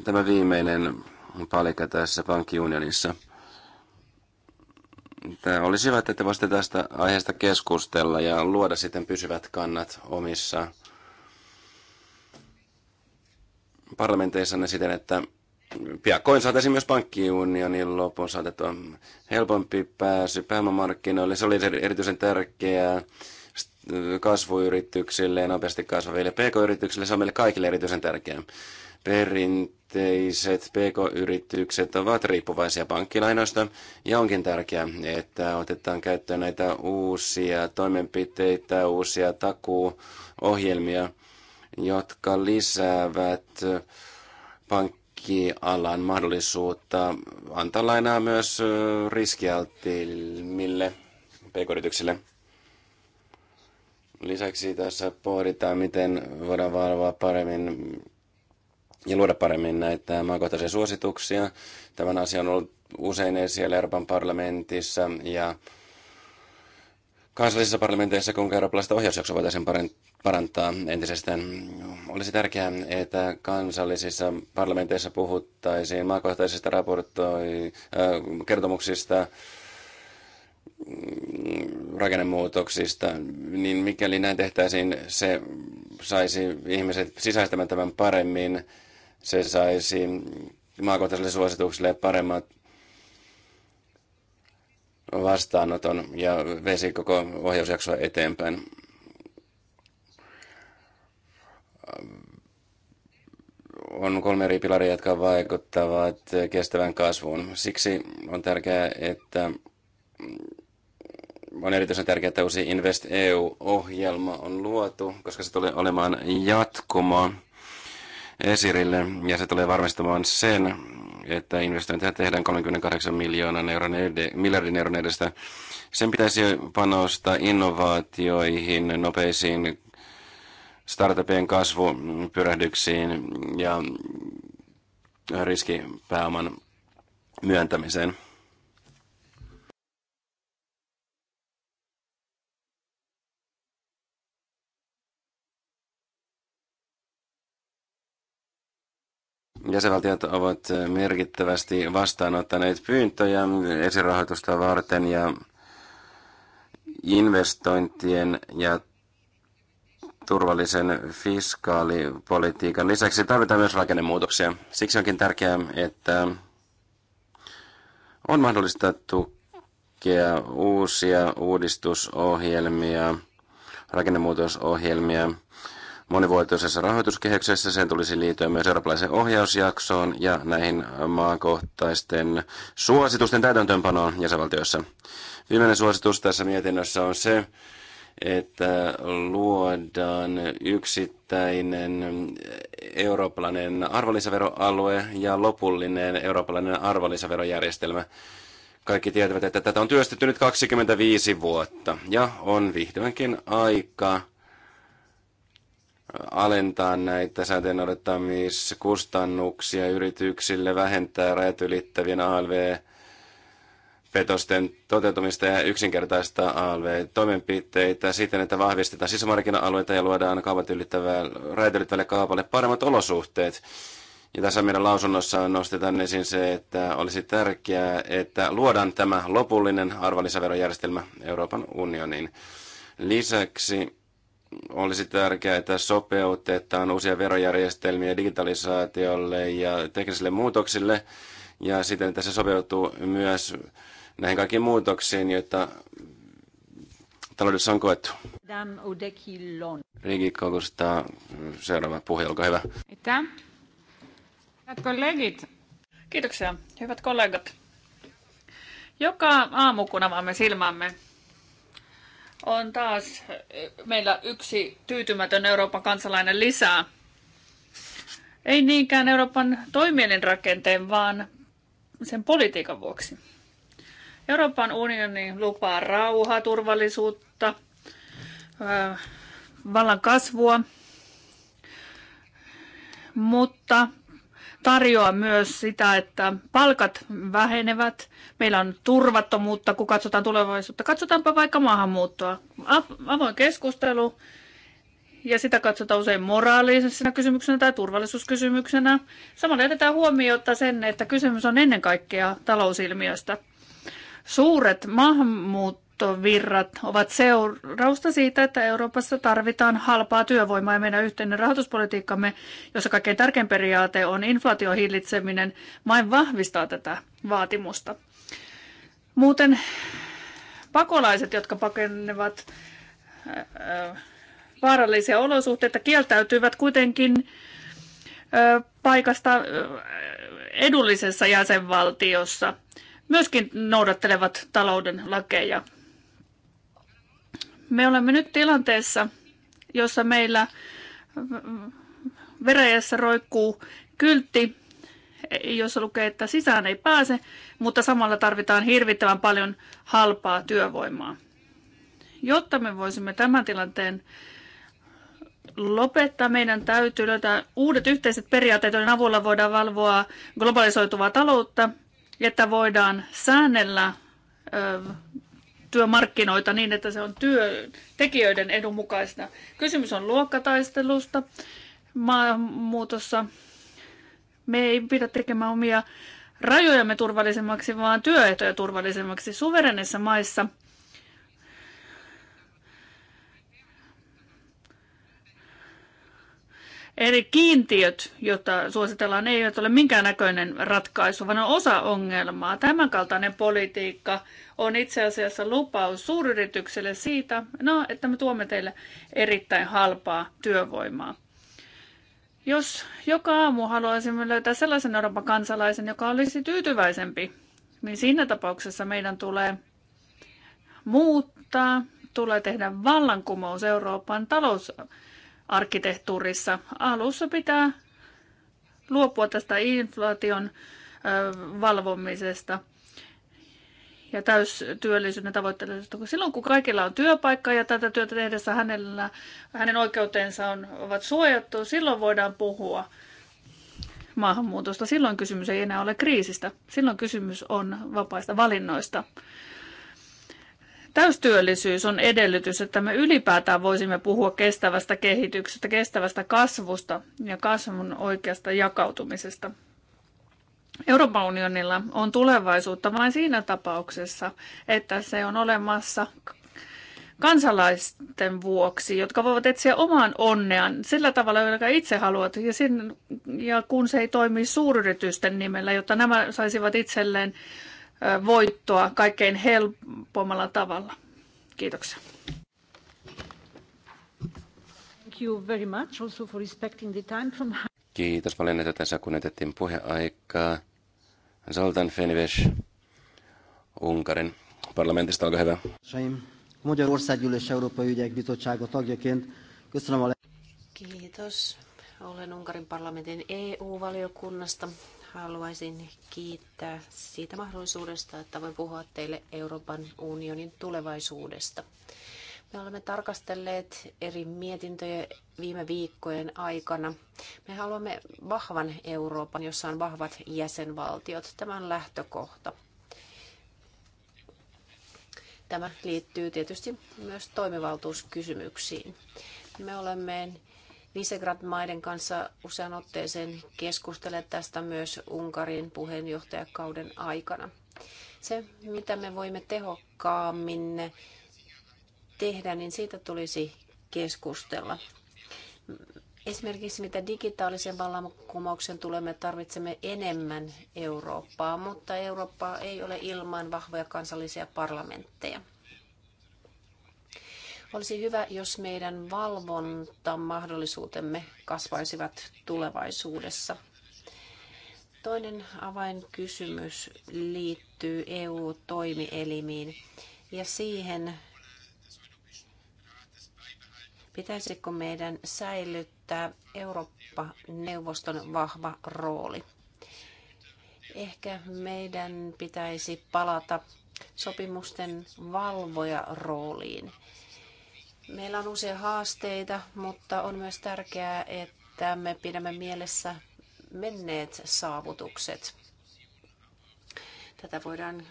tämä viimeinen palikka tässä pankkiunionissa. Tämä olisi hyvä, että voisitte tästä aiheesta keskustella ja luoda sitten pysyvät kannat omissa parlamenteissanne siten, että piakkoin saataisiin myös pankkiunionin lopun saatettua helpompi pääsy pääomamarkkinoille. Se oli erityisen tärkeää kasvuyrityksille ja nopeasti kasvaville pk-yrityksille. Se on meille kaikille erityisen tärkeää. Perinteiset pk-yritykset ovat riippuvaisia pankkilainoista ja onkin tärkeää, että otetaan käyttöön näitä uusia toimenpiteitä, uusia takuuohjelmia, jotka lisäävät pankkilainoja riskialan mahdollisuutta antaa lainaa myös riskialttiimmille pk-yrityksille. Lisäksi tässä pohditaan, miten voidaan valvoa paremmin ja luoda paremmin näitä maakohtaisia suosituksia. Tämän asian on ollut usein esillä Euroopan parlamentissa ja kansallisissa parlamenteissa, kun eurooppalaista ohjausjakso voitaisiin parantaa entisestään. Olisi tärkeää, että kansallisissa parlamenteissa puhuttaisiin maakohtaisista raportoi, äh, kertomuksista, mm, rakennemuutoksista, niin mikäli näin tehtäisiin, se saisi ihmiset sisäistämään tämän paremmin, se saisi maakohtaisille suosituksille paremmat vastaanoton ja vesi koko ohjausjaksoa eteenpäin. On kolme eri pilaria, jotka vaikuttavat kestävän kasvuun. Siksi on tärkeää, että on erityisen tärkeää, että uusi Invest EU-ohjelma on luotu, koska se tulee olemaan jatkumo Esirille ja se tulee varmistamaan sen, että investointeja tehdään 38 miljoonan euron ed- miljardin euron edestä. Sen pitäisi panostaa innovaatioihin, nopeisiin startupien kasvupyrähdyksiin ja riskipääoman myöntämiseen. Jäsenvaltiot ovat merkittävästi vastaanottaneet pyyntöjä esirahoitusta varten ja investointien ja turvallisen fiskaalipolitiikan lisäksi tarvitaan myös rakennemuutoksia. Siksi onkin tärkeää, että on mahdollista tukea uusia uudistusohjelmia, rakennemuutosohjelmia, monivuotoisessa rahoituskehyksessä. Sen tulisi liittyä myös eurooppalaisen ohjausjaksoon ja näihin maakohtaisten suositusten täytäntöönpanoon jäsenvaltioissa. Viimeinen suositus tässä mietinnössä on se, että luodaan yksittäinen eurooppalainen arvonlisäveroalue ja lopullinen eurooppalainen arvonlisäverojärjestelmä. Kaikki tietävät, että tätä on työstetty nyt 25 vuotta ja on vihdoinkin aika alentaa näitä sääntöjen odottamiskustannuksia yrityksille, vähentää rajat ylittävien ALV petosten toteutumista ja yksinkertaista ALV-toimenpiteitä siten, että vahvistetaan sisämarkkina-alueita ja luodaan kaupat ylittävälle kaupalle paremmat olosuhteet. Ja tässä meidän lausunnossa nostetaan esiin se, että olisi tärkeää, että luodaan tämä lopullinen arvonlisäverojärjestelmä Euroopan unionin Lisäksi olisi tärkeää, että sopeutetaan uusia verojärjestelmiä digitalisaatiolle ja teknisille muutoksille. Ja siten tässä sopeutuu myös näihin kaikkiin muutoksiin, joita taloudessa on koettu. Rigikokousta seuraava puhe, olkaa hyvä. Hyvät kollegit. Kiitoksia, hyvät kollegat. Joka aamu, kun avaamme silmämme, on taas eh, meillä yksi tyytymätön Euroopan kansalainen lisää. Ei niinkään Euroopan toimielin rakenteen, vaan sen politiikan vuoksi. Euroopan unioni lupaa rauhaa, turvallisuutta, eh, vallan kasvua, mutta tarjoaa myös sitä, että palkat vähenevät. Meillä on turvattomuutta, kun katsotaan tulevaisuutta. Katsotaanpa vaikka maahanmuuttoa. Avoin keskustelu ja sitä katsotaan usein moraalisena kysymyksenä tai turvallisuuskysymyksenä. Samalla jätetään huomiota sen, että kysymys on ennen kaikkea talousilmiöstä. Suuret maahanmuut muuttovirrat ovat seurausta siitä, että Euroopassa tarvitaan halpaa työvoimaa ja meidän yhteinen rahoituspolitiikkamme, jossa kaikkein tärkein periaate on inflaation hillitseminen, vain vahvistaa tätä vaatimusta. Muuten pakolaiset, jotka pakenevat äh, vaarallisia olosuhteita, kieltäytyvät kuitenkin äh, paikasta äh, edullisessa jäsenvaltiossa. Myöskin noudattelevat talouden lakeja. Me olemme nyt tilanteessa, jossa meillä veräjässä roikkuu kyltti, jossa lukee, että sisään ei pääse, mutta samalla tarvitaan hirvittävän paljon halpaa työvoimaa. Jotta me voisimme tämän tilanteen lopettaa, meidän täytyy löytää uudet yhteiset periaatteet, joiden avulla voidaan valvoa globalisoituvaa taloutta, että voidaan säännellä työmarkkinoita niin, että se on työntekijöiden edun mukaista. Kysymys on luokkataistelusta maahanmuutossa. Me ei pidä tekemään omia rajojamme turvallisemmaksi, vaan työehtoja turvallisemmaksi. Suverenissa maissa eri kiintiöt, joita suositellaan, ei ole minkäännäköinen ratkaisu, vaan on osa ongelmaa. Tämänkaltainen politiikka on itse asiassa lupaus suuryritykselle siitä, no, että me tuomme teille erittäin halpaa työvoimaa. Jos joka aamu haluaisimme löytää sellaisen Euroopan kansalaisen, joka olisi tyytyväisempi, niin siinä tapauksessa meidän tulee muuttaa, tulee tehdä vallankumous Euroopan talous arkkitehtuurissa. Alussa pitää luopua tästä inflaation valvomisesta ja täystyöllisyyden tavoitteellisuudesta. Silloin kun kaikilla on työpaikka ja tätä työtä tehdessä hänellä, hänen oikeutensa on, ovat suojattu, silloin voidaan puhua maahanmuutosta. Silloin kysymys ei enää ole kriisistä. Silloin kysymys on vapaista valinnoista. Täystyöllisyys on edellytys, että me ylipäätään voisimme puhua kestävästä kehityksestä, kestävästä kasvusta ja kasvun oikeasta jakautumisesta. Euroopan unionilla on tulevaisuutta vain siinä tapauksessa, että se on olemassa kansalaisten vuoksi, jotka voivat etsiä oman onnean sillä tavalla, joka itse haluat, ja, sen, ja kun se ei toimi suuryritysten nimellä, jotta nämä saisivat itselleen voittoa kaikkein helpommalla tavalla. Kiitoksia. Kiitos paljon, että tässä kunnetettiin puheaikaa. Zoltan Fenves, Unkarin parlamentista, olkaa hyvä. Kiitos. Olen Unkarin parlamentin EU-valiokunnasta haluaisin kiittää siitä mahdollisuudesta, että voin puhua teille Euroopan unionin tulevaisuudesta. Me olemme tarkastelleet eri mietintöjä viime viikkojen aikana. Me haluamme vahvan Euroopan, jossa on vahvat jäsenvaltiot. Tämä on lähtökohta. Tämä liittyy tietysti myös toimivaltuuskysymyksiin. Me olemme Visegrad-maiden kanssa usean otteeseen keskustele tästä myös Unkarin puheenjohtajakauden aikana. Se, mitä me voimme tehokkaammin tehdä, niin siitä tulisi keskustella. Esimerkiksi mitä digitaalisen vallankumouksen tulemme, tarvitsemme enemmän Eurooppaa, mutta Eurooppa ei ole ilman vahvoja kansallisia parlamentteja. Olisi hyvä, jos meidän valvontamahdollisuutemme kasvaisivat tulevaisuudessa. Toinen avainkysymys liittyy EU-toimielimiin ja siihen, pitäisikö meidän säilyttää Eurooppa-neuvoston vahva rooli. Ehkä meidän pitäisi palata sopimusten valvoja rooliin. Meillä on usein haasteita, mutta on myös tärkeää, että me pidämme mielessä menneet saavutukset. Tätä voidaan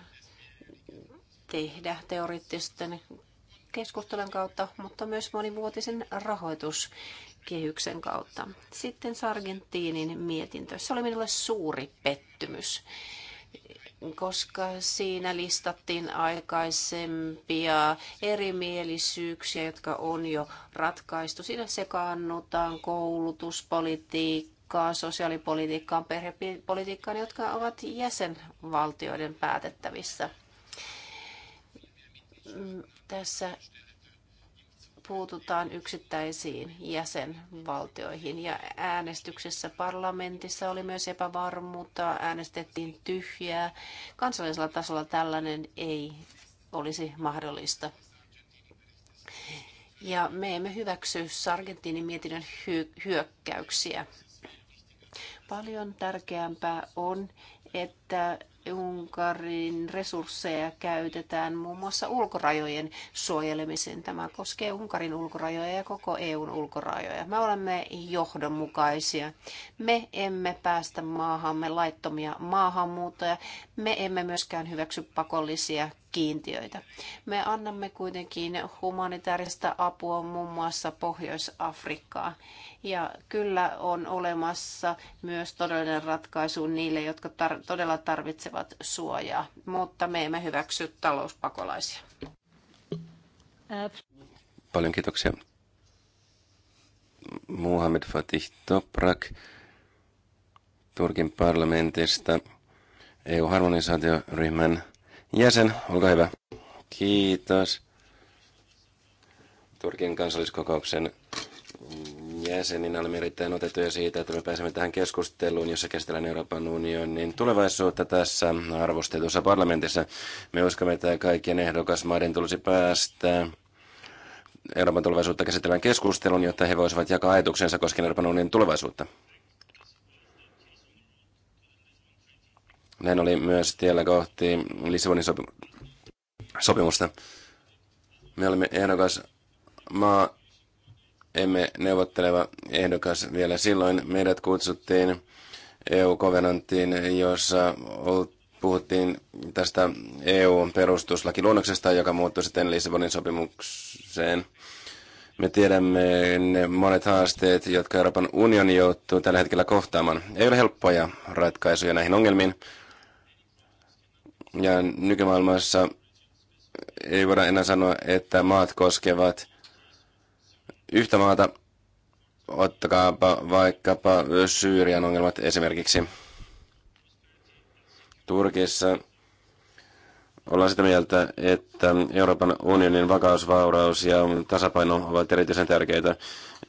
tehdä teoreettisten keskustelun kautta, mutta myös monivuotisen rahoituskehyksen kautta. Sitten Sargentiinin mietintö. Se oli minulle suuri pettymys koska siinä listattiin aikaisempia erimielisyyksiä, jotka on jo ratkaistu. Siinä sekaannutaan koulutuspolitiikkaan, sosiaalipolitiikkaan, perhepolitiikkaan, jotka ovat jäsenvaltioiden päätettävissä. Tässä puututaan yksittäisiin jäsenvaltioihin. Ja äänestyksessä parlamentissa oli myös epävarmuutta, äänestettiin tyhjää. Kansallisella tasolla tällainen ei olisi mahdollista. Ja me emme hyväksy Sargentinin mietinnön hyökkäyksiä. Paljon tärkeämpää on, että Unkarin resursseja käytetään muun muassa ulkorajojen suojelemiseen. Tämä koskee Unkarin ulkorajoja ja koko EUn ulkorajoja. Me olemme johdonmukaisia. Me emme päästä maahamme laittomia maahanmuuttoja. Me emme myöskään hyväksy pakollisia kiintiöitä. Me annamme kuitenkin humanitaarista apua muun muassa Pohjois-Afrikkaan. Ja kyllä on olemassa myös todellinen ratkaisu niille, jotka tar- todella tarvitsevat suojaa, mutta me emme hyväksy talouspakolaisia. Paljon kiitoksia. Muhammed Fatih Toprak Turkin parlamentista EU-harmonisaatioryhmän jäsen, olkaa hyvä. Kiitos. Turkin kansalliskokouksen jäseninä olemme erittäin otettuja siitä, että me pääsemme tähän keskusteluun, jossa käsitellään Euroopan unionin tulevaisuutta tässä arvostetussa parlamentissa. Me uskomme, että kaikkien ehdokasmaiden tulisi päästä Euroopan tulevaisuutta käsitellään keskustelun, jotta he voisivat jakaa ajatuksensa koskien Euroopan unionin tulevaisuutta. Näin oli myös tiellä kohti Lissabonin sopim- sopimusta. Me olemme ehdokas maa, emme neuvotteleva ehdokas vielä silloin. Meidät kutsuttiin EU-kovenanttiin, jossa puhuttiin tästä EU-perustuslakiluonnoksesta, joka muuttui sitten Lissabonin sopimukseen. Me tiedämme ne monet haasteet, jotka Euroopan unioni joutuu tällä hetkellä kohtaamaan. Ei ole helppoja ratkaisuja näihin ongelmiin, ja nykymaailmassa ei voida enää sanoa, että maat koskevat yhtä maata. Ottakaapa vaikkapa Syyrian ongelmat esimerkiksi. Turkissa ollaan sitä mieltä, että Euroopan unionin vakaus, vauraus ja tasapaino ovat erityisen tärkeitä.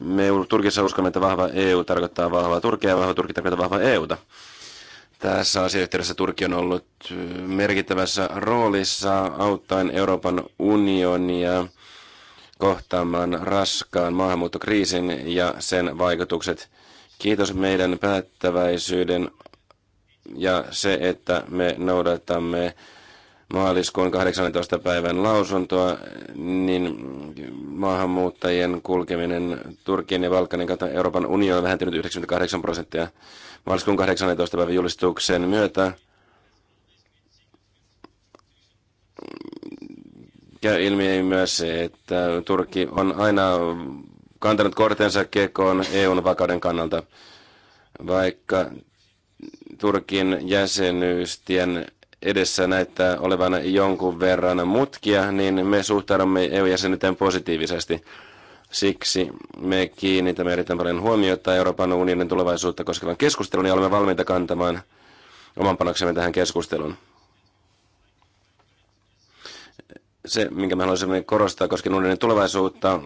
Me Turkissa uskomme, että vahva EU tarkoittaa vahvaa Turkia ja vahva Turki tarkoittaa vahvaa EUta. Tässä asiayhteydessä Turkki on ollut merkittävässä roolissa auttaen Euroopan unionia kohtaamaan raskaan maahanmuuttokriisin ja sen vaikutukset. Kiitos meidän päättäväisyyden ja se, että me noudatamme maaliskuun 18. päivän lausuntoa, niin maahanmuuttajien kulkeminen Turkin ja Balkanin kautta Euroopan unioni on vähentynyt 98 prosenttia Maaliskuun 18. päivän julistuksen myötä käy ilmi myös, että Turkki on aina kantanut kortensa kekoon EUn vakauden kannalta, vaikka Turkin jäsenyystien edessä näyttää olevan jonkun verran mutkia, niin me suhtaudumme EU-jäsenyyteen positiivisesti. Siksi me kiinnitämme erittäin paljon huomiota Euroopan unionin tulevaisuutta koskevan keskustelun ja olemme valmiita kantamaan oman panoksemme tähän keskusteluun. Se, minkä me haluaisimme korostaa koskien unionin tulevaisuutta,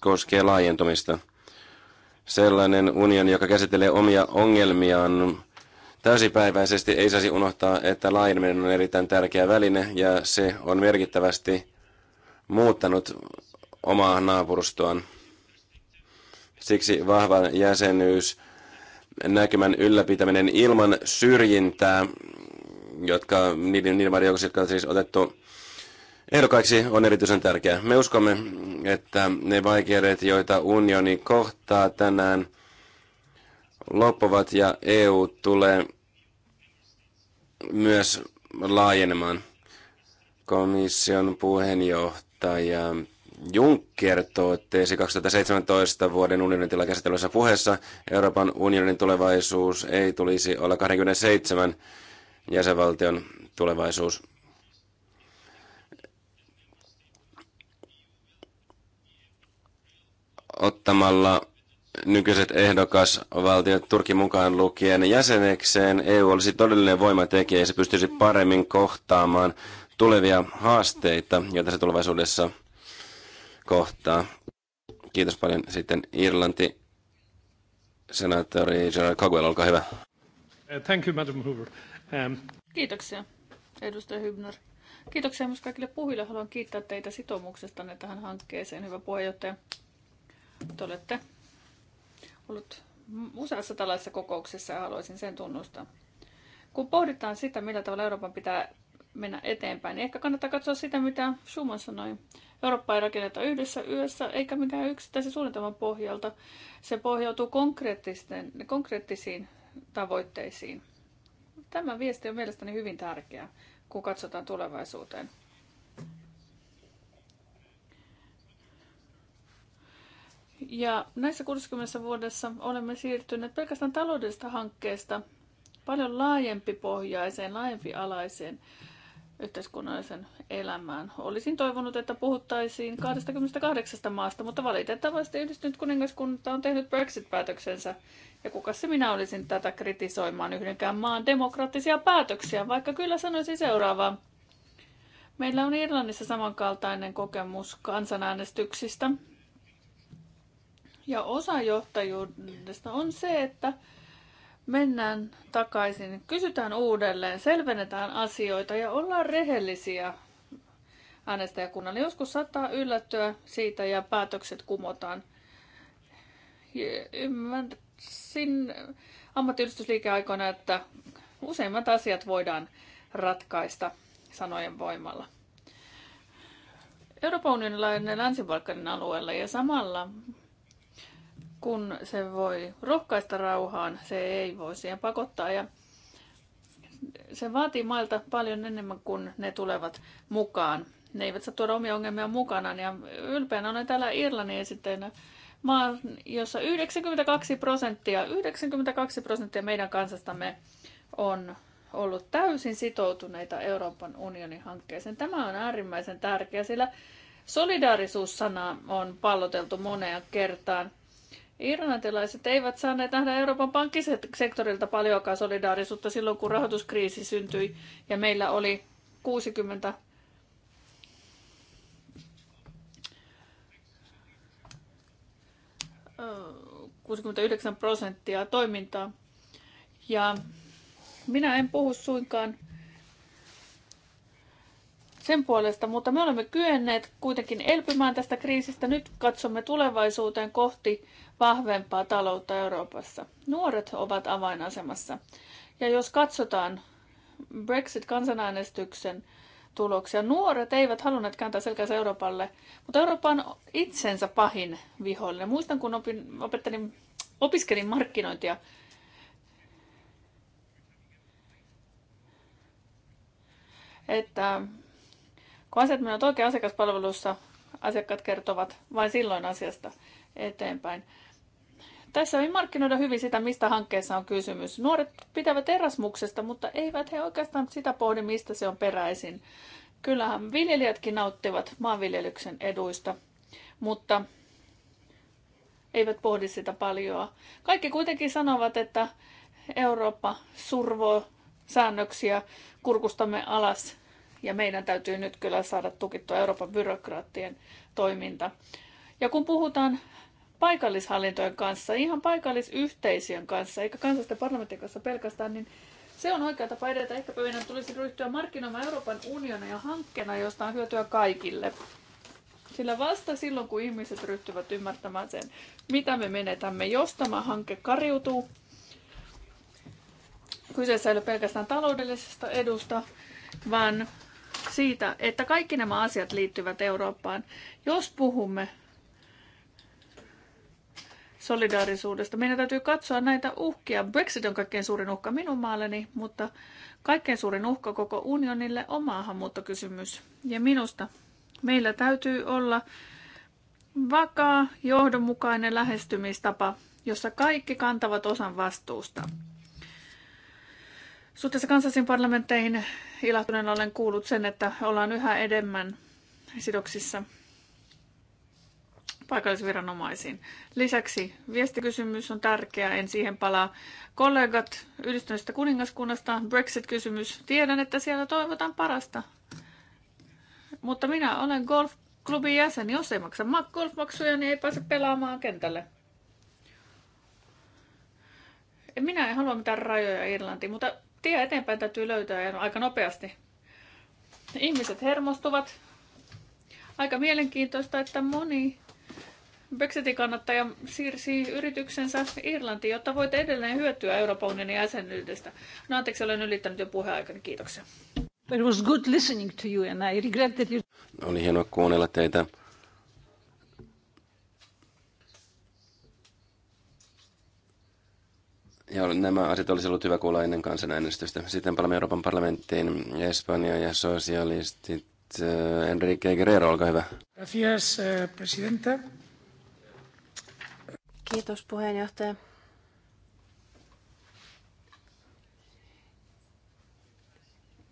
koskee laajentumista. Sellainen unioni, joka käsittelee omia ongelmiaan täysipäiväisesti, ei saisi unohtaa, että laajeneminen on erittäin tärkeä väline ja se on merkittävästi muuttanut omaa naapurustoaan. Siksi vahva jäsenyys, näkymän ylläpitäminen ilman syrjintää, jotka, niiden, niiden maiden jotka on siis otettu ehdokkaiksi, on erityisen tärkeää. Me uskomme, että ne vaikeudet, joita unioni kohtaa tänään, loppuvat ja EU tulee myös laajenemaan. Komission puheenjohtaja Juncker totesi 2017 vuoden unionin tila käsittelyssä puheessa, Euroopan unionin tulevaisuus ei tulisi olla 27 jäsenvaltion tulevaisuus. Ottamalla nykyiset ehdokasvaltiot Turkin mukaan lukien jäsenekseen, EU olisi todellinen voimatekijä ja se pystyisi paremmin kohtaamaan tulevia haasteita, joita se tulevaisuudessa – kohtaa. Kiitos paljon. Sitten Irlanti, senaattori Gerard Cagwell, olkaa hyvä. Eh, thank you, Madam Hoover. Um... Kiitoksia, edustaja Hübner. Kiitoksia myös kaikille puhujille. Haluan kiittää teitä sitoumuksestanne tähän hankkeeseen, hyvä puheenjohtaja. Te olette ollut useassa tällaisessa kokouksessa ja haluaisin sen tunnustaa. Kun pohditaan sitä, millä tavalla Euroopan pitää mennä eteenpäin. Ehkä kannattaa katsoa sitä, mitä Schumann sanoi. Eurooppa ei rakenneta yhdessä yössä, eikä mikään yksittäisen suunnitelman pohjalta. Se pohjautuu konkreettisten, konkreettisiin tavoitteisiin. Tämä viesti on mielestäni hyvin tärkeä, kun katsotaan tulevaisuuteen. Ja näissä 60 vuodessa olemme siirtyneet pelkästään taloudellisesta hankkeesta paljon laajempi pohjaiseen, laajempi alaiseen yhteiskunnallisen elämään. Olisin toivonut, että puhuttaisiin 28 maasta, mutta valitettavasti yhdistynyt kuningaskunta on tehnyt Brexit-päätöksensä. Ja kuka se minä olisin tätä kritisoimaan yhdenkään maan demokraattisia päätöksiä, vaikka kyllä sanoisin seuraavaa. Meillä on Irlannissa samankaltainen kokemus kansanäänestyksistä. Ja osa johtajuudesta on se, että mennään takaisin, kysytään uudelleen, selvennetään asioita ja ollaan rehellisiä äänestäjäkunnalle. Joskus saattaa yllättyä siitä ja päätökset kumotaan. Ymmärsin ammattiyhdistysliike aikoina, että useimmat asiat voidaan ratkaista sanojen voimalla. Euroopan unionilainen länsi alueella ja samalla kun se voi rohkaista rauhaan, se ei voi siihen pakottaa. Ja se vaatii mailta paljon enemmän kuin ne tulevat mukaan. Ne eivät saa tuoda omia ongelmia mukanaan. Ja ylpeänä on täällä Irlannin esitteenä maa, jossa 92 prosenttia, 92 prosenttia meidän kansastamme on ollut täysin sitoutuneita Euroopan unionin hankkeeseen. Tämä on äärimmäisen tärkeä, sillä solidaarisuussana on palloteltu moneen kertaan – Irlantilaiset eivät saaneet nähdä Euroopan pankkisektorilta paljonkaan solidaarisuutta silloin, kun rahoituskriisi syntyi ja meillä oli 60 69 prosenttia toimintaa. Ja minä en puhu suinkaan sen puolesta, mutta me olemme kyenneet kuitenkin elpymään tästä kriisistä. Nyt katsomme tulevaisuuteen kohti vahvempaa taloutta Euroopassa. Nuoret ovat avainasemassa. Ja jos katsotaan Brexit-kansanäänestyksen tuloksia, nuoret eivät halunneet kääntää selkänsä Euroopalle, mutta Eurooppa on itsensä pahin vihollinen. Muistan, kun opin, opettelin, opiskelin markkinointia että kun asiat menevät oikein asiakaspalvelussa, asiakkaat kertovat vain silloin asiasta eteenpäin. Tässä ei markkinoida hyvin sitä, mistä hankkeessa on kysymys. Nuoret pitävät erasmuksesta, mutta eivät he oikeastaan sitä pohdi, mistä se on peräisin. Kyllähän viljelijätkin nauttivat maanviljelyksen eduista, mutta eivät pohdi sitä paljoa. Kaikki kuitenkin sanovat, että Eurooppa survoo säännöksiä, kurkustamme alas ja meidän täytyy nyt kyllä saada tukittua Euroopan byrokraattien toiminta. Ja kun puhutaan paikallishallintojen kanssa, ihan paikallisyhteisöjen kanssa, eikä kansallisten parlamentin kanssa pelkästään, niin se on oikea tapa edetä. Ehkä meidän tulisi ryhtyä markkinoimaan Euroopan unionia ja hankkeena, josta on hyötyä kaikille. Sillä vasta silloin, kun ihmiset ryhtyvät ymmärtämään sen, mitä me menetämme, jos tämä hanke kariutuu, kyseessä ei ole pelkästään taloudellisesta edusta, vaan siitä, että kaikki nämä asiat liittyvät Eurooppaan. Jos puhumme solidaarisuudesta, meidän täytyy katsoa näitä uhkia. Brexit on kaikkein suurin uhka minun maalleni, mutta kaikkein suurin uhka koko unionille on maahanmuuttokysymys. Ja minusta meillä täytyy olla vakaa, johdonmukainen lähestymistapa, jossa kaikki kantavat osan vastuusta. Suhteessa kansallisiin parlamentteihin ilahtuneena olen kuullut sen, että ollaan yhä enemmän sidoksissa paikallisviranomaisiin. Lisäksi viestikysymys on tärkeä, en siihen palaa. Kollegat yhdistyneestä kuningaskunnasta, Brexit-kysymys, tiedän, että siellä toivotaan parasta. Mutta minä olen golfklubin jäsen, jos ei maksa golfmaksuja, niin ei pääse pelaamaan kentälle. Minä en halua mitään rajoja Irlantiin, mutta tie eteenpäin täytyy löytää ja aika nopeasti. Ihmiset hermostuvat. Aika mielenkiintoista, että moni Brexitin kannattaja siirsi yrityksensä Irlantiin, jotta voit edelleen hyötyä Euroopan unionin jäsenyydestä. No anteeksi, olen ylittänyt jo puheaikani. Kiitoksia. It was good listening to you and I regret that you... No, oli hienoa kuunnella teitä. ja nämä asiat olisi ollut hyvä kuulla ennen kansanäänestystä. Sitten palaamme Euroopan parlamenttiin. Espanja ja sosialistit. Äh, Enrique Guerrero, olkaa hyvä. Gracias, eh, presidente. Kiitos puheenjohtaja.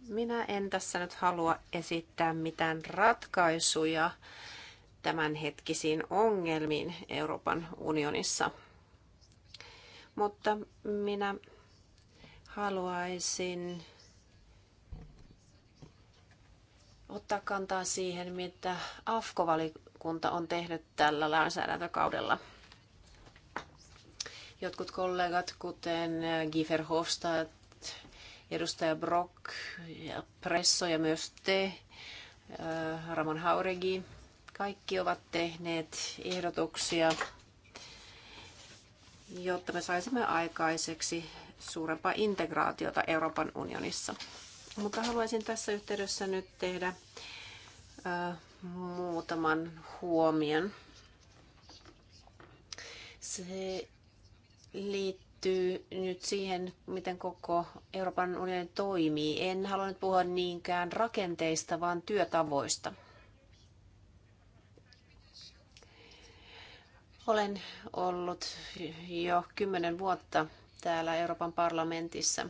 Minä en tässä nyt halua esittää mitään ratkaisuja tämänhetkisiin ongelmiin Euroopan unionissa – mutta minä haluaisin ottaa kantaa siihen, mitä AFKO-valikunta on tehnyt tällä lainsäädäntökaudella. Jotkut kollegat, kuten Giefer Hofstadt, edustaja Brock, ja Presso ja myös te, Ramon Hauregi, kaikki ovat tehneet ehdotuksia jotta me saisimme aikaiseksi suurempaa integraatiota Euroopan unionissa. Mutta haluaisin tässä yhteydessä nyt tehdä ö, muutaman huomion. Se liittyy nyt siihen, miten koko Euroopan unioni toimii. En halua nyt puhua niinkään rakenteista, vaan työtavoista. Olen ollut jo kymmenen vuotta täällä Euroopan parlamentissa.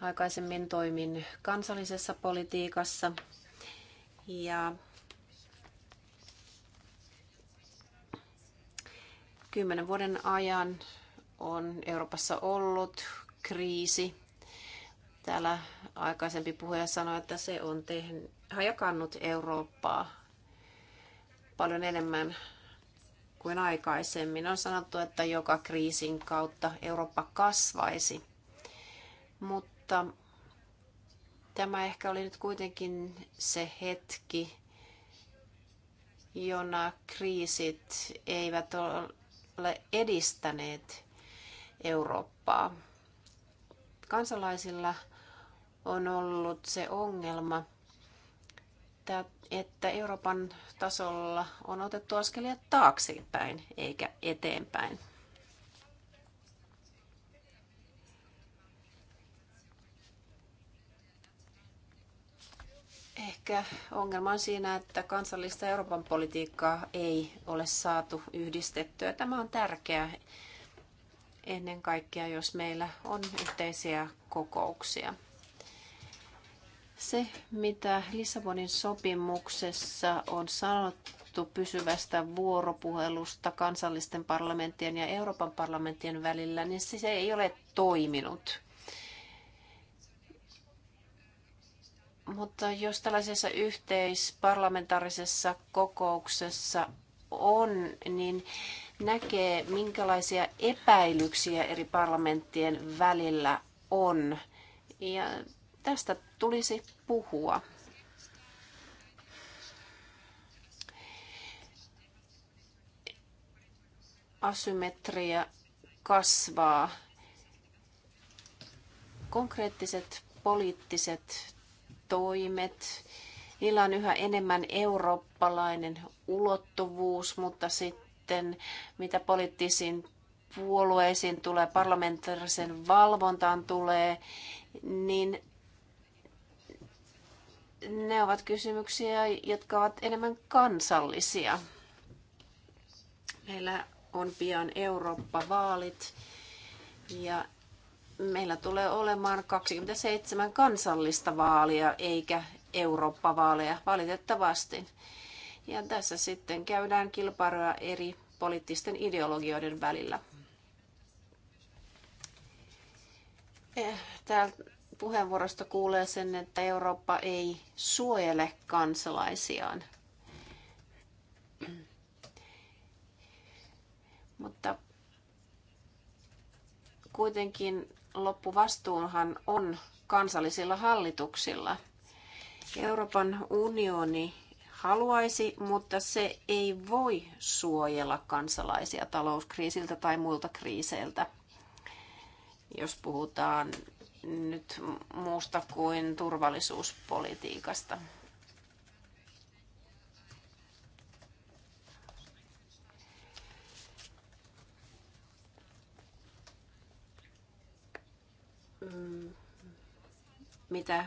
Aikaisemmin toimin kansallisessa politiikassa ja kymmenen vuoden ajan on Euroopassa ollut kriisi. Täällä aikaisempi puhuja sanoi, että se on tehnyt, hajakannut Eurooppaa paljon enemmän kuin aikaisemmin. On sanottu, että joka kriisin kautta Eurooppa kasvaisi. Mutta tämä ehkä oli nyt kuitenkin se hetki, jona kriisit eivät ole edistäneet Eurooppaa. Kansalaisilla on ollut se ongelma, että että Euroopan tasolla on otettu askelia taaksepäin eikä eteenpäin. Ehkä ongelma on siinä, että kansallista Euroopan politiikkaa ei ole saatu yhdistettyä. Tämä on tärkeää ennen kaikkea, jos meillä on yhteisiä kokouksia. Se, mitä Lissabonin sopimuksessa on sanottu pysyvästä vuoropuhelusta kansallisten parlamenttien ja Euroopan parlamenttien välillä, niin se ei ole toiminut. Mutta jos tällaisessa yhteisparlamentaarisessa kokouksessa on, niin näkee, minkälaisia epäilyksiä eri parlamenttien välillä on. Ja Tästä tulisi puhua. Asymmetria kasvaa. Konkreettiset poliittiset toimet, niillä on yhä enemmän eurooppalainen ulottuvuus, mutta sitten mitä poliittisiin puolueisiin tulee, parlamentaarisen valvontaan tulee, niin ne ovat kysymyksiä, jotka ovat enemmän kansallisia. Meillä on pian Eurooppa-vaalit ja meillä tulee olemaan 27 kansallista vaalia eikä Eurooppa-vaaleja valitettavasti. Ja tässä sitten käydään kilpailua eri poliittisten ideologioiden välillä. Eh, täältä puheenvuorosta kuulee sen, että Eurooppa ei suojele kansalaisiaan. Mutta kuitenkin loppuvastuunhan on kansallisilla hallituksilla. Euroopan unioni haluaisi, mutta se ei voi suojella kansalaisia talouskriisiltä tai muilta kriiseiltä. Jos puhutaan nyt muusta kuin turvallisuuspolitiikasta. Mitä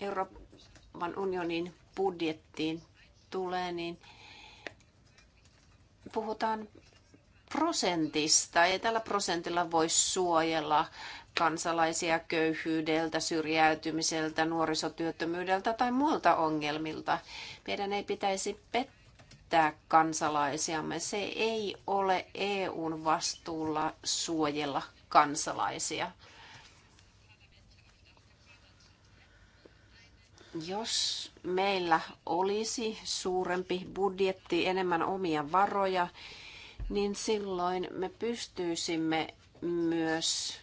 Euroopan unionin budjettiin tulee, niin puhutaan prosentista. Ei tällä prosentilla voi suojella kansalaisia köyhyydeltä, syrjäytymiseltä, nuorisotyöttömyydeltä tai muilta ongelmilta. Meidän ei pitäisi pettää kansalaisiamme. Se ei ole EUn vastuulla suojella kansalaisia. Jos meillä olisi suurempi budjetti, enemmän omia varoja, niin silloin me pystyisimme myös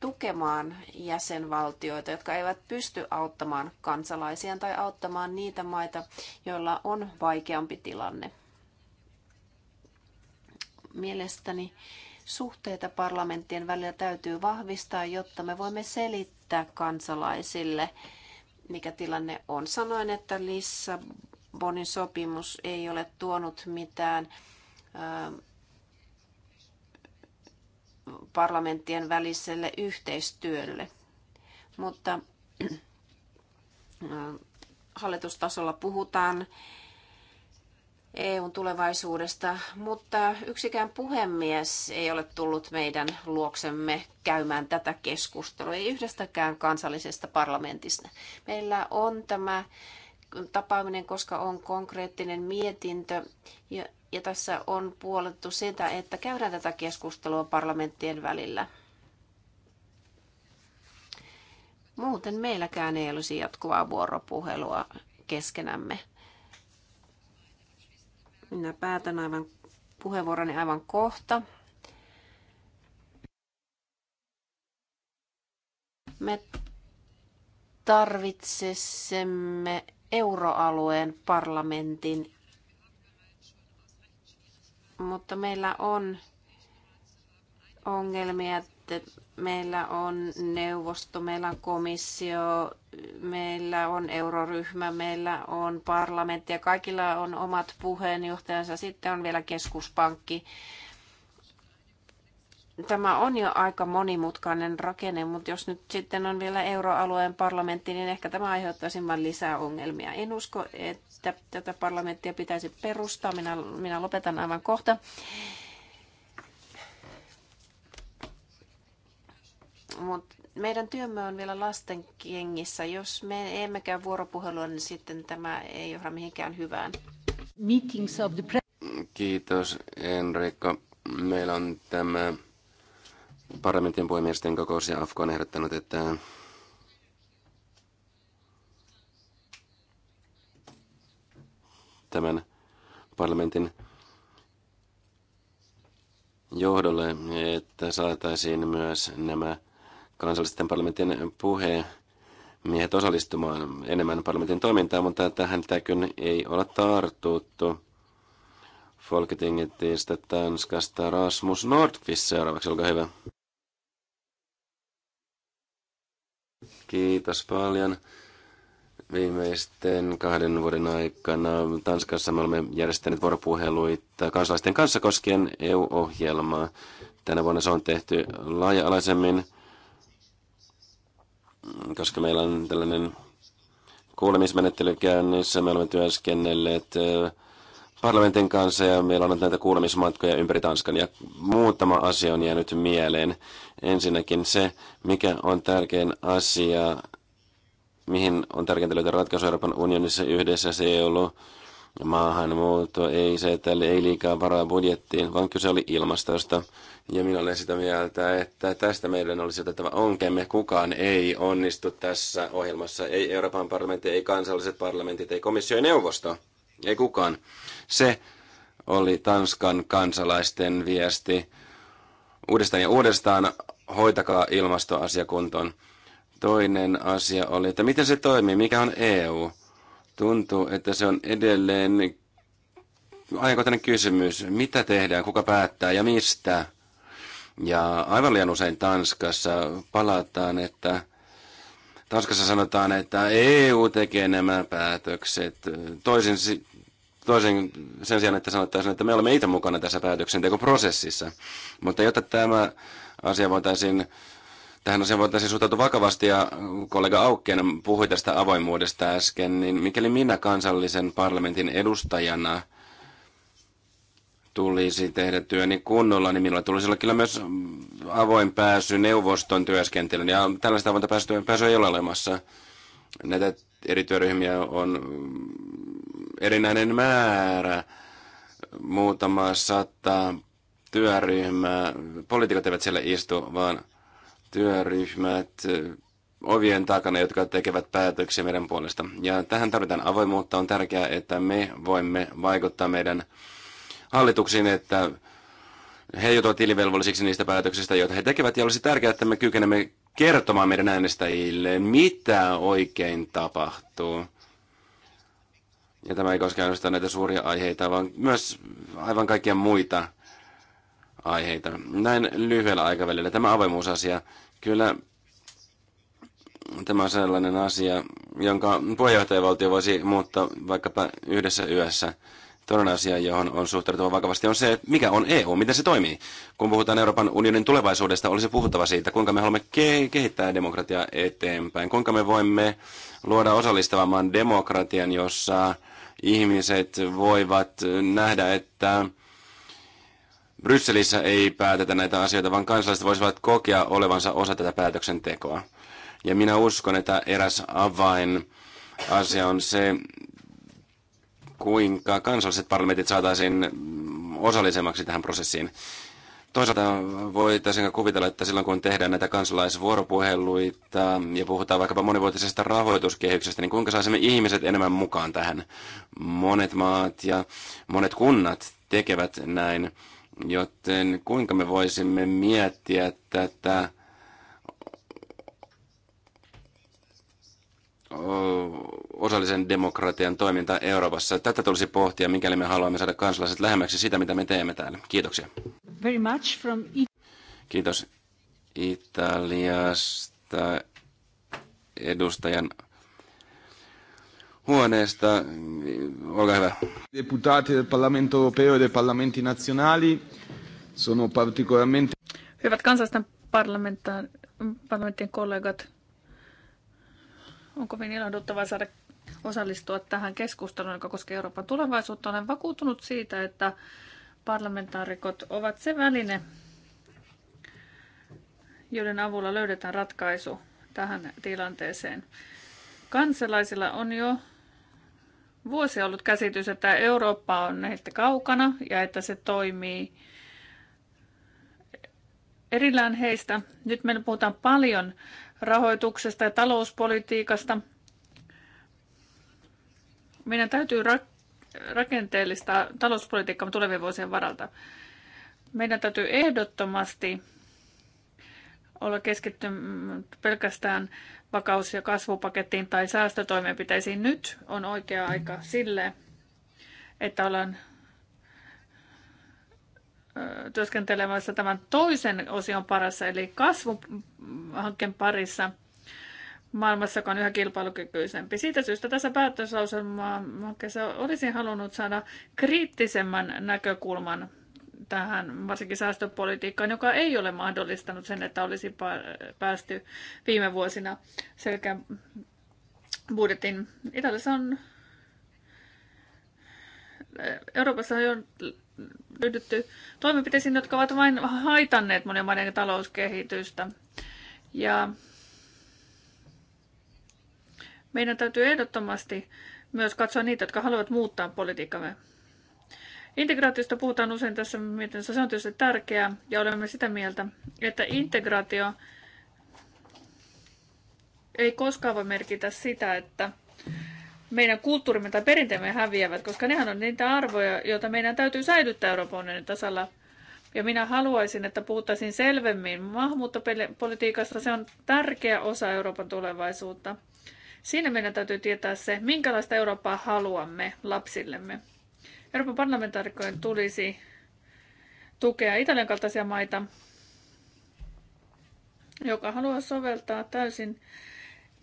tukemaan jäsenvaltioita, jotka eivät pysty auttamaan kansalaisiaan tai auttamaan niitä maita, joilla on vaikeampi tilanne. Mielestäni suhteita parlamenttien välillä täytyy vahvistaa, jotta me voimme selittää kansalaisille, mikä tilanne on. Sanoin, että Lissabonin sopimus ei ole tuonut mitään ähm, parlamenttien väliselle yhteistyölle. Mutta äh, hallitustasolla puhutaan EUn tulevaisuudesta, mutta yksikään puhemies ei ole tullut meidän luoksemme käymään tätä keskustelua, ei yhdestäkään kansallisesta parlamentista. Meillä on tämä tapaaminen, koska on konkreettinen mietintö, ja tässä on puolettu sitä, että käydään tätä keskustelua parlamenttien välillä. Muuten meilläkään ei olisi jatkuvaa vuoropuhelua keskenämme. Minä päätän aivan puheenvuoroni aivan kohta. Me tarvitsemme euroalueen parlamentin mutta meillä on ongelmia, että meillä on neuvosto, meillä on komissio, meillä on euroryhmä, meillä on parlamentti ja kaikilla on omat puheenjohtajansa. Sitten on vielä keskuspankki. Tämä on jo aika monimutkainen rakenne, mutta jos nyt sitten on vielä euroalueen parlamentti, niin ehkä tämä aiheuttaisi vain lisää ongelmia. En usko, että sitä, tätä parlamenttia pitäisi perustaa. Minä, minä lopetan aivan kohta. Mutta meidän työmme on vielä lasten kengissä. Jos me emme käy vuoropuhelua, niin sitten tämä ei johda mihinkään hyvään. Meetings of the Kiitos Enrico. Meillä on tämä parlamentin puhemiesten kokous ja Afko on ehdottanut, että tämän parlamentin johdolle, että saataisiin myös nämä kansallisten parlamentin puhemiehet osallistumaan enemmän parlamentin toimintaan, mutta tähän täkyn ei ole tartuttu. Folketingetistä Tanskasta Rasmus Nordqvist seuraavaksi, olkaa hyvä. Kiitos paljon viimeisten kahden vuoden aikana Tanskassa me olemme järjestäneet vuoropuheluita kansalaisten kanssa koskien EU-ohjelmaa. Tänä vuonna se on tehty laaja-alaisemmin, koska meillä on tällainen kuulemismenettely käynnissä. Me olemme työskennelleet parlamentin kanssa ja meillä on näitä kuulemismatkoja ympäri Tanskan. Ja muutama asia on jäänyt mieleen. Ensinnäkin se, mikä on tärkein asia mihin on tärkeintä löytää ratkaisu Euroopan unionissa yhdessä. Se ei ollut maahanmuutto, ei se, että ei liikaa varaa budjettiin, vaan kyse oli ilmastosta. Ja minä olen sitä mieltä, että tästä meidän olisi otettava onkemme. Kukaan ei onnistu tässä ohjelmassa. Ei Euroopan parlamentti, ei kansalliset parlamentit, ei komissio, ei neuvosto. Ei kukaan. Se oli Tanskan kansalaisten viesti. Uudestaan ja uudestaan hoitakaa ilmastoasia Toinen asia oli, että miten se toimii, mikä on EU? Tuntuu, että se on edelleen ajankohtainen kysymys. Mitä tehdään, kuka päättää ja mistä? Ja aivan liian usein Tanskassa palataan, että Tanskassa sanotaan, että EU tekee nämä päätökset. Toisin, toisin sen sijaan, että sanottaisiin, että me olemme itse mukana tässä päätöksentekoprosessissa. Mutta jotta tämä asia voitaisiin tähän asiaan voitaisiin suhtautua vakavasti ja kollega Aukkeen puhui tästä avoimuudesta äsken, niin mikäli minä kansallisen parlamentin edustajana tulisi tehdä työni kunnolla, niin minulla tulisi olla kyllä myös avoin pääsy neuvoston työskentelyyn. Ja tällaista avointa pääsyä, pääsyä ei ole olemassa. Näitä eri työryhmiä on erinäinen määrä, muutama sata työryhmää. Poliitikot eivät siellä istu, vaan työryhmät ovien takana, jotka tekevät päätöksiä meidän puolesta. Ja tähän tarvitaan avoimuutta. On tärkeää, että me voimme vaikuttaa meidän hallituksiin, että he joutuvat tilivelvollisiksi niistä päätöksistä, joita he tekevät, ja olisi tärkeää, että me kykenemme kertomaan meidän äänestäjille, mitä oikein tapahtuu. Ja tämä ei koske ainoastaan näitä suuria aiheita, vaan myös aivan kaikkia muita aiheita. Näin lyhyellä aikavälillä tämä avoimuusasia, kyllä tämä on sellainen asia, jonka puheenjohtajavaltio voisi muuttaa vaikkapa yhdessä yössä. Toinen asia, johon on suhtauduttava vakavasti, on se, että mikä on EU, miten se toimii. Kun puhutaan Euroopan unionin tulevaisuudesta, olisi puhuttava siitä, kuinka me haluamme ke- kehittää demokratiaa eteenpäin, kuinka me voimme luoda osallistavamman demokratian, jossa ihmiset voivat nähdä, että Brysselissä ei päätetä näitä asioita, vaan kansalaiset voisivat kokea olevansa osa tätä päätöksentekoa. Ja minä uskon, että eräs avain asia on se, kuinka kansalliset parlamentit saataisiin osallisemmaksi tähän prosessiin. Toisaalta voitaisiin kuvitella, että silloin kun tehdään näitä kansalaisvuoropuheluita ja puhutaan vaikkapa monivuotisesta rahoituskehyksestä, niin kuinka saisimme ihmiset enemmän mukaan tähän? Monet maat ja monet kunnat tekevät näin Joten kuinka me voisimme miettiä tätä osallisen demokratian toiminta Euroopassa. Tätä tulisi pohtia, mikäli me haluamme saada kansalaiset lähemmäksi sitä, mitä me teemme täällä. Kiitoksia. Very much from Kiitos Italiasta edustajan huoneesta. Olkaa hyvä. Deputati del Parlamento Europeo ja e del Parlamenti Nazionali sono particolarmente... Hyvät kansallisten parlamenttien kollegat, on kovin ilahduttavaa saada osallistua tähän keskusteluun, joka koskee Euroopan tulevaisuutta. Olen vakuutunut siitä, että parlamentaarikot ovat se väline, joiden avulla löydetään ratkaisu tähän tilanteeseen. Kansalaisilla on jo vuosia ollut käsitys, että Eurooppa on heiltä kaukana ja että se toimii erillään heistä. Nyt me puhutaan paljon rahoituksesta ja talouspolitiikasta. Meidän täytyy rakenteellista talouspolitiikkaa tulevien vuosien varalta. Meidän täytyy ehdottomasti olla keskittynyt pelkästään vakaus- ja kasvupakettiin tai säästötoimenpiteisiin. Nyt on oikea aika sille, että olen työskentelemässä tämän toisen osion parassa, eli kasvuhankkeen parissa maailmassa, joka on yhä kilpailukykyisempi. Siitä syystä tässä päätöslauselmaa olisin halunnut saada kriittisemmän näkökulman tähän varsinkin säästöpolitiikkaan, joka ei ole mahdollistanut sen, että olisi päästy viime vuosina selkeän budjetin. Italiassa on Euroopassa on jo ryhdytty toimenpiteisiin, jotka ovat vain haitanneet monen maiden talouskehitystä. Ja meidän täytyy ehdottomasti myös katsoa niitä, jotka haluavat muuttaa politiikkamme Integraatiosta puhutaan usein tässä mietinnössä, se on tietysti tärkeää ja olemme sitä mieltä, että integraatio ei koskaan voi merkitä sitä, että meidän kulttuurimme tai perinteemme häviävät, koska nehän on niitä arvoja, joita meidän täytyy säilyttää Euroopan unionin tasalla. Ja minä haluaisin, että puhuttaisiin selvemmin maahanmuuttopolitiikasta. Se on tärkeä osa Euroopan tulevaisuutta. Siinä meidän täytyy tietää se, minkälaista Eurooppaa haluamme lapsillemme. Euroopan parlamentaarikkojen tulisi tukea Italian kaltaisia maita, joka haluaa soveltaa täysin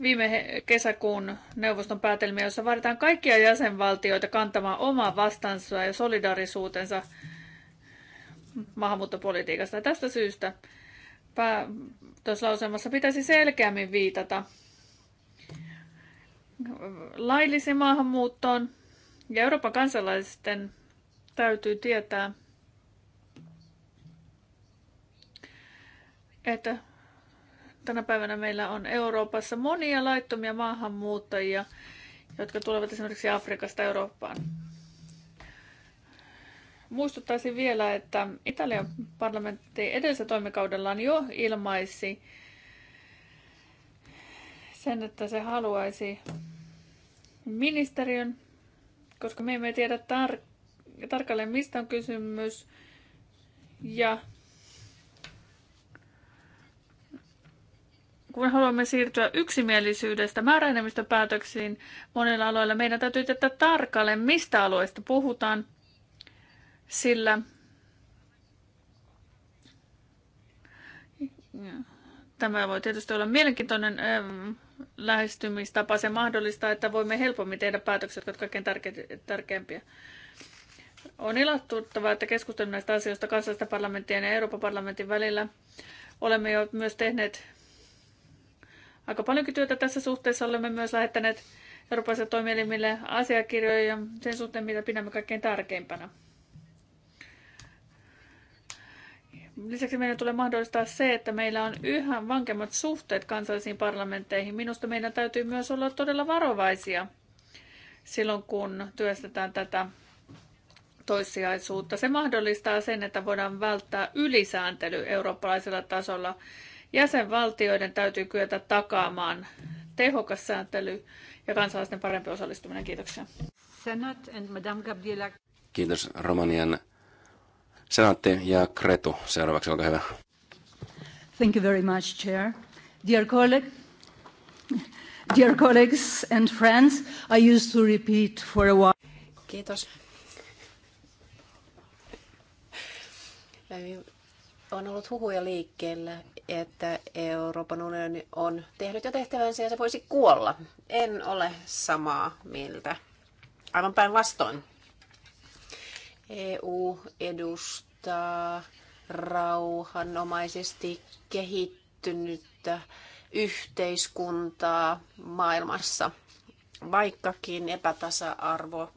viime kesäkuun neuvoston päätelmiä, jossa vaaditaan kaikkia jäsenvaltioita kantamaan omaa vastansa ja solidarisuutensa maahanmuuttopolitiikasta. Ja tästä syystä päätöslauselmassa pitäisi selkeämmin viitata lailliseen maahanmuuttoon, ja Euroopan kansalaisten täytyy tietää, että tänä päivänä meillä on Euroopassa monia laittomia maahanmuuttajia, jotka tulevat esimerkiksi Afrikasta Eurooppaan. Muistuttaisin vielä, että Italian parlamentti edellisellä toimikaudellaan jo ilmaisi sen, että se haluaisi ministeriön, koska me emme tiedä tar- tarkalleen mistä on kysymys. Ja kun haluamme siirtyä yksimielisyydestä määräenemmistöpäätöksiin monilla aloilla, meidän täytyy tietää tarkalleen, mistä alueesta puhutaan, sillä tämä voi tietysti olla mielenkiintoinen ähm, lähestymistapa, se mahdollistaa, että voimme helpommin tehdä päätökset, jotka ovat kaikkein tärke- tärkeimpiä. On ilahtuttavaa, että keskustelu näistä asioista kansallisten parlamenttien ja Euroopan parlamentin välillä olemme jo myös tehneet aika paljonkin työtä tässä suhteessa. Olemme myös lähettäneet Euroopan toimielimille asiakirjoja sen suhteen, mitä pidämme kaikkein tärkeimpänä. Lisäksi meidän tulee mahdollistaa se, että meillä on yhä vankemmat suhteet kansallisiin parlamentteihin. Minusta meidän täytyy myös olla todella varovaisia silloin, kun työstetään tätä toissijaisuutta. Se mahdollistaa sen, että voidaan välttää ylisääntely eurooppalaisella tasolla. Jäsenvaltioiden täytyy kyetä takaamaan tehokas sääntely ja kansalaisten parempi osallistuminen. Kiitoksia. Kiitos Romanian Senaatti ja Kretu, seuraavaksi olkaa hyvä. Thank you very much, Chair. Dear colleague, dear colleagues and friends, I used to repeat for a while. Kiitos. On ollut huhuja liikkeellä, että Euroopan unioni on tehnyt jo tehtävänsä ja se voisi kuolla. En ole samaa mieltä. Aivan päinvastoin. EU edustaa rauhanomaisesti kehittynyttä yhteiskuntaa maailmassa, vaikkakin epätasa-arvo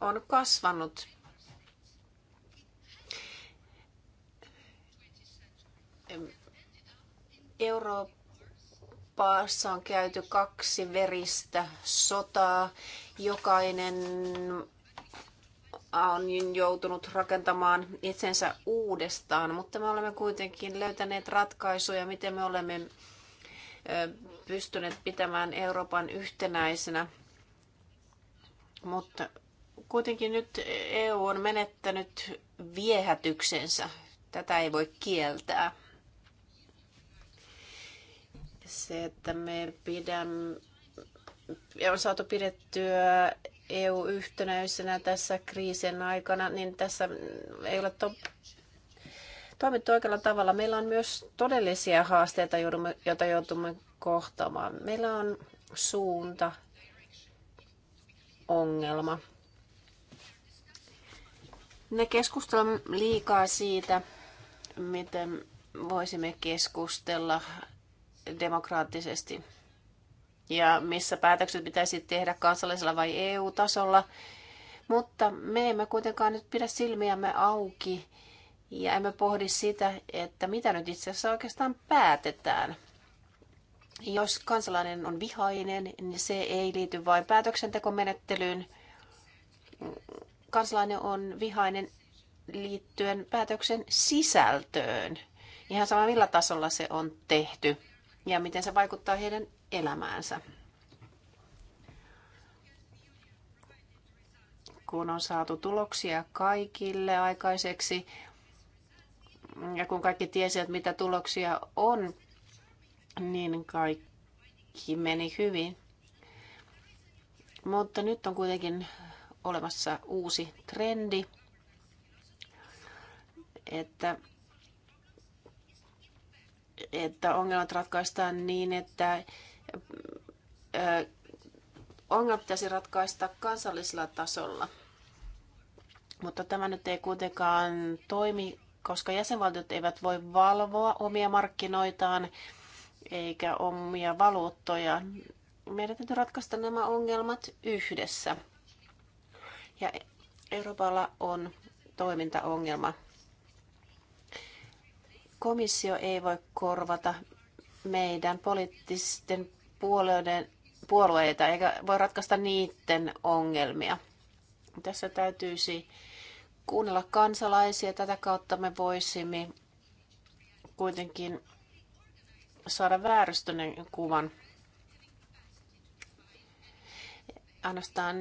on kasvanut. Euroopassa on käyty kaksi veristä sotaa. Jokainen on joutunut rakentamaan itsensä uudestaan, mutta me olemme kuitenkin löytäneet ratkaisuja, miten me olemme pystyneet pitämään Euroopan yhtenäisenä. Mutta kuitenkin nyt EU on menettänyt viehätyksensä. Tätä ei voi kieltää. Se, että me pidämme on saatu pidettyä EU-yhtenäisenä tässä kriisin aikana, niin tässä ei ole to- toimittu oikealla tavalla. Meillä on myös todellisia haasteita, joita joudumme kohtaamaan. Meillä on suunta, ongelma. Me keskustelemme liikaa siitä, miten voisimme keskustella demokraattisesti ja missä päätökset pitäisi tehdä kansallisella vai EU-tasolla. Mutta me emme kuitenkaan nyt pidä silmiämme auki ja emme pohdi sitä, että mitä nyt itse asiassa oikeastaan päätetään. Jos kansalainen on vihainen, niin se ei liity vain päätöksentekomenettelyyn. Kansalainen on vihainen liittyen päätöksen sisältöön. Ihan sama millä tasolla se on tehty ja miten se vaikuttaa heidän elämäänsä. Kun on saatu tuloksia kaikille aikaiseksi ja kun kaikki tiesivät, mitä tuloksia on, niin kaikki meni hyvin. Mutta nyt on kuitenkin olemassa uusi trendi, että, että ongelmat ratkaistaan niin, että ongelma pitäisi ratkaista kansallisella tasolla. Mutta tämä nyt ei kuitenkaan toimi, koska jäsenvaltiot eivät voi valvoa omia markkinoitaan eikä omia valuuttoja. Meidän täytyy ratkaista nämä ongelmat yhdessä. Ja Euroopalla on toimintaongelma. Komissio ei voi korvata meidän poliittisten puolueiden, puolueita, eikä voi ratkaista niiden ongelmia. Tässä täytyisi kuunnella kansalaisia. Tätä kautta me voisimme kuitenkin saada vääristyneen kuvan. Ainoastaan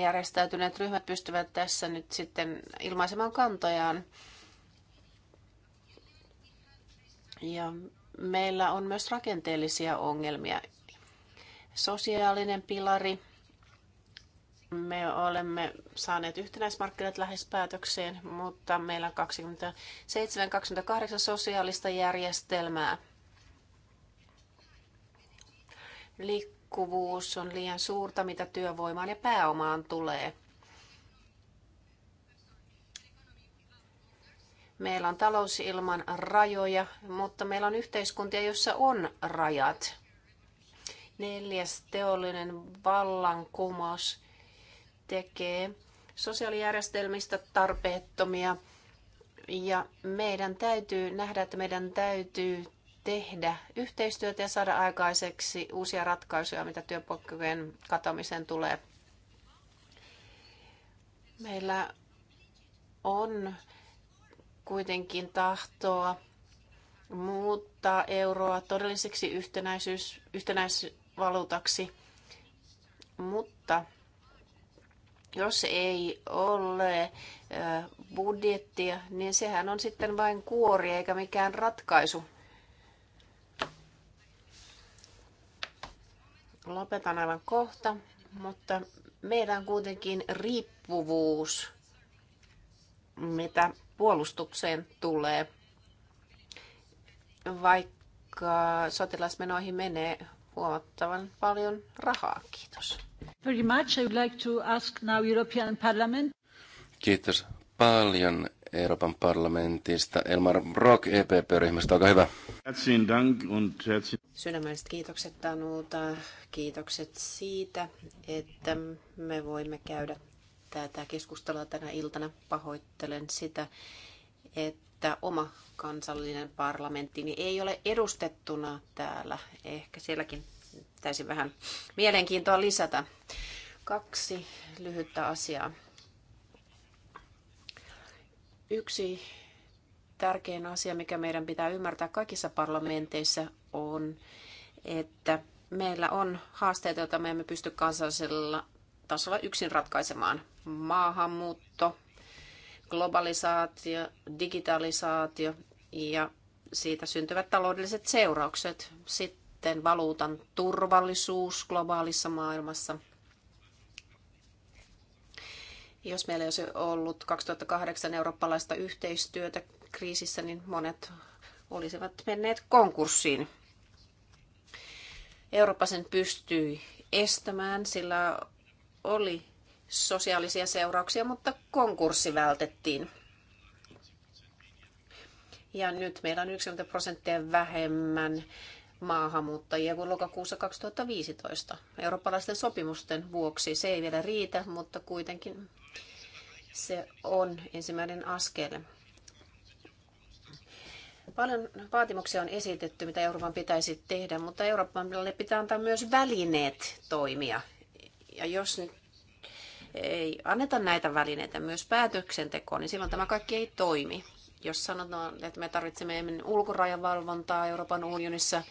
järjestäytyneet ryhmät pystyvät tässä nyt sitten ilmaisemaan kantojaan. Ja meillä on myös rakenteellisia ongelmia. Sosiaalinen pilari. Me olemme saaneet yhtenäismarkkinat lähes päätökseen, mutta meillä on 27-28 sosiaalista järjestelmää. Liikkuvuus on liian suurta, mitä työvoimaan ja pääomaan tulee. Meillä on talous ilman rajoja, mutta meillä on yhteiskuntia, joissa on rajat. Neljäs teollinen vallankumous tekee sosiaalijärjestelmistä tarpeettomia. Ja meidän täytyy nähdä, että meidän täytyy tehdä yhteistyötä ja saada aikaiseksi uusia ratkaisuja, mitä työpaikkojen katoamiseen tulee. Meillä on kuitenkin tahtoa muuttaa euroa todelliseksi yhtenäisyys, yhtenäisvaluutaksi, mutta jos ei ole budjettia, niin sehän on sitten vain kuori eikä mikään ratkaisu. Lopetan aivan kohta, mutta meidän kuitenkin riippuvuus, mitä puolustukseen tulee. Vaikka sotilasmenoihin menee huomattavan paljon rahaa. Kiitos. Very much. I would like to ask now European Parliament. Kiitos paljon Euroopan parlamentista. Elmar Brock EPP-ryhmästä, olkaa hyvä. Sydämelliset kiitokset Tanuuta. Kiitokset siitä, että me voimme käydä tätä keskustelu tänä iltana. Pahoittelen sitä, että oma kansallinen parlamentti ei ole edustettuna täällä. Ehkä sielläkin täysin vähän mielenkiintoa lisätä. Kaksi lyhyttä asiaa. Yksi tärkein asia, mikä meidän pitää ymmärtää kaikissa parlamenteissa, on, että meillä on haasteita, joita me emme pysty kansallisella tasolla yksin ratkaisemaan. Maahanmuutto, globalisaatio, digitalisaatio ja siitä syntyvät taloudelliset seuraukset. Sitten valuutan turvallisuus globaalissa maailmassa. Jos meillä olisi ollut 2008 eurooppalaista yhteistyötä kriisissä, niin monet olisivat menneet konkurssiin. Eurooppa sen pystyi estämään, sillä oli sosiaalisia seurauksia, mutta konkurssi vältettiin. Ja nyt meillä on 90 prosenttia vähemmän maahanmuuttajia kuin lokakuussa 2015. Eurooppalaisten sopimusten vuoksi se ei vielä riitä, mutta kuitenkin se on ensimmäinen askel. Paljon vaatimuksia on esitetty, mitä Euroopan pitäisi tehdä, mutta Euroopan pitää antaa myös välineet toimia. Ja jos nyt ei anneta näitä välineitä myös päätöksentekoon, niin silloin tämä kaikki ei toimi. Jos sanotaan, että me tarvitsemme ulkorajavalvontaa Euroopan unionissa,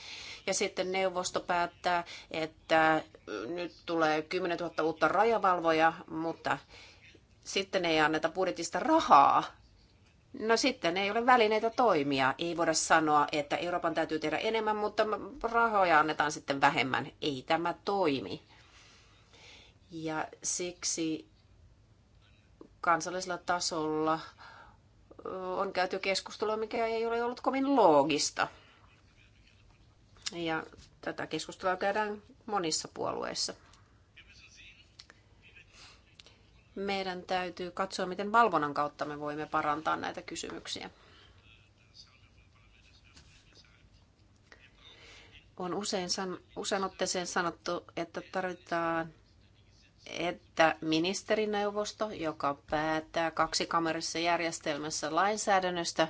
ja sitten neuvosto päättää, että nyt tulee 10 000 uutta rajavalvoja, mutta sitten ei anneta budjetista rahaa. No sitten ei ole välineitä toimia. Ei voida sanoa, että Euroopan täytyy tehdä enemmän, mutta rahoja annetaan sitten vähemmän. Ei tämä toimi. Ja siksi kansallisella tasolla on käyty keskustelua, mikä ei ole ollut kovin loogista. Ja tätä keskustelua käydään monissa puolueissa. Meidän täytyy katsoa, miten valvonnan kautta me voimme parantaa näitä kysymyksiä. On usein, san, usein otteeseen sanottu, että tarvitaan että ministerineuvosto, joka päättää kaksikamerissa järjestelmässä lainsäädännöstä,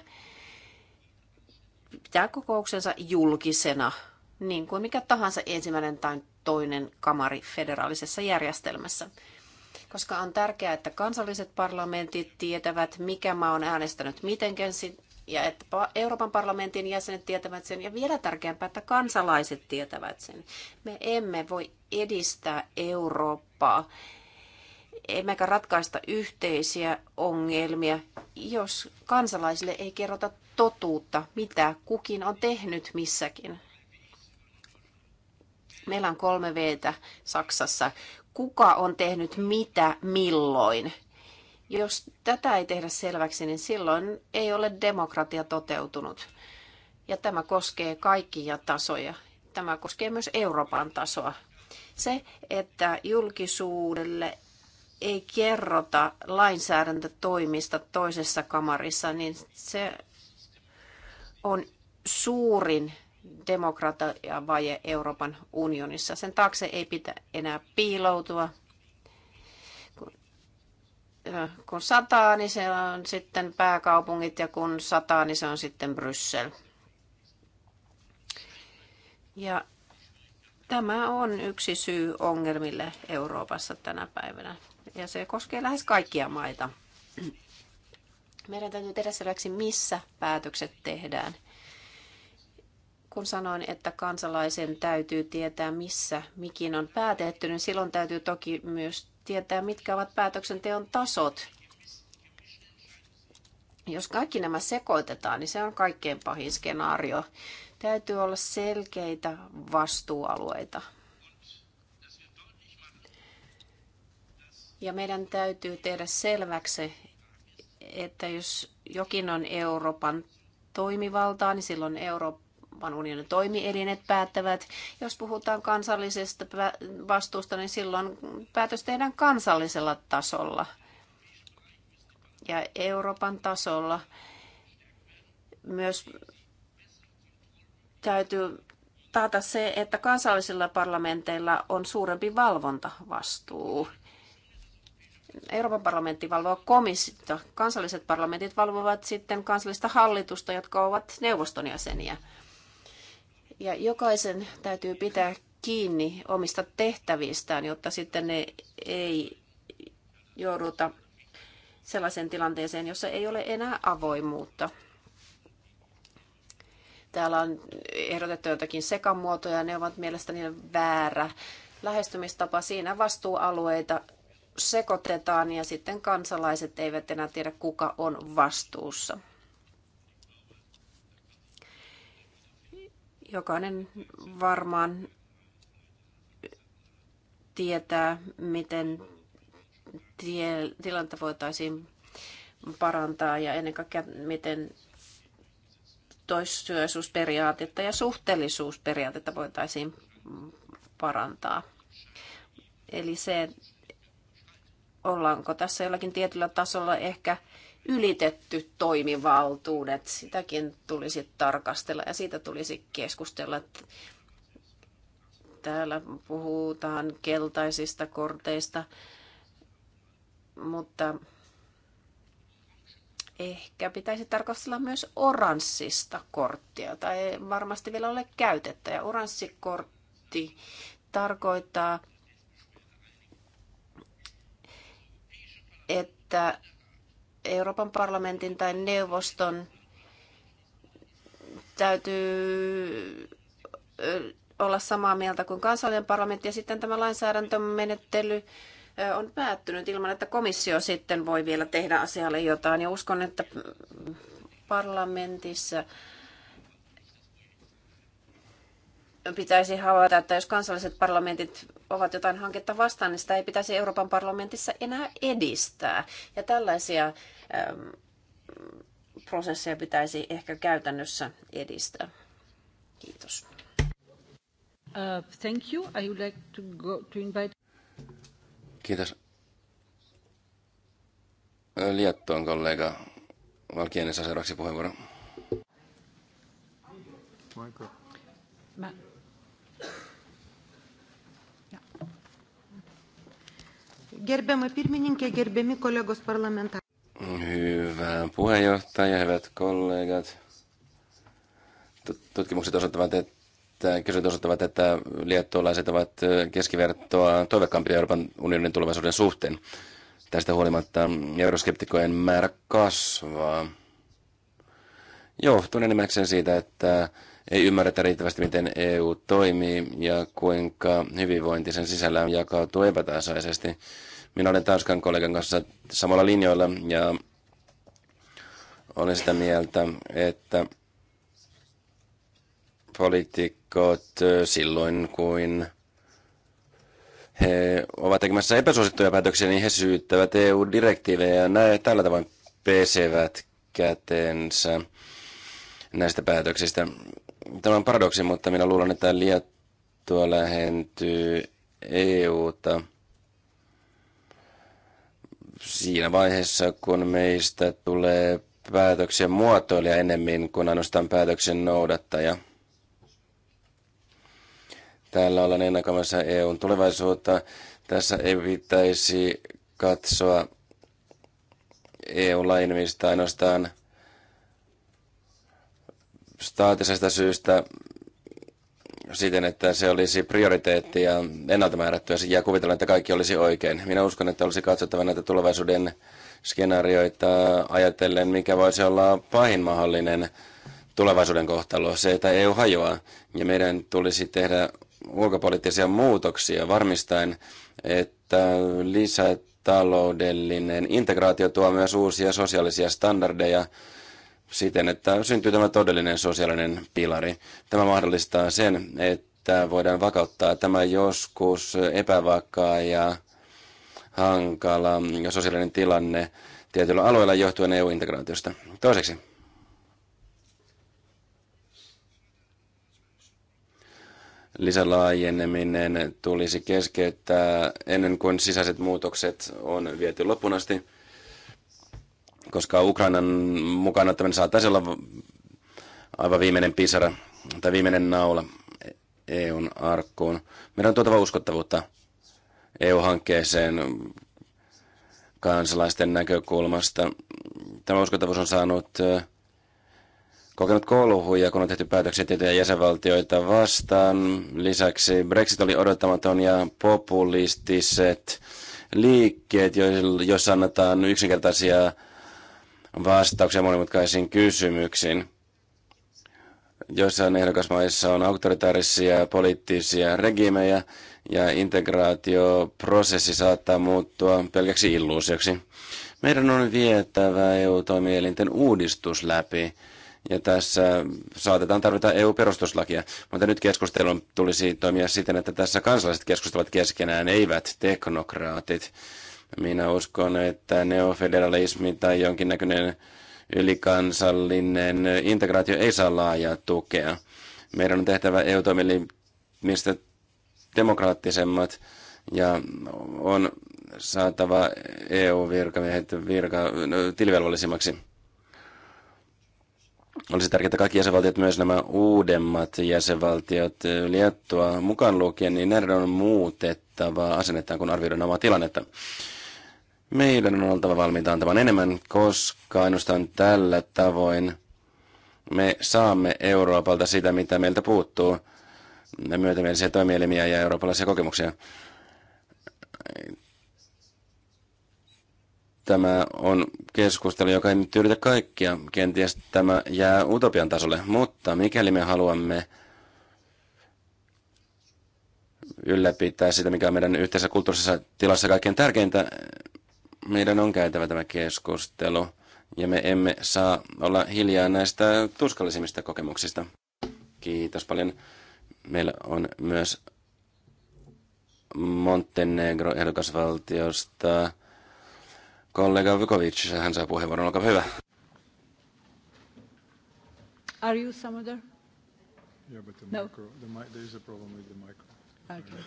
pitää kokouksensa julkisena, niin kuin mikä tahansa ensimmäinen tai toinen kamari federaalisessa järjestelmässä. Koska on tärkeää, että kansalliset parlamentit tietävät, mikä maa on äänestänyt mitenkin ja että Euroopan parlamentin jäsenet tietävät sen ja vielä tärkeämpää, että kansalaiset tietävät sen. Me emme voi edistää Eurooppaa emmekä ratkaista yhteisiä ongelmia, jos kansalaisille ei kerrota totuutta, mitä kukin on tehnyt missäkin. Meillä on kolme veetä Saksassa. Kuka on tehnyt mitä milloin? Jos tätä ei tehdä selväksi, niin silloin ei ole demokratia toteutunut. Ja tämä koskee kaikkia tasoja. Tämä koskee myös Euroopan tasoa. Se, että julkisuudelle ei kerrota lainsäädäntötoimista toisessa kamarissa, niin se on suurin demokratiavaje Euroopan unionissa. Sen taakse ei pitä enää piiloutua kun sataa, niin se on sitten pääkaupungit ja kun sataa, niin se on sitten Bryssel. Ja tämä on yksi syy ongelmille Euroopassa tänä päivänä. Ja se koskee lähes kaikkia maita. Meidän täytyy tehdä selväksi, missä päätökset tehdään. Kun sanoin, että kansalaisen täytyy tietää, missä mikin on päätetty, niin silloin täytyy toki myös tietää, mitkä ovat päätöksenteon tasot. Jos kaikki nämä sekoitetaan, niin se on kaikkein pahin skenaario. Täytyy olla selkeitä vastuualueita. Ja meidän täytyy tehdä selväksi, että jos jokin on Euroopan toimivaltaa, niin silloin Eurooppa Euroopan unionin toimielinet päättävät. Jos puhutaan kansallisesta vastuusta, niin silloin päätös tehdään kansallisella tasolla ja Euroopan tasolla. Myös täytyy taata se, että kansallisilla parlamenteilla on suurempi valvontavastuu. Euroopan parlamentti valvoo komissiota, kansalliset parlamentit valvovat sitten kansallista hallitusta, jotka ovat neuvoston jäseniä. Ja jokaisen täytyy pitää kiinni omista tehtävistään, jotta sitten ne ei jouduta sellaiseen tilanteeseen, jossa ei ole enää avoimuutta. Täällä on ehdotettu jotakin sekamuotoja, ne ovat mielestäni väärä lähestymistapa. Siinä vastuualueita sekoitetaan ja sitten kansalaiset eivät enää tiedä, kuka on vastuussa. Jokainen varmaan tietää, miten tie, tilanta voitaisiin parantaa ja ennen kaikkea miten toissijaisuusperiaatetta ja suhteellisuusperiaatetta voitaisiin parantaa. Eli se, ollaanko tässä jollakin tietyllä tasolla ehkä ylitetty toimivaltuudet. Sitäkin tulisi tarkastella ja siitä tulisi keskustella. Täällä puhutaan keltaisista korteista, mutta ehkä pitäisi tarkastella myös oranssista korttia, tai ei varmasti vielä ole käytettä. Ja oranssikortti tarkoittaa, että Euroopan parlamentin tai neuvoston täytyy olla samaa mieltä kuin kansallinen parlamentti ja sitten tämä lainsäädäntömenettely on päättynyt ilman, että komissio sitten voi vielä tehdä asialle jotain. Ja uskon, että mm, parlamentissa pitäisi havaita, että jos kansalliset parlamentit ovat jotain hanketta vastaan, niin sitä ei pitäisi Euroopan parlamentissa enää edistää. Ja tällaisia ähm, prosesseja pitäisi ehkä käytännössä edistää. Kiitos. Uh, thank you. I would like to go to invite... Kiitos. Liettuan kollega Valkienen saa seuraavaksi puheenvuoron. Mä... Gerbiama pirmininkė, gerbiami kolegos parlamentarai. Hyvä puheenjohtaja, hyvät kollegat. Tutkimukset osoittavat, että, kysyt osoittavat, että liettualaiset ovat keskivertoa toivekampia Euroopan unionin tulevaisuuden suhteen. Tästä huolimatta euroskeptikojen määrä kasvaa. Johtuen enimmäkseen siitä, että ei ymmärretä riittävästi, miten EU toimii ja kuinka hyvinvointi sen sisällä jakautuu epätasaisesti. Minä olen Tanskan kollegan kanssa samalla linjoilla ja olen sitä mieltä, että poliitikot silloin, kun he ovat tekemässä epäsuosittuja päätöksiä, niin he syyttävät EU-direktiivejä ja näin, tällä tavoin pesevät käteensä näistä päätöksistä. Tämä on paradoksi, mutta minä luulen, että Liettua lähentyy EUta siinä vaiheessa, kun meistä tulee päätöksen muotoilija enemmän kuin ainoastaan päätöksen noudattaja. Täällä ollaan ennakamassa EUn tulevaisuutta. Tässä ei pitäisi katsoa eu lainimista ainoastaan staattisesta syystä siten, että se olisi prioriteetti ja ennalta määrättyä ja kuvitella, että kaikki olisi oikein. Minä uskon, että olisi katsottava näitä tulevaisuuden skenaarioita ajatellen, mikä voisi olla pahin mahdollinen tulevaisuuden kohtalo, se, että EU hajoaa. Ja meidän tulisi tehdä ulkopoliittisia muutoksia varmistaen, että lisätaloudellinen integraatio tuo myös uusia sosiaalisia standardeja, siten, että syntyy tämä todellinen sosiaalinen pilari. Tämä mahdollistaa sen, että voidaan vakauttaa tämä joskus epävakaa ja hankala sosiaalinen tilanne tietyillä alueilla johtuen EU-integraatiosta. Toiseksi. Lisälaajeneminen tulisi keskeyttää ennen kuin sisäiset muutokset on viety loppuun asti koska Ukrainan mukana ottaminen saattaisi olla aivan viimeinen pisara tai viimeinen naula e- EUn arkkuun. Meidän on tuotava uskottavuutta EU-hankkeeseen kansalaisten näkökulmasta. Tämä uskottavuus on saanut kokenut kouluhuja, kun on tehty päätöksiä tiettyjä jäsenvaltioita vastaan. Lisäksi Brexit oli odottamaton ja populistiset liikkeet, joissa annetaan yksinkertaisia vastauksia monimutkaisiin kysymyksiin. Joissain ehdokasmaissa on autoritaarisia poliittisia regimejä ja integraatioprosessi saattaa muuttua pelkäksi illuusioksi. Meidän on viettävä EU-toimielinten uudistus läpi ja tässä saatetaan tarvita EU-perustuslakia. Mutta nyt keskustelun tulisi toimia siten, että tässä kansalaiset keskustelevat keskenään, eivät teknokraatit. Minä uskon, että neofederalismi tai jonkinnäköinen ylikansallinen integraatio ei saa laajaa tukea. Meidän on tehtävä eu mistä demokraattisemmat ja on saatava EU-virkamiehet virka, no, tilivelvollisimmaksi. Olisi tärkeää, että kaikki jäsenvaltiot, myös nämä uudemmat jäsenvaltiot, Liettua mukaan lukien, niin näiden on muutettava asennettaan, kun arvioidaan omaa tilannetta. Meidän on oltava valmiita antamaan enemmän, koska ainoastaan tällä tavoin me saamme Euroopalta sitä, mitä meiltä puuttuu. Me myötämielisiä toimielimiä ja eurooppalaisia kokemuksia. Tämä on keskustelu, joka ei nyt yritä kaikkia. Kenties tämä jää utopian tasolle, mutta mikäli me haluamme ylläpitää sitä, mikä on meidän yhteisessä kulttuurisessa tilassa kaikkein tärkeintä, meidän on käytävä tämä keskustelu ja me emme saa olla hiljaa näistä tuskallisimmista kokemuksista. Kiitos paljon. Meillä on myös Montenegro ehdokasvaltiosta kollega Vukovic. Hän saa puheenvuoron. Olkaa hyvä. Are you Samadar? Yeah, but the no. micro, the mic, there is a problem with the micro. Okay.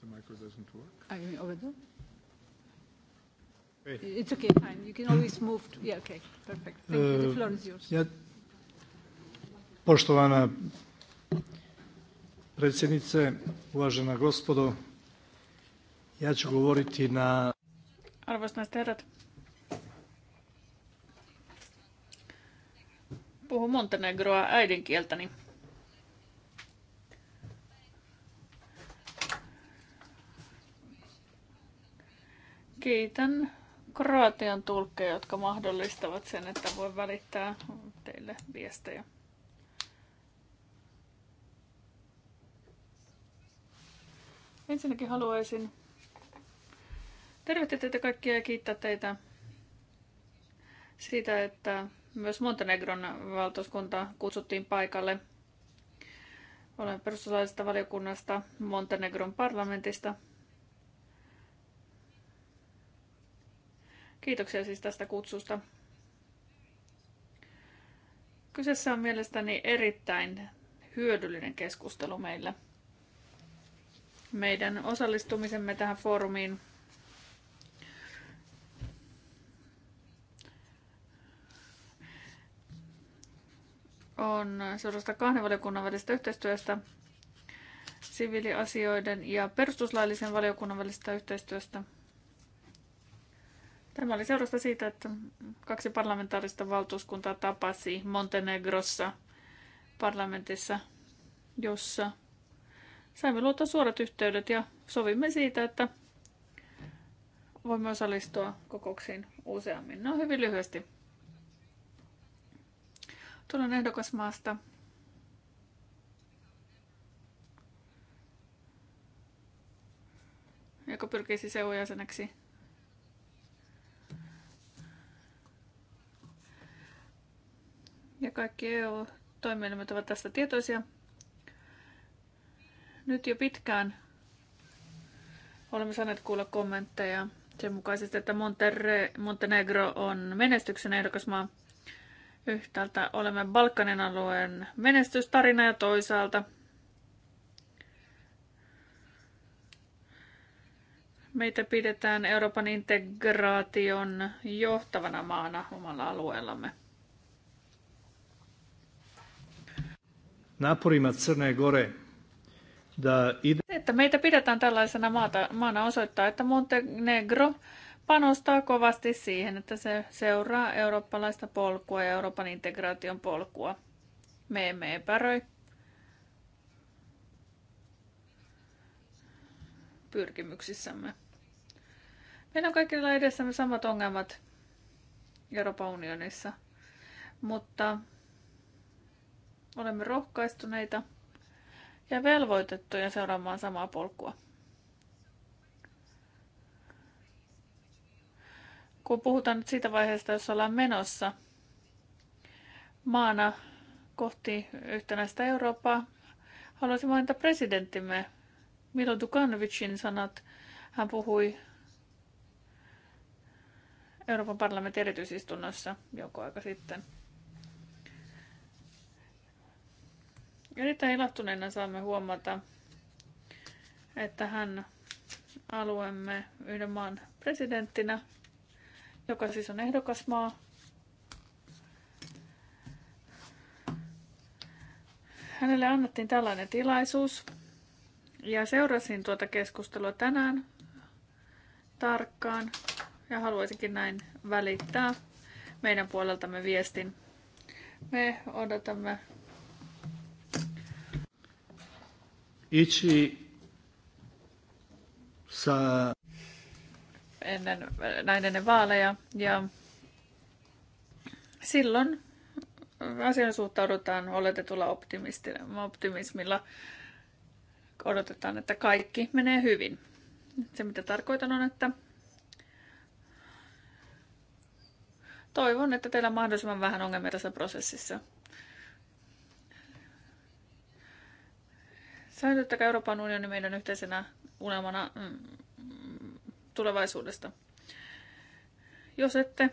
The micro doesn't work. Are you over there? It's okay, fine. You can always move to... Yeah, okay, perfect. Thank you. The uh, floor is yours. Ja, poštovana predsjednice, uvažena gospodo, ja ću govoriti na... Arvoisat herrat, puhun Montenegroa äidinkieltäni. Kiitän Kroatian tulkkeja, jotka mahdollistavat sen, että voi välittää teille viestejä. Ensinnäkin haluaisin tervehtiä teitä kaikkia ja kiittää teitä siitä, että myös Montenegron valtuuskunta kutsuttiin paikalle. Olen perustuslaillisesta valiokunnasta Montenegron parlamentista Kiitoksia siis tästä kutsusta. Kyseessä on mielestäni erittäin hyödyllinen keskustelu meillä. Meidän osallistumisemme tähän foorumiin on seurasta kahden valiokunnan välistä yhteistyöstä, siviiliasioiden ja perustuslaillisen valiokunnan välistä yhteistyöstä – Tämä oli seurasta siitä, että kaksi parlamentaarista valtuuskuntaa tapasi Montenegrossa parlamentissa, jossa saimme luottaa suorat yhteydet ja sovimme siitä, että voimme osallistua kokouksiin useammin. No hyvin lyhyesti. Tulen ehdokasmaasta. joka pyrkii siis EU-jäseneksi ja kaikki EU-toimielimet ovat tästä tietoisia. Nyt jo pitkään olemme saaneet kuulla kommentteja sen mukaisesti, että Monterre, Montenegro on menestyksen ehdokasmaa. Yhtäältä olemme Balkanin alueen menestystarina ja toisaalta meitä pidetään Euroopan integraation johtavana maana omalla alueellamme. naporima Crne Gore da ide... Että meitä pidetään tällaisena maata, maana osoittaa, että Montenegro panostaa kovasti siihen, että se seuraa eurooppalaista polkua ja Euroopan integraation polkua. Me emme epäröi pyrkimyksissämme. Meillä on kaikilla edessämme samat ongelmat Euroopan unionissa, mutta Olemme rohkaistuneita ja velvoitettuja seuraamaan samaa polkua. Kun puhutaan nyt siitä vaiheesta, jossa ollaan menossa maana kohti yhtenäistä Eurooppaa, haluaisin mainita presidenttimme Milo Dukanovicin sanat. Hän puhui Euroopan parlamentin erityisistunnossa joku aika sitten. Erittäin ilahtuneena saamme huomata, että hän alueemme yhden maan presidenttinä, joka siis on ehdokasmaa, hänelle annettiin tällainen tilaisuus ja seurasin tuota keskustelua tänään tarkkaan ja haluaisinkin näin välittää meidän puoleltamme viestin. Me odotamme ići sa... Ennen, näin ennen vaaleja ja silloin asian suhtaudutaan oletetulla optimismilla. Odotetaan, että kaikki menee hyvin. Se mitä tarkoitan on, että toivon, että teillä on mahdollisimman vähän ongelmia tässä prosessissa. Säilyttäkää Euroopan unioni meidän yhteisenä unelmana mm, tulevaisuudesta. Jos ette,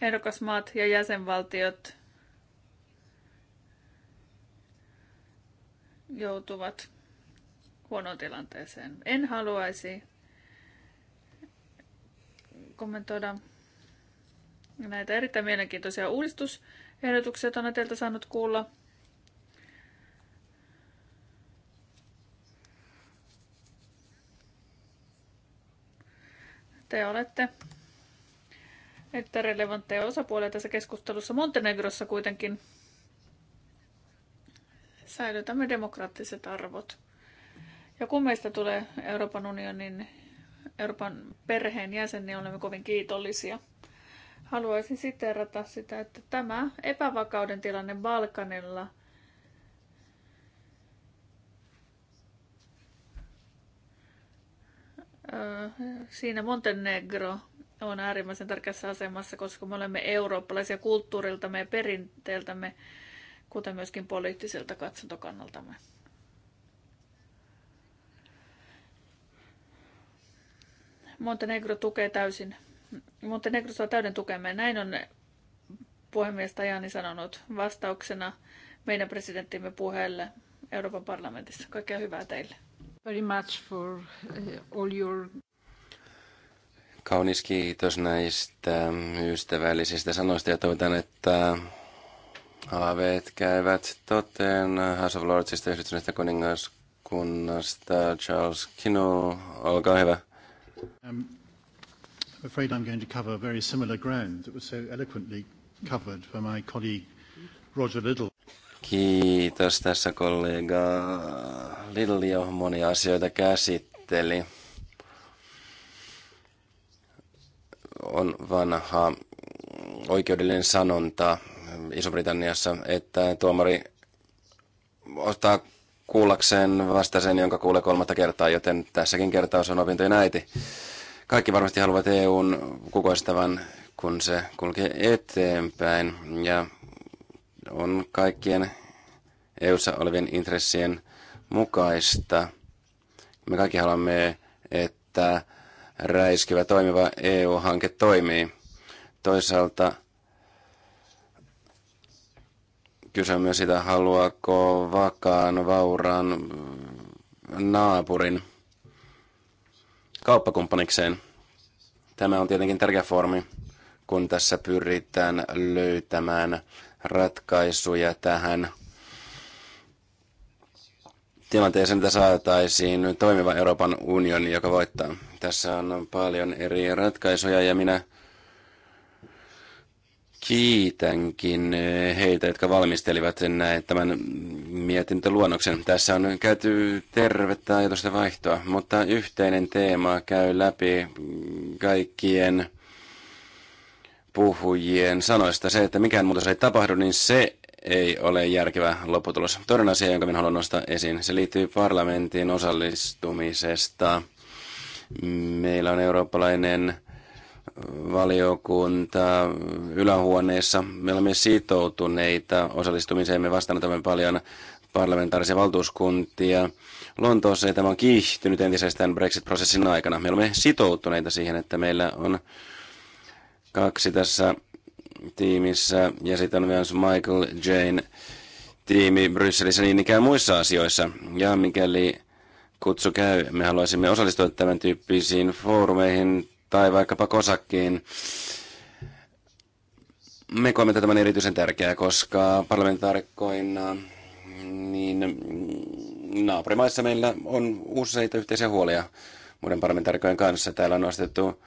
ehdokasmaat ja jäsenvaltiot joutuvat huonoon tilanteeseen. En haluaisi kommentoida näitä erittäin mielenkiintoisia uudistusehdotuksia, joita on teiltä saanut kuulla. Te olette että relevantteja osapuolia tässä keskustelussa. Montenegrossa kuitenkin säilytämme demokraattiset arvot. Ja kun meistä tulee Euroopan unionin, Euroopan perheen jäsen, niin olemme kovin kiitollisia. Haluaisin siterata sitä, että tämä epävakauden tilanne Balkanilla – siinä Montenegro on äärimmäisen tärkeässä asemassa, koska me olemme eurooppalaisia kulttuuriltamme ja perinteeltämme, kuten myöskin poliittiselta katsontokannaltamme. Montenegro tukee täysin. Montenegro saa täyden tukemme. Näin on puhemies Tajani sanonut vastauksena meidän presidenttimme puheelle Euroopan parlamentissa. Kaikkea hyvää teille. Very much for uh, all your... Kaunis kiitos näistä ystävällisistä sanoista ja toivotan, että haaveet käyvät toteen House of Lordsista yhdistyneestä kuningaskunnasta. Charles Kinu, olkaa hyvä. Um, I'm afraid I'm going to cover very similar ground that was so eloquently covered by my colleague Roger Little. Kiitos tässä kollega. Lilli jo monia asioita käsitteli. On vanha oikeudellinen sanonta Iso-Britanniassa, että tuomari ottaa kuullakseen vasta sen, jonka kuulee kolmatta kertaa, joten tässäkin kertaus on opintojen äiti. Kaikki varmasti haluavat EUn kukoistavan, kun se kulkee eteenpäin, ja on kaikkien EUssa olevien intressien mukaista. Me kaikki haluamme, että räiskyvä toimiva EU-hanke toimii. Toisaalta kyse on myös sitä, haluaako vakaan, vauraan naapurin kauppakumppanikseen. Tämä on tietenkin tärkeä formi, kun tässä pyritään löytämään ratkaisuja tähän tilanteeseen, että saataisiin toimiva Euroopan unioni, joka voittaa. Tässä on paljon eri ratkaisuja ja minä kiitänkin heitä, jotka valmistelivat näin, tämän mietintöluonnoksen. Tässä on käyty tervettä ajatusta vaihtoa, mutta yhteinen teema käy läpi kaikkien puhujien sanoista. Se, että mikään muutos ei tapahdu, niin se ei ole järkevä lopputulos. Toinen asia, jonka minä haluan nostaa esiin, se liittyy parlamentin osallistumisesta. Meillä on eurooppalainen valiokunta ylähuoneessa. Me olemme sitoutuneita osallistumiseen. Me vastaanotamme paljon parlamentaarisia valtuuskuntia. Lontoossa tämä on kiihtynyt entisestään Brexit-prosessin aikana. Me olemme sitoutuneita siihen, että meillä on kaksi tässä tiimissä ja sitten on myös Michael Jane tiimi Brysselissä niin ikään muissa asioissa. Ja mikäli kutsu käy, me haluaisimme osallistua tämän tyyppisiin foorumeihin tai vaikkapa kosakkiin. Me koemme tämän erityisen tärkeää, koska parlamentaarikkoina niin naapurimaissa meillä on useita yhteisiä huolia muiden parlamentaarikkojen kanssa. Täällä on nostettu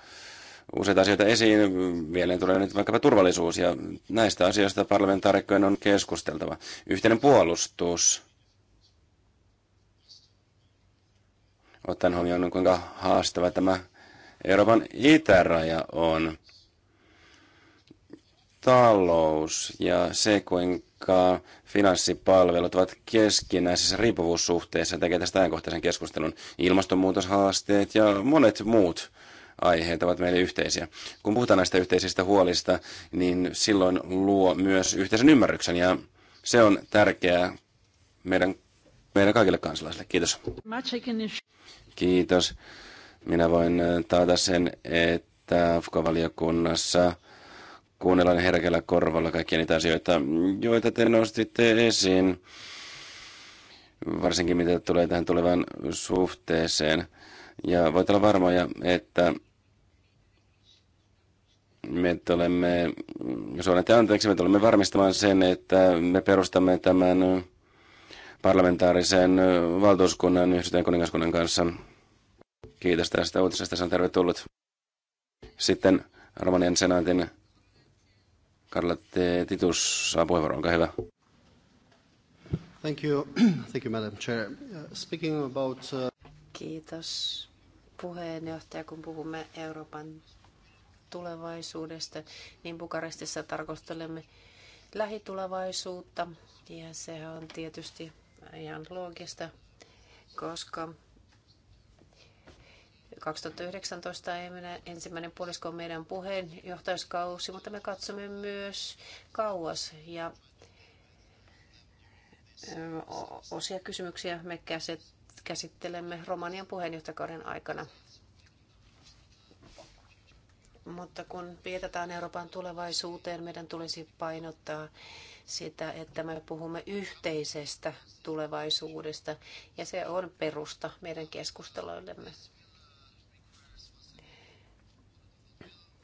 useita asioita esiin. Mieleen tulee nyt vaikkapa turvallisuus, ja näistä asioista parlamentaarikkojen on keskusteltava. Yhteinen puolustus. Ottaen huomioon, kuinka haastava tämä Euroopan itäraja on. Talous ja se, kuinka finanssipalvelut ovat keskinäisessä riippuvuussuhteessa, tekee tästä ajankohtaisen keskustelun ilmastonmuutoshaasteet ja monet muut aiheet ovat meille yhteisiä. Kun puhutaan näistä yhteisistä huolista, niin silloin luo myös yhteisen ymmärryksen ja se on tärkeää meidän, meidän kaikille kansalaisille. Kiitos. Kiitos. Minä voin äh, taata sen, että AFK-valiokunnassa kuunnellaan herkällä korvalla kaikkia niitä asioita, joita te nostitte esiin, varsinkin mitä tulee tähän tulevaan suhteeseen. Ja voit olla varmoja, että me tulemme, olette anteeksi, me tulemme varmistamaan sen, että me perustamme tämän parlamentaarisen valtuuskunnan yhdistyneen kuningaskunnan kanssa. Kiitos tästä uutisesta, se on tervetullut. Sitten Romanian senaatin Karla Titus saa puheenvuoron, olkaa hyvä. Thank you. Thank you, Madam Chair. Uh, speaking about, uh... Kiitos puheenjohtaja, kun puhumme Euroopan tulevaisuudesta, niin Bukarestissa tarkastelemme lähitulevaisuutta. Ja se on tietysti ihan loogista, koska 2019 ensimmäinen puolisko on meidän puheenjohtajuuskausi, mutta me katsomme myös kauas ja osia kysymyksiä me käsittelemme Romanian puheenjohtajakauden aikana. Mutta kun viitataan Euroopan tulevaisuuteen, meidän tulisi painottaa sitä, että me puhumme yhteisestä tulevaisuudesta, ja se on perusta meidän keskusteluillemme.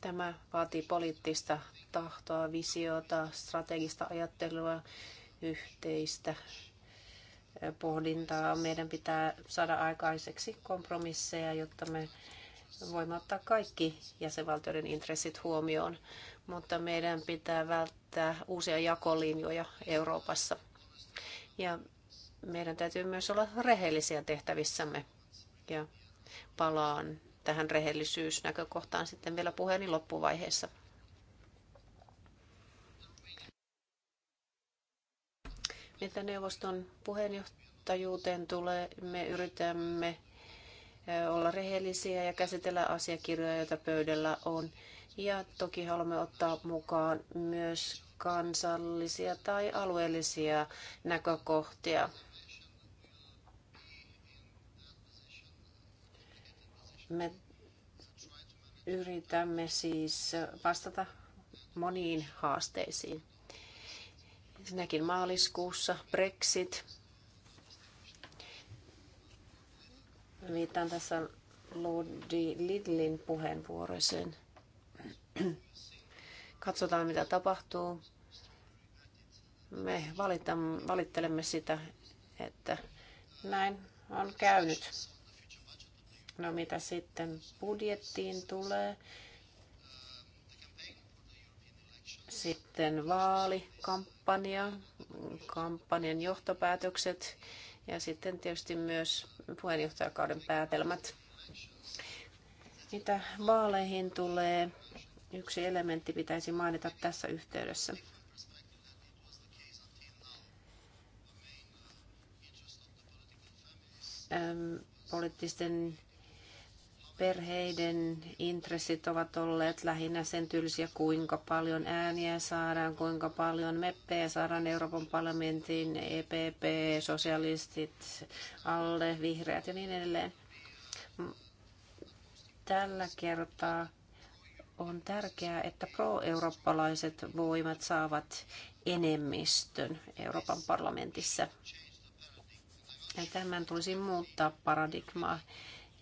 Tämä vaatii poliittista tahtoa, visiota, strategista ajattelua, yhteistä eh, pohdintaa. Meidän pitää saada aikaiseksi kompromisseja, jotta me voimme ottaa kaikki jäsenvaltioiden intressit huomioon, mutta meidän pitää välttää uusia jakolinjoja Euroopassa. Ja meidän täytyy myös olla rehellisiä tehtävissämme. Ja palaan tähän rehellisyysnäkökohtaan sitten vielä puheeni loppuvaiheessa. Mitä neuvoston puheenjohtajuuteen tulee, me yritämme Eh, olla rehellisiä ja käsitellä asiakirjoja, joita pöydällä on. Ja toki haluamme ottaa mukaan myös kansallisia tai alueellisia näkökohtia. Me yritämme siis vastata moniin haasteisiin. Ensinnäkin maaliskuussa Brexit Viittaan tässä Lordi Lidlin puheenvuoroiseen. Katsotaan, mitä tapahtuu. Me valittelemme sitä, että näin on käynyt. No mitä sitten budjettiin tulee? Sitten vaalikampanja, kampanjan johtopäätökset ja sitten tietysti myös puheenjohtajakauden päätelmät. Mitä vaaleihin tulee, yksi elementti pitäisi mainita tässä yhteydessä. poliittisten perheiden intressit ovat olleet lähinnä sen tylsiä, kuinka paljon ääniä saadaan, kuinka paljon meppejä saadaan Euroopan parlamentin, EPP, sosialistit, alle vihreät ja niin edelleen. Tällä kertaa on tärkeää, että pro-eurooppalaiset voimat saavat enemmistön Euroopan parlamentissa. Ja tämän tulisi muuttaa paradigmaa.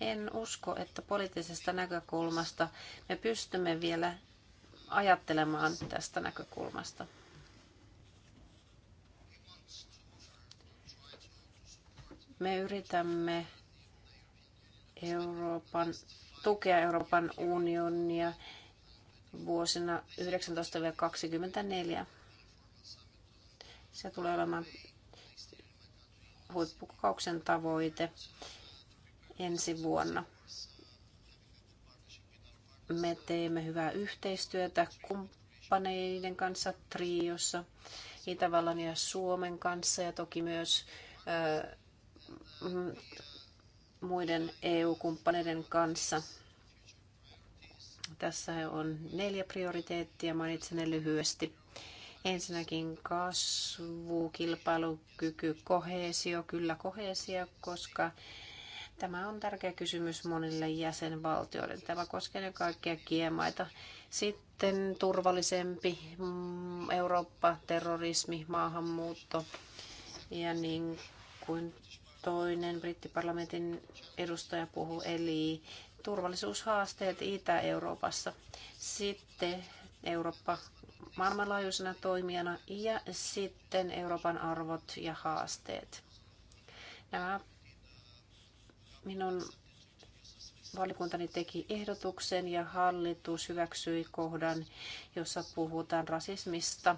En usko, että poliittisesta näkökulmasta me pystymme vielä ajattelemaan tästä näkökulmasta. Me yritämme Euroopan, tukea Euroopan unionia vuosina 19-24. Se tulee olemaan huippukokouksen tavoite ensi vuonna. Me teemme hyvää yhteistyötä kumppaneiden kanssa Triossa, Itävallan ja Suomen kanssa ja toki myös ö, muiden EU-kumppaneiden kanssa. Tässä on neljä prioriteettia, mainitsen ne lyhyesti. Ensinnäkin kasvu, kilpailukyky, kohesio, kyllä kohesio, koska Tämä on tärkeä kysymys monille jäsenvaltioille. Tämä koskee kaikkia kiemaita. Sitten turvallisempi mm, Eurooppa, terrorismi, maahanmuutto ja niin kuin toinen brittiparlamentin edustaja puhuu, eli turvallisuushaasteet Itä-Euroopassa. Sitten Eurooppa maailmanlaajuisena toimijana ja sitten Euroopan arvot ja haasteet. Nämä Minun valikuntani teki ehdotuksen ja hallitus hyväksyi kohdan, jossa puhutaan rasismista,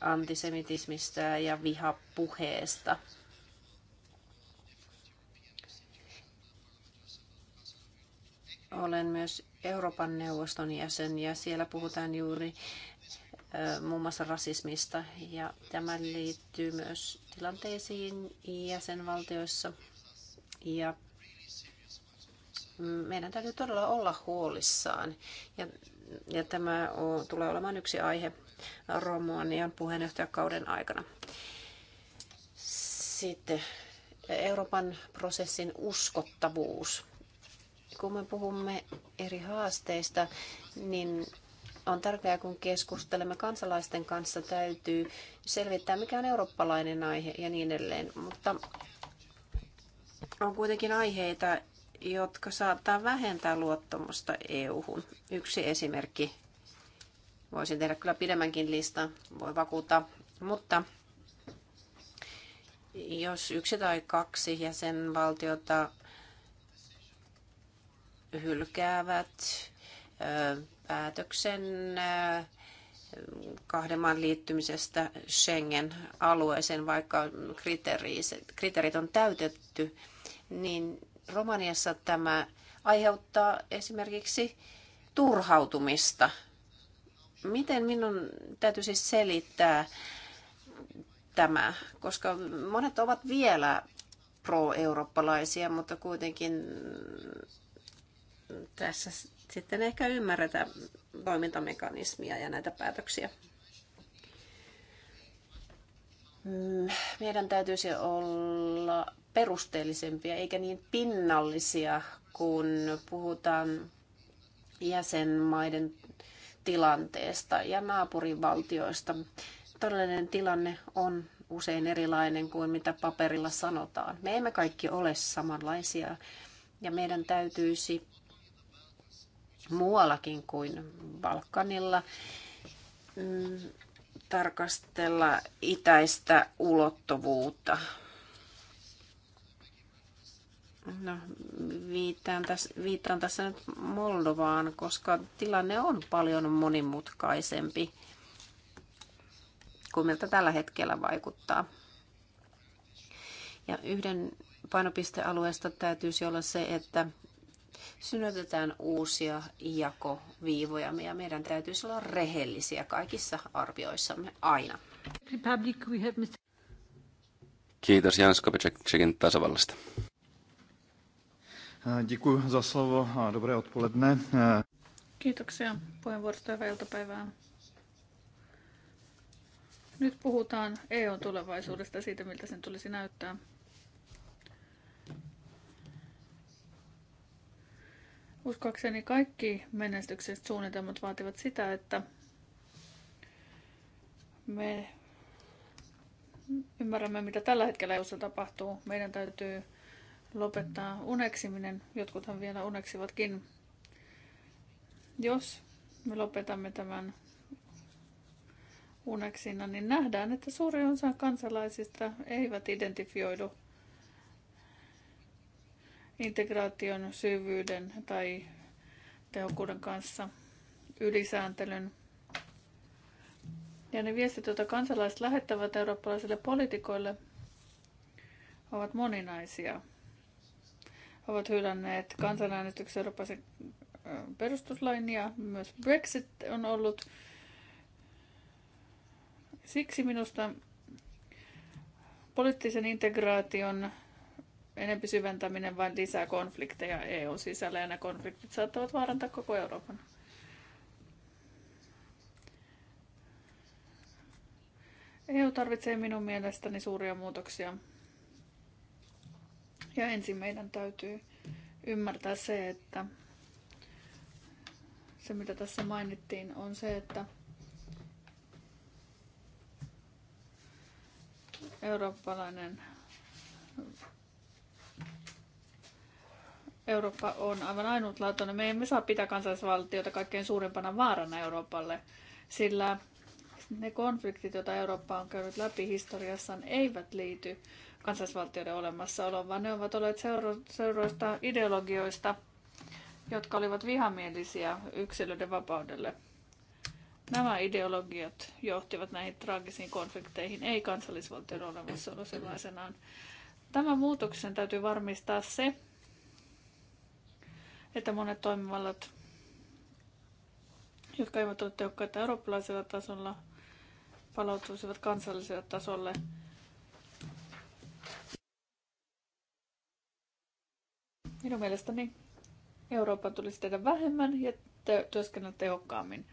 antisemitismistä ja vihapuheesta. Olen myös Euroopan neuvoston jäsen ja siellä puhutaan juuri muun muassa rasismista. Ja tämä liittyy myös tilanteisiin jäsenvaltioissa. Ja meidän täytyy todella olla huolissaan. Ja, ja tämä on, tulee olemaan yksi aihe Romanian puheenjohtajakauden aikana. Sitten Euroopan prosessin uskottavuus. Kun me puhumme eri haasteista, niin on tärkeää, kun keskustelemme kansalaisten kanssa, täytyy selvittää, mikä on eurooppalainen aihe ja niin edelleen. Mutta on kuitenkin aiheita, jotka saattaa vähentää luottamusta EU-hun. Yksi esimerkki, voisin tehdä kyllä pidemmänkin listan, voi vakuuttaa, mutta jos yksi tai kaksi jäsenvaltiota hylkäävät päätöksen äh, kahden maan liittymisestä Schengen-alueeseen, vaikka kriteerit on täytetty, niin Romaniassa tämä aiheuttaa esimerkiksi turhautumista. Miten minun täytyisi selittää tämä, koska monet ovat vielä pro-eurooppalaisia, mutta kuitenkin tässä sitten ehkä ymmärretä toimintamekanismia ja näitä päätöksiä. Mm, meidän täytyisi olla perusteellisempia eikä niin pinnallisia, kun puhutaan jäsenmaiden tilanteesta ja naapurivaltioista. Todellinen tilanne on usein erilainen kuin mitä paperilla sanotaan. Me emme kaikki ole samanlaisia ja meidän täytyisi muuallakin kuin Balkanilla tarkastella itäistä ulottuvuutta. No, viitaan, tässä, viitaan tässä nyt Moldovaan, koska tilanne on paljon monimutkaisempi kuin miltä tällä hetkellä vaikuttaa. Ja yhden painopistealueesta täytyisi olla se, että synnytetään uusia jakoviivoja ja meidän täytyisi olla rehellisiä kaikissa arvioissamme aina. Kiitos Jan Skopečekin tasavallasta. Eh, děkuji za slovo a dobré odpoledne. Eh, Kiitoksia puheenvuorosta ja iltapäivää. Nyt puhutaan eu tulevaisuudesta siitä, miltä sen tulisi näyttää. Uskoakseni kaikki menestykset suunnitelmat vaativat sitä, että me ymmärrämme, mitä tällä hetkellä EUssa tapahtuu. Meidän täytyy lopettaa uneksiminen. Jotkuthan vielä uneksivatkin. Jos me lopetamme tämän uneksinnan, niin nähdään, että suuri osa kansalaisista eivät identifioidu integraation syvyyden tai tehokkuuden kanssa, ylisääntelyn. Ja ne viestit, joita kansalaiset lähettävät eurooppalaisille poliitikoille, ovat moninaisia. He ovat hylänneet kansanäänestyksen eurooppalaisen perustuslain ja myös Brexit on ollut. Siksi minusta poliittisen integraation enempi syventäminen vain lisää konflikteja EUn sisällä ja nämä konfliktit saattavat vaarantaa koko Euroopan. EU tarvitsee minun mielestäni suuria muutoksia. Ja ensin meidän täytyy ymmärtää se, että se mitä tässä mainittiin on se, että eurooppalainen Eurooppa on aivan ainutlaatuinen. Me emme saa pitää kansallisvaltiota kaikkein suurimpana vaarana Euroopalle, sillä ne konfliktit, joita Eurooppa on käynyt läpi historiassaan, eivät liity kansallisvaltioiden olemassaoloon, vaan ne ovat olleet seuro- seuroista ideologioista, jotka olivat vihamielisiä yksilöiden vapaudelle. Nämä ideologiat johtivat näihin traagisiin konflikteihin, ei kansallisvaltioiden olemassaolo sellaisenaan. Tämän muutoksen täytyy varmistaa se, että monet toimivallat, jotka eivät ole tehokkaita eurooppalaisella tasolla, palautuisivat kansalliselle tasolle. Minun mielestäni Euroopan tulisi tehdä vähemmän ja työskennellä tehokkaammin.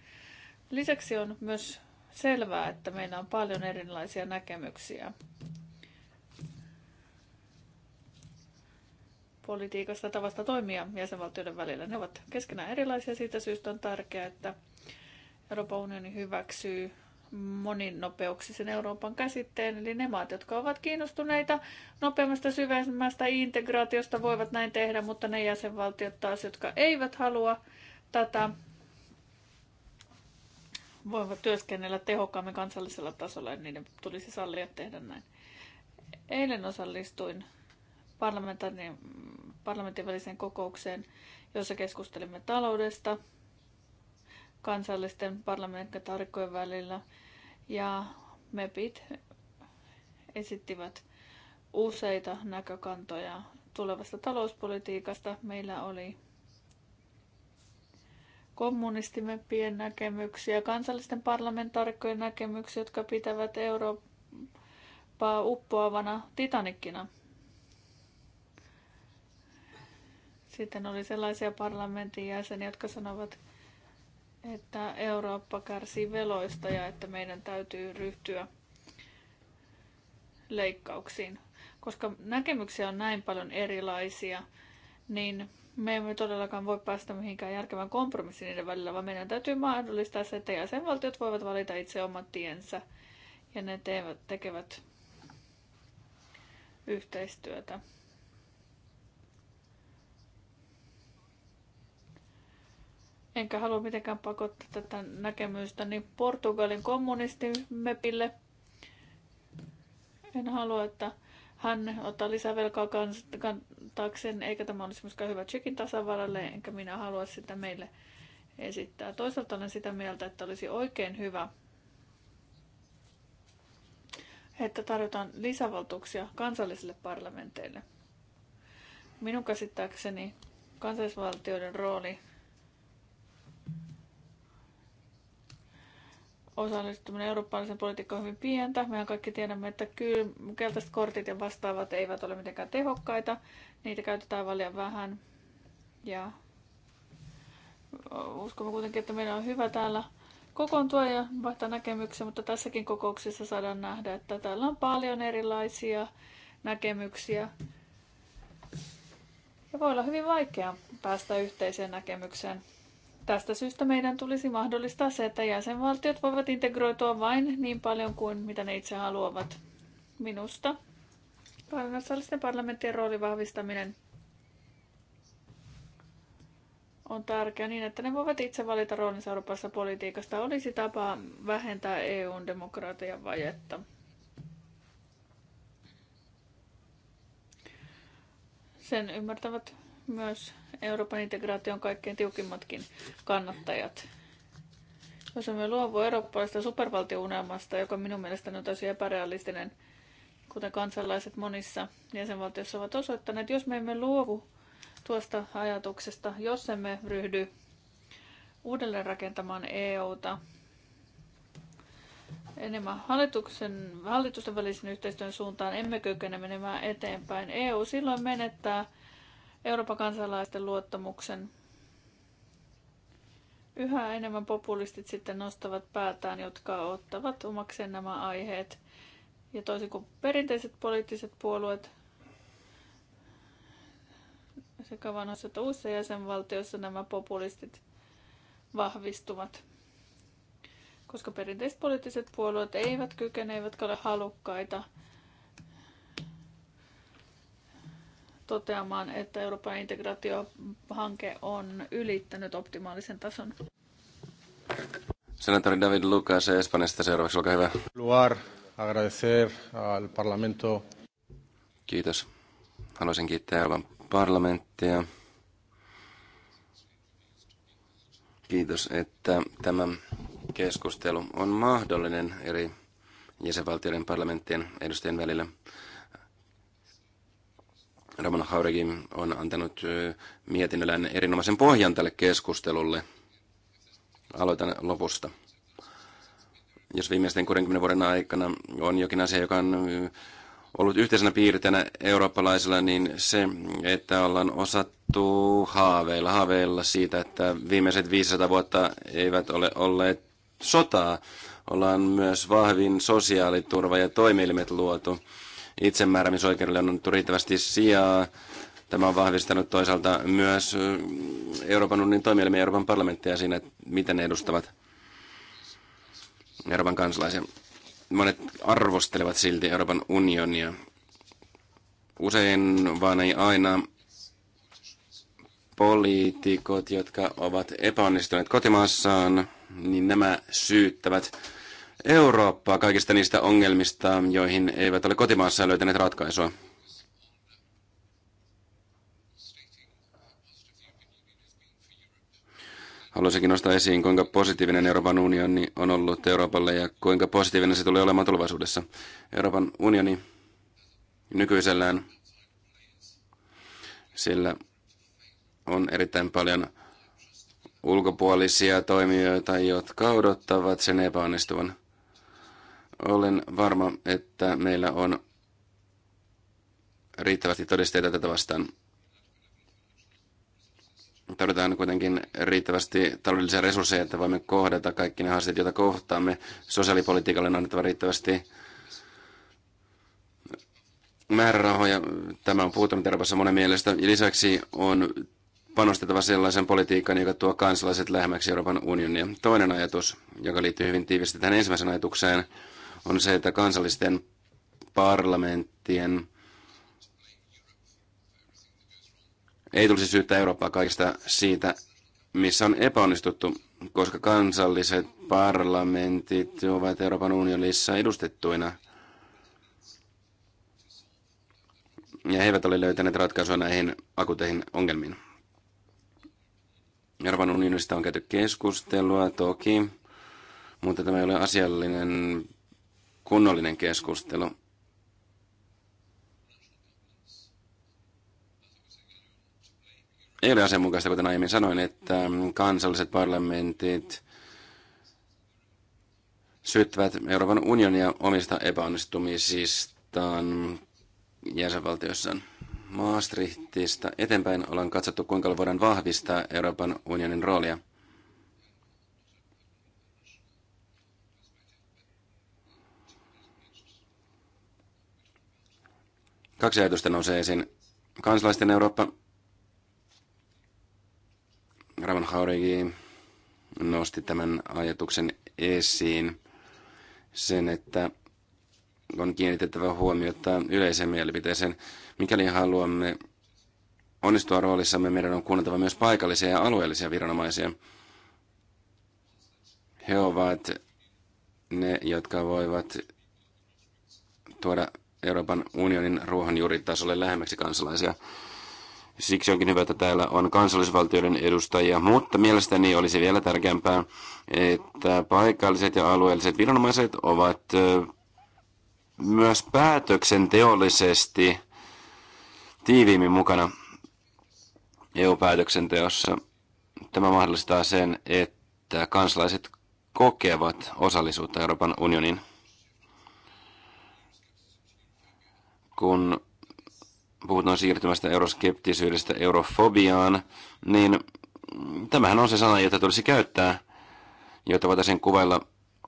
Lisäksi on myös selvää, että meillä on paljon erilaisia näkemyksiä politiikasta tavasta toimia jäsenvaltioiden välillä. Ne ovat keskenään erilaisia. Siitä syystä on tärkeää, että Euroopan unioni hyväksyy moninopeuksisen Euroopan käsitteen, eli ne maat, jotka ovat kiinnostuneita nopeammasta syvemmästä integraatiosta, voivat näin tehdä, mutta ne jäsenvaltiot taas, jotka eivät halua tätä, voivat työskennellä tehokkaammin kansallisella tasolla, ja niiden tulisi sallia tehdä näin. Eilen osallistuin parlamentin väliseen kokoukseen, jossa keskustelimme taloudesta kansallisten parlamentaarikkojen välillä. Ja MEPit esittivät useita näkökantoja tulevasta talouspolitiikasta. Meillä oli pien näkemyksiä, kansallisten parlamentaarikkojen näkemyksiä, jotka pitävät Eurooppaa uppoavana titanikkina – Sitten oli sellaisia parlamentin jäseniä, jotka sanovat, että Eurooppa kärsii veloista ja että meidän täytyy ryhtyä leikkauksiin. Koska näkemyksiä on näin paljon erilaisia, niin me emme todellakaan voi päästä mihinkään järkevään kompromissiin niiden välillä, vaan meidän täytyy mahdollistaa se, että jäsenvaltiot voivat valita itse omat tiensä ja ne tekevät yhteistyötä. enkä halua mitenkään pakottaa tätä näkemystä, niin Portugalin kommunistimepille. En halua, että hän ottaa lisää velkaa kantaakseen, eikä tämä olisi myöskään hyvä Tsekin tasavallalle, enkä minä halua sitä meille esittää. Toisaalta olen sitä mieltä, että olisi oikein hyvä, että tarjotaan lisävaltuuksia kansallisille parlamenteille. Minun käsittääkseni kansallisvaltioiden rooli osallistuminen eurooppalaisen politiikkaan on hyvin pientä. Mehän kaikki tiedämme, että kyllä keltaiset kortit ja vastaavat eivät ole mitenkään tehokkaita. Niitä käytetään paljon vähän. Ja uskomme kuitenkin, että meillä on hyvä täällä kokoontua ja vaihtaa näkemyksiä, mutta tässäkin kokouksessa saadaan nähdä, että täällä on paljon erilaisia näkemyksiä. Ja voi olla hyvin vaikea päästä yhteiseen näkemykseen Tästä syystä meidän tulisi mahdollistaa se, että jäsenvaltiot voivat integroitua vain niin paljon kuin mitä ne itse haluavat. Minusta kansallisten parlamenttien roolin vahvistaminen on tärkeää niin, että ne voivat itse valita roolinsa Euroopassa politiikasta. Olisi tapa vähentää EUn demokraatian vajetta. Sen ymmärtävät myös Euroopan integraation kaikkein tiukimmatkin kannattajat. Jos me luovu eurooppalaisesta supervaltiounelmasta, joka minun mielestäni on täysin epärealistinen, kuten kansalaiset monissa jäsenvaltioissa ovat osoittaneet, jos me emme luovu tuosta ajatuksesta, jos emme ryhdy uudelleen rakentamaan EUta enemmän hallituksen, hallitusten välisen yhteistyön suuntaan, emme kykene menemään eteenpäin. EU silloin menettää Euroopan kansalaisten luottamuksen. Yhä enemmän populistit sitten nostavat päätään, jotka ottavat omakseen nämä aiheet. Ja toisin kuin perinteiset poliittiset puolueet, sekä vanhoissa että uusissa jäsenvaltioissa nämä populistit vahvistuvat. Koska perinteiset poliittiset puolueet eivät kykene, eivätkä ole halukkaita toteamaan, että Euroopan integraatiohanke on ylittänyt optimaalisen tason. Senatori David Lucas Espanjasta seuraavaksi, olkaa hyvä. Luar, agradecer al parlamento. Kiitos. Haluaisin kiittää Euroopan parlamenttia. Kiitos, että tämä keskustelu on mahdollinen eri jäsenvaltioiden parlamenttien edustajien välillä. Ramona Hauregi on antanut mietinnöllään erinomaisen pohjan tälle keskustelulle. Aloitan lopusta. Jos viimeisten 60 vuoden aikana on jokin asia, joka on ollut yhteisenä piirteenä eurooppalaisilla, niin se, että ollaan osattu haaveilla, haaveilla siitä, että viimeiset 500 vuotta eivät ole olleet sotaa. Ollaan myös vahvin sosiaaliturva ja toimielimet luotu itsemääräämisoikeudelle on annettu riittävästi sijaa. Tämä on vahvistanut toisaalta myös Euroopan unionin toimielimiä Euroopan parlamenttia siinä, että miten ne edustavat Euroopan kansalaisia. Monet arvostelevat silti Euroopan unionia. Usein, vaan ei aina, poliitikot, jotka ovat epäonnistuneet kotimaassaan, niin nämä syyttävät Eurooppaa kaikista niistä ongelmista, joihin eivät ole kotimaassa löytäneet ratkaisua. Haluaisinkin nostaa esiin, kuinka positiivinen Euroopan unioni on ollut Euroopalle ja kuinka positiivinen se tulee olemaan tulevaisuudessa. Euroopan unioni nykyisellään, sillä on erittäin paljon ulkopuolisia toimijoita, jotka odottavat sen epäonnistuvan. Olen varma, että meillä on riittävästi todisteita tätä vastaan. Tarvitaan kuitenkin riittävästi taloudellisia resursseja, että voimme kohdata kaikki ne haasteet, joita kohtaamme. Sosiaalipolitiikalle on annettava riittävästi määrärahoja. Tämä on puuttunut Euroopassa monen mielestä. Lisäksi on panostettava sellaisen politiikkaan, joka tuo kansalaiset lähemmäksi Euroopan unionia. Toinen ajatus, joka liittyy hyvin tiivisti tähän ensimmäiseen ajatukseen, on se, että kansallisten parlamenttien ei tulisi syyttää Eurooppaa kaikista siitä, missä on epäonnistuttu, koska kansalliset parlamentit ovat Euroopan unionissa edustettuina. Ja he eivät ole löytäneet ratkaisua näihin akuteihin ongelmiin. Euroopan unionista on käyty keskustelua toki, mutta tämä ei ole asiallinen kunnollinen keskustelu. Ei ole asianmukaista, kuten aiemmin sanoin, että kansalliset parlamentit syyttävät Euroopan unionia omista epäonnistumisistaan jäsenvaltiossaan. Maastrichtista eteenpäin ollaan katsottu, kuinka voidaan vahvistaa Euroopan unionin roolia – Kaksi ajatusta nousee esiin. Kansalaisten Eurooppa, Ravan Haurigi nosti tämän ajatuksen esiin sen, että on kiinnitettävä huomiota yleiseen mielipiteeseen. Mikäli haluamme onnistua roolissamme, meidän on kuunneltava myös paikallisia ja alueellisia viranomaisia. He ovat ne, jotka voivat tuoda Euroopan unionin ruohonjuuritasolle lähemmäksi kansalaisia. Siksi onkin hyvä, että täällä on kansallisvaltioiden edustajia, mutta mielestäni olisi vielä tärkeämpää, että paikalliset ja alueelliset viranomaiset ovat myös päätöksenteollisesti tiiviimmin mukana EU-päätöksenteossa. Tämä mahdollistaa sen, että kansalaiset kokevat osallisuutta Euroopan unionin kun puhutaan siirtymästä euroskeptisyydestä eurofobiaan, niin tämähän on se sana, jota tulisi käyttää, jotta voitaisiin kuvailla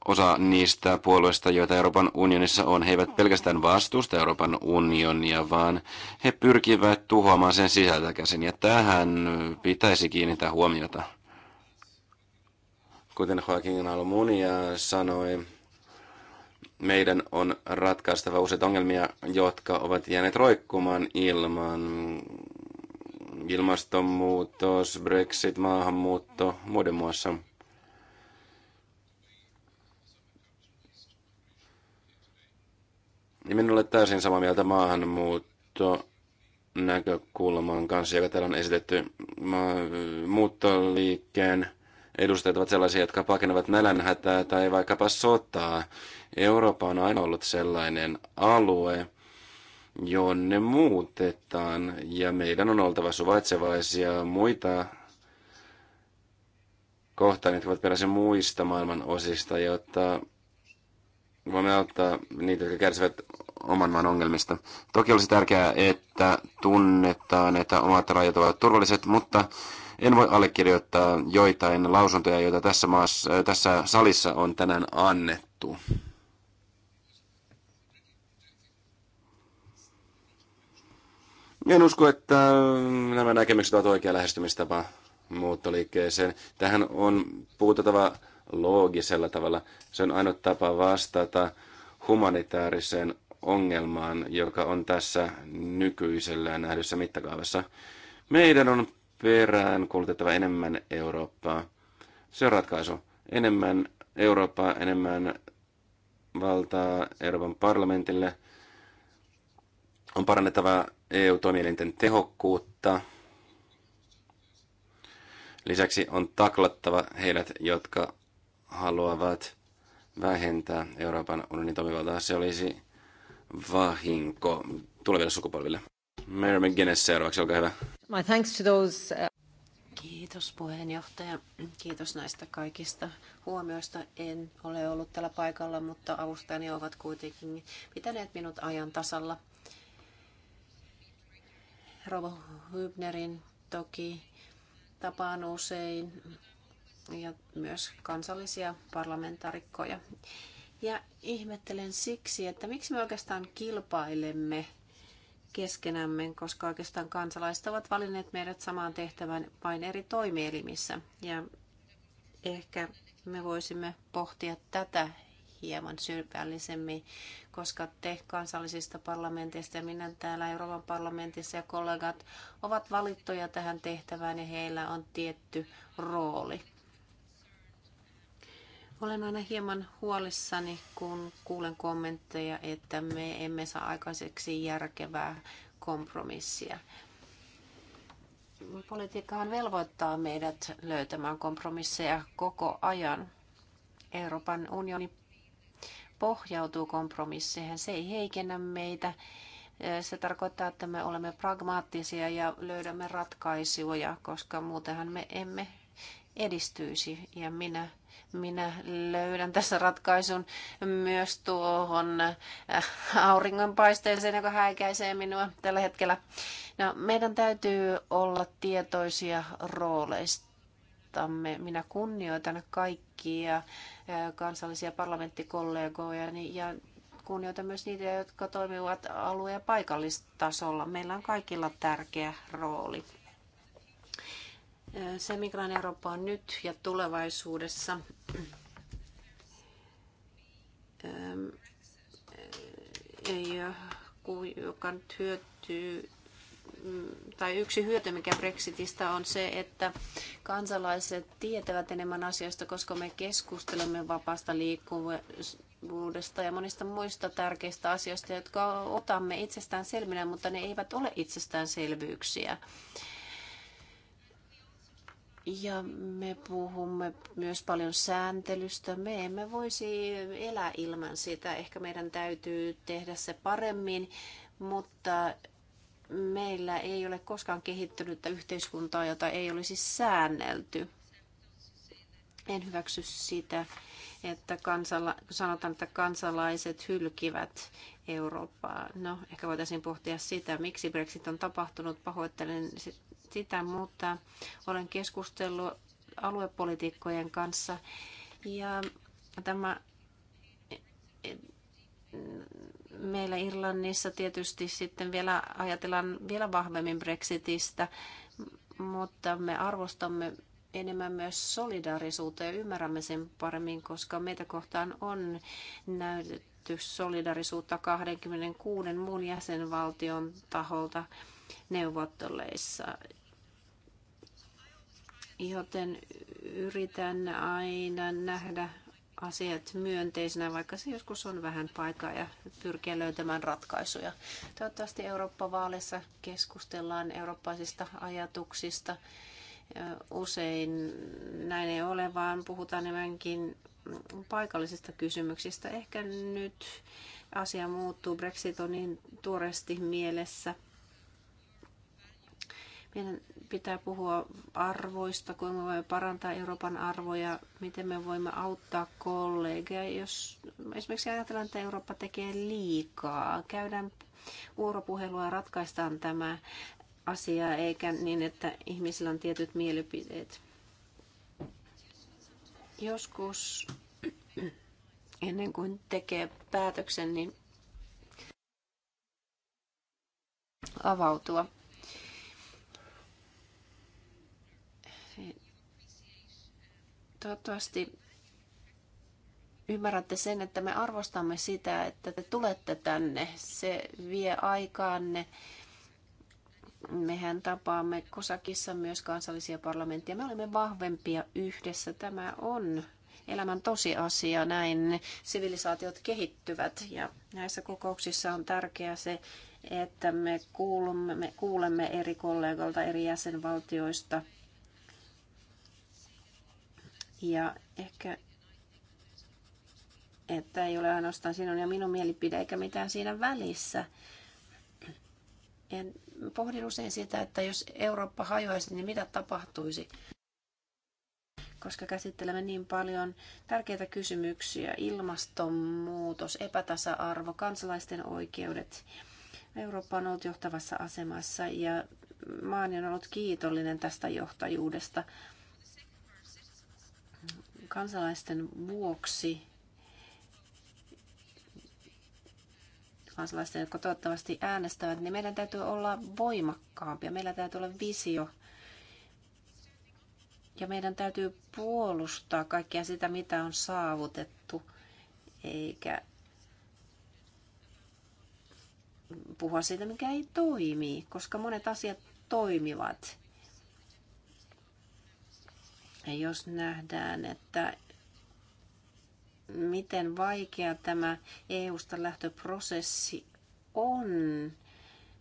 osa niistä puolueista, joita Euroopan unionissa on. He eivät pelkästään vastusta Euroopan unionia, vaan he pyrkivät tuhoamaan sen sisältä käsin, ja tähän pitäisi kiinnittää huomiota. Kuten Joaquin Almunia sanoi, meidän on ratkaistava useita ongelmia, jotka ovat jääneet roikkumaan ilman ilmastonmuutos, Brexit, maahanmuutto, muiden muassa. Ja niin minulle täysin samaa mieltä maahanmuutto näkökulman kanssa, joka täällä on esitetty muuttoliikkeen edustajat ovat sellaisia, jotka pakenevat nälänhätää tai vaikkapa sotaa. Eurooppa on aina ollut sellainen alue, jonne muutetaan ja meidän on oltava suvaitsevaisia muita kohtaan, jotka ovat peräisin muista maailman osista, jotta voimme auttaa niitä, jotka kärsivät oman maan ongelmista. Toki olisi tärkeää, että tunnetaan, että omat rajat ovat turvalliset, mutta en voi allekirjoittaa joitain lausuntoja, joita tässä, maassa, äh, tässä salissa on tänään annettu. En usko, että äh, nämä näkemykset ovat oikea lähestymistapa muuttoliikkeeseen. Tähän on puututtava loogisella tavalla. Se on ainoa tapa vastata humanitaariseen ongelmaan, joka on tässä nykyisellä nähdyssä mittakaavassa. Meidän on perään kulutettava enemmän Eurooppaa. Se on ratkaisu. Enemmän Eurooppaa, enemmän valtaa Euroopan parlamentille. On parannettava EU-toimielinten tehokkuutta. Lisäksi on taklattava heidät, jotka haluavat vähentää Euroopan unionin toimivaltaa. Se olisi vahinko tuleville sukupolville. Mary McGuinness seuraavaksi, olkaa hyvä. My thanks to those, uh... Kiitos puheenjohtaja. Kiitos näistä kaikista huomioista. En ole ollut tällä paikalla, mutta avustajani ovat kuitenkin pitäneet minut ajan tasalla. Robo Hübnerin toki tapaan usein ja myös kansallisia parlamentarikkoja. Ja ihmettelen siksi, että miksi me oikeastaan kilpailemme keskenämme, koska oikeastaan kansalaiset ovat valinneet meidät samaan tehtävään vain eri toimielimissä. Ja ehkä me voisimme pohtia tätä hieman syvällisemmin, koska te kansallisista parlamenteista ja minä täällä Euroopan parlamentissa ja kollegat ovat valittuja tähän tehtävään ja heillä on tietty rooli. Olen aina hieman huolissani, kun kuulen kommentteja, että me emme saa aikaiseksi järkevää kompromissia. Politiikkahan velvoittaa meidät löytämään kompromisseja koko ajan. Euroopan unioni pohjautuu kompromisseihin. Se ei heikennä meitä. Se tarkoittaa, että me olemme pragmaattisia ja löydämme ratkaisuja, koska muutenhan me emme edistyisi. Ja minä minä löydän tässä ratkaisun myös tuohon äh, auringonpaisteeseen, joka häikäisee minua tällä hetkellä. No, meidän täytyy olla tietoisia rooleistamme. Minä kunnioitan kaikkia äh, kansallisia parlamenttikollegoja ja kunnioitan myös niitä, jotka toimivat alue- ja paikallistasolla. Meillä on kaikilla tärkeä rooli. Se, minkälainen Eurooppa on nyt ja tulevaisuudessa, ähm, ei, joka nyt hyötyy, mm, tai yksi hyöty, mikä Brexitistä on se, että kansalaiset tietävät enemmän asioista, koska me keskustelemme vapaasta liikkuvuudesta ja monista muista tärkeistä asioista, jotka otamme itsestään selvinä, mutta ne eivät ole itsestäänselvyyksiä. selvyyksiä ja me puhumme myös paljon sääntelystä. Me emme voisi elää ilman sitä. Ehkä meidän täytyy tehdä se paremmin, mutta meillä ei ole koskaan kehittynyttä yhteiskuntaa, jota ei olisi säännelty. En hyväksy sitä, että kansala- sanotaan, että kansalaiset hylkivät Eurooppaa. No, ehkä voitaisiin pohtia sitä, miksi Brexit on tapahtunut. Pahoittelen sitä, mutta olen keskustellut aluepolitiikkojen kanssa. Ja tämä meillä Irlannissa tietysti sitten vielä ajatellaan vielä vahvemmin Brexitistä, mutta me arvostamme enemmän myös solidaarisuutta ja ymmärrämme sen paremmin, koska meitä kohtaan on näytetty solidaarisuutta 26 muun jäsenvaltion taholta neuvotteleissa joten yritän aina nähdä asiat myönteisenä, vaikka se joskus on vähän paikkaa ja pyrkiä löytämään ratkaisuja. Toivottavasti Eurooppa-vaaleissa keskustellaan eurooppaisista ajatuksista. Usein näin ei ole, vaan puhutaan enemmänkin paikallisista kysymyksistä. Ehkä nyt asia muuttuu. Brexit on niin tuoresti mielessä pitää puhua arvoista, kuinka voimme parantaa Euroopan arvoja, miten me voimme auttaa kollegeja. Jos esimerkiksi ajatellaan, että Eurooppa tekee liikaa, käydään vuoropuhelua ja ratkaistaan tämä asia, eikä niin, että ihmisillä on tietyt mielipiteet. Joskus ennen kuin tekee päätöksen, niin avautua Toivottavasti ymmärrätte sen, että me arvostamme sitä, että te tulette tänne. Se vie aikaanne. Mehän tapaamme Kosakissa myös kansallisia parlamentteja. Me olemme vahvempia yhdessä. Tämä on elämän tosiasia. Näin sivilisaatiot kehittyvät ja näissä kokouksissa on tärkeää se, että me kuulemme, me kuulemme eri kollegoilta eri jäsenvaltioista – ja ehkä, että ei ole ainoastaan sinun ja minun mielipide eikä mitään siinä välissä. En pohdin usein sitä, että jos Eurooppa hajoaisi, niin mitä tapahtuisi? Koska käsittelemme niin paljon tärkeitä kysymyksiä, ilmastonmuutos, epätasa-arvo, kansalaisten oikeudet. Eurooppa on ollut johtavassa asemassa ja maani on ollut kiitollinen tästä johtajuudesta kansalaisten vuoksi, kansalaisten, jotka toivottavasti äänestävät, niin meidän täytyy olla voimakkaampia. Meillä täytyy olla visio. Ja meidän täytyy puolustaa kaikkea sitä, mitä on saavutettu, eikä puhua siitä, mikä ei toimi, koska monet asiat toimivat jos nähdään, että miten vaikea tämä EU-sta lähtöprosessi on,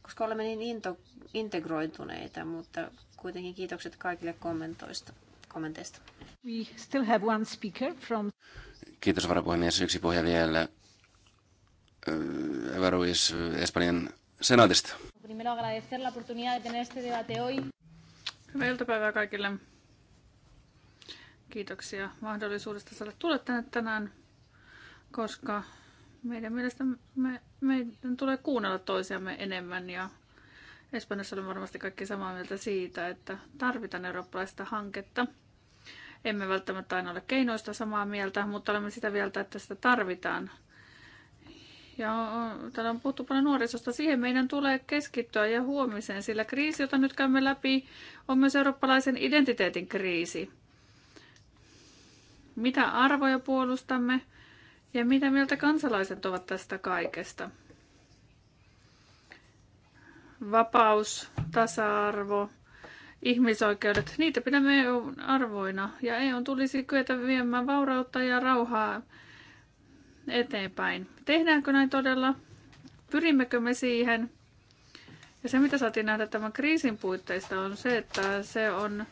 koska olemme niin into, integroituneita, mutta kuitenkin kiitokset kaikille kommentoista, kommenteista. We still have one speaker from... Kiitos varapuhemies. Yksi puhuja vielä. Äh, Eva Ruiz, Espanjan senaatista. Hyvää iltapäivää kaikille. Kiitoksia mahdollisuudesta saada tulla tänne tänään, koska meidän mielestä me, meidän tulee kuunnella toisiamme enemmän ja Espanjassa olemme varmasti kaikki samaa mieltä siitä, että tarvitaan eurooppalaista hanketta. Emme välttämättä aina ole keinoista samaa mieltä, mutta olemme sitä mieltä, että sitä tarvitaan. Ja täällä on puhuttu paljon nuorisosta. Siihen meidän tulee keskittyä ja huomiseen, sillä kriisi, jota nyt käymme läpi, on myös eurooppalaisen identiteetin kriisi mitä arvoja puolustamme ja mitä mieltä kansalaiset ovat tästä kaikesta. Vapaus, tasa-arvo, ihmisoikeudet, niitä pidämme EUn arvoina ja EU tulisi kyetä viemään vaurautta ja rauhaa eteenpäin. Tehdäänkö näin todella? Pyrimmekö me siihen? Ja se, mitä saatiin nähdä tämän kriisin puitteista, on se, että se on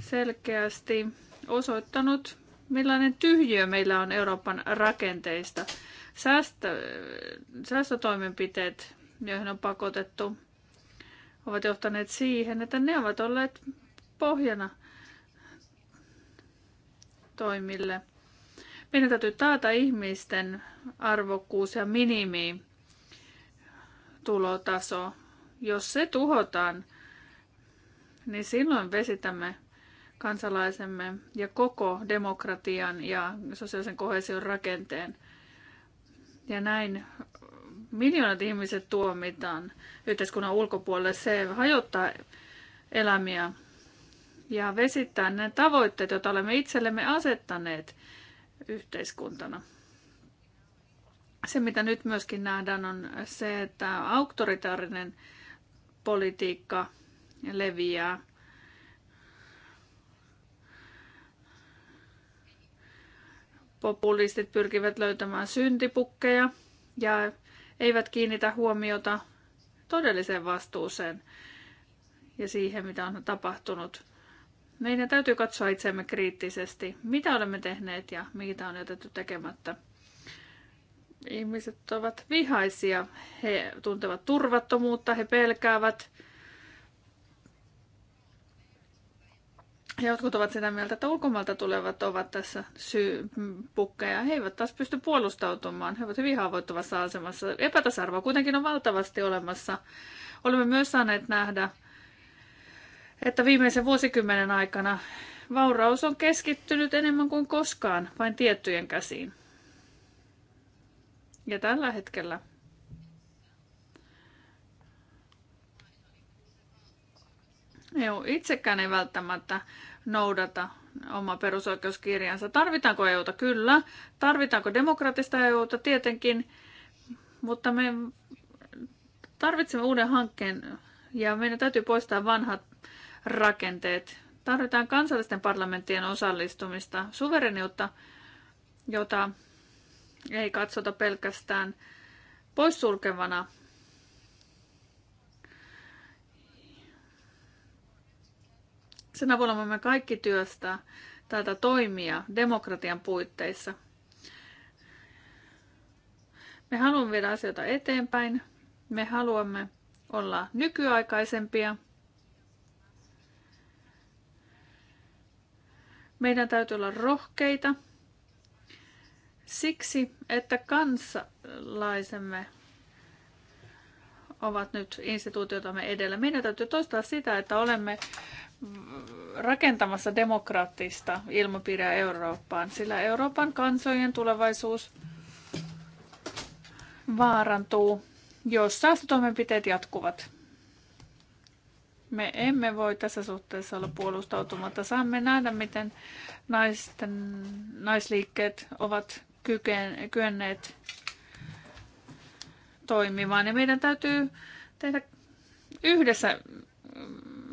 selkeästi osoittanut millainen tyhjiö meillä on Euroopan rakenteista. Säästö, säästötoimenpiteet, joihin on pakotettu, ovat johtaneet siihen, että ne ovat olleet pohjana toimille. Meidän täytyy taata ihmisten arvokkuus ja minimi tulotaso. Jos se tuhotaan, niin silloin vesitämme kansalaisemme ja koko demokratian ja sosiaalisen kohesion rakenteen. Ja näin miljoonat ihmiset tuomitaan yhteiskunnan ulkopuolelle. Se hajottaa elämiä ja vesittää ne tavoitteet, joita olemme itsellemme asettaneet yhteiskuntana. Se, mitä nyt myöskin nähdään, on se, että auktoritaarinen politiikka leviää populistit pyrkivät löytämään syntipukkeja ja eivät kiinnitä huomiota todelliseen vastuuseen ja siihen, mitä on tapahtunut. Meidän täytyy katsoa itseämme kriittisesti, mitä olemme tehneet ja mitä on jätetty tekemättä. Ihmiset ovat vihaisia, he tuntevat turvattomuutta, he pelkäävät, Jotkut ovat sitä mieltä, että ulkomailta tulevat ovat tässä syypukkeja. Mm, He eivät taas pysty puolustautumaan. He ovat hyvin haavoittuvassa asemassa. Epätasarvoa kuitenkin on valtavasti olemassa. Olemme myös saaneet nähdä, että viimeisen vuosikymmenen aikana vauraus on keskittynyt enemmän kuin koskaan vain tiettyjen käsiin. Ja tällä hetkellä Joo, itsekään ei välttämättä noudata oma perusoikeuskirjansa. Tarvitaanko EUta? Kyllä. Tarvitaanko demokraattista EUta? Tietenkin. Mutta me tarvitsemme uuden hankkeen ja meidän täytyy poistaa vanhat rakenteet. Tarvitaan kansallisten parlamenttien osallistumista, suvereniutta, jota ei katsota pelkästään poissulkevana Sen avulla voimme kaikki työstää tätä toimia demokratian puitteissa. Me haluamme viedä asioita eteenpäin. Me haluamme olla nykyaikaisempia. Meidän täytyy olla rohkeita siksi, että kansalaisemme ovat nyt instituutiotamme edellä. Meidän täytyy toistaa sitä, että olemme rakentamassa demokraattista ilmapiiriä Eurooppaan, sillä Euroopan kansojen tulevaisuus vaarantuu, jos säästötoimenpiteet jatkuvat. Me emme voi tässä suhteessa olla puolustautumatta. Saamme nähdä, miten naisten, naisliikkeet ovat kyken, kyenneet toimimaan. Ja meidän täytyy tehdä yhdessä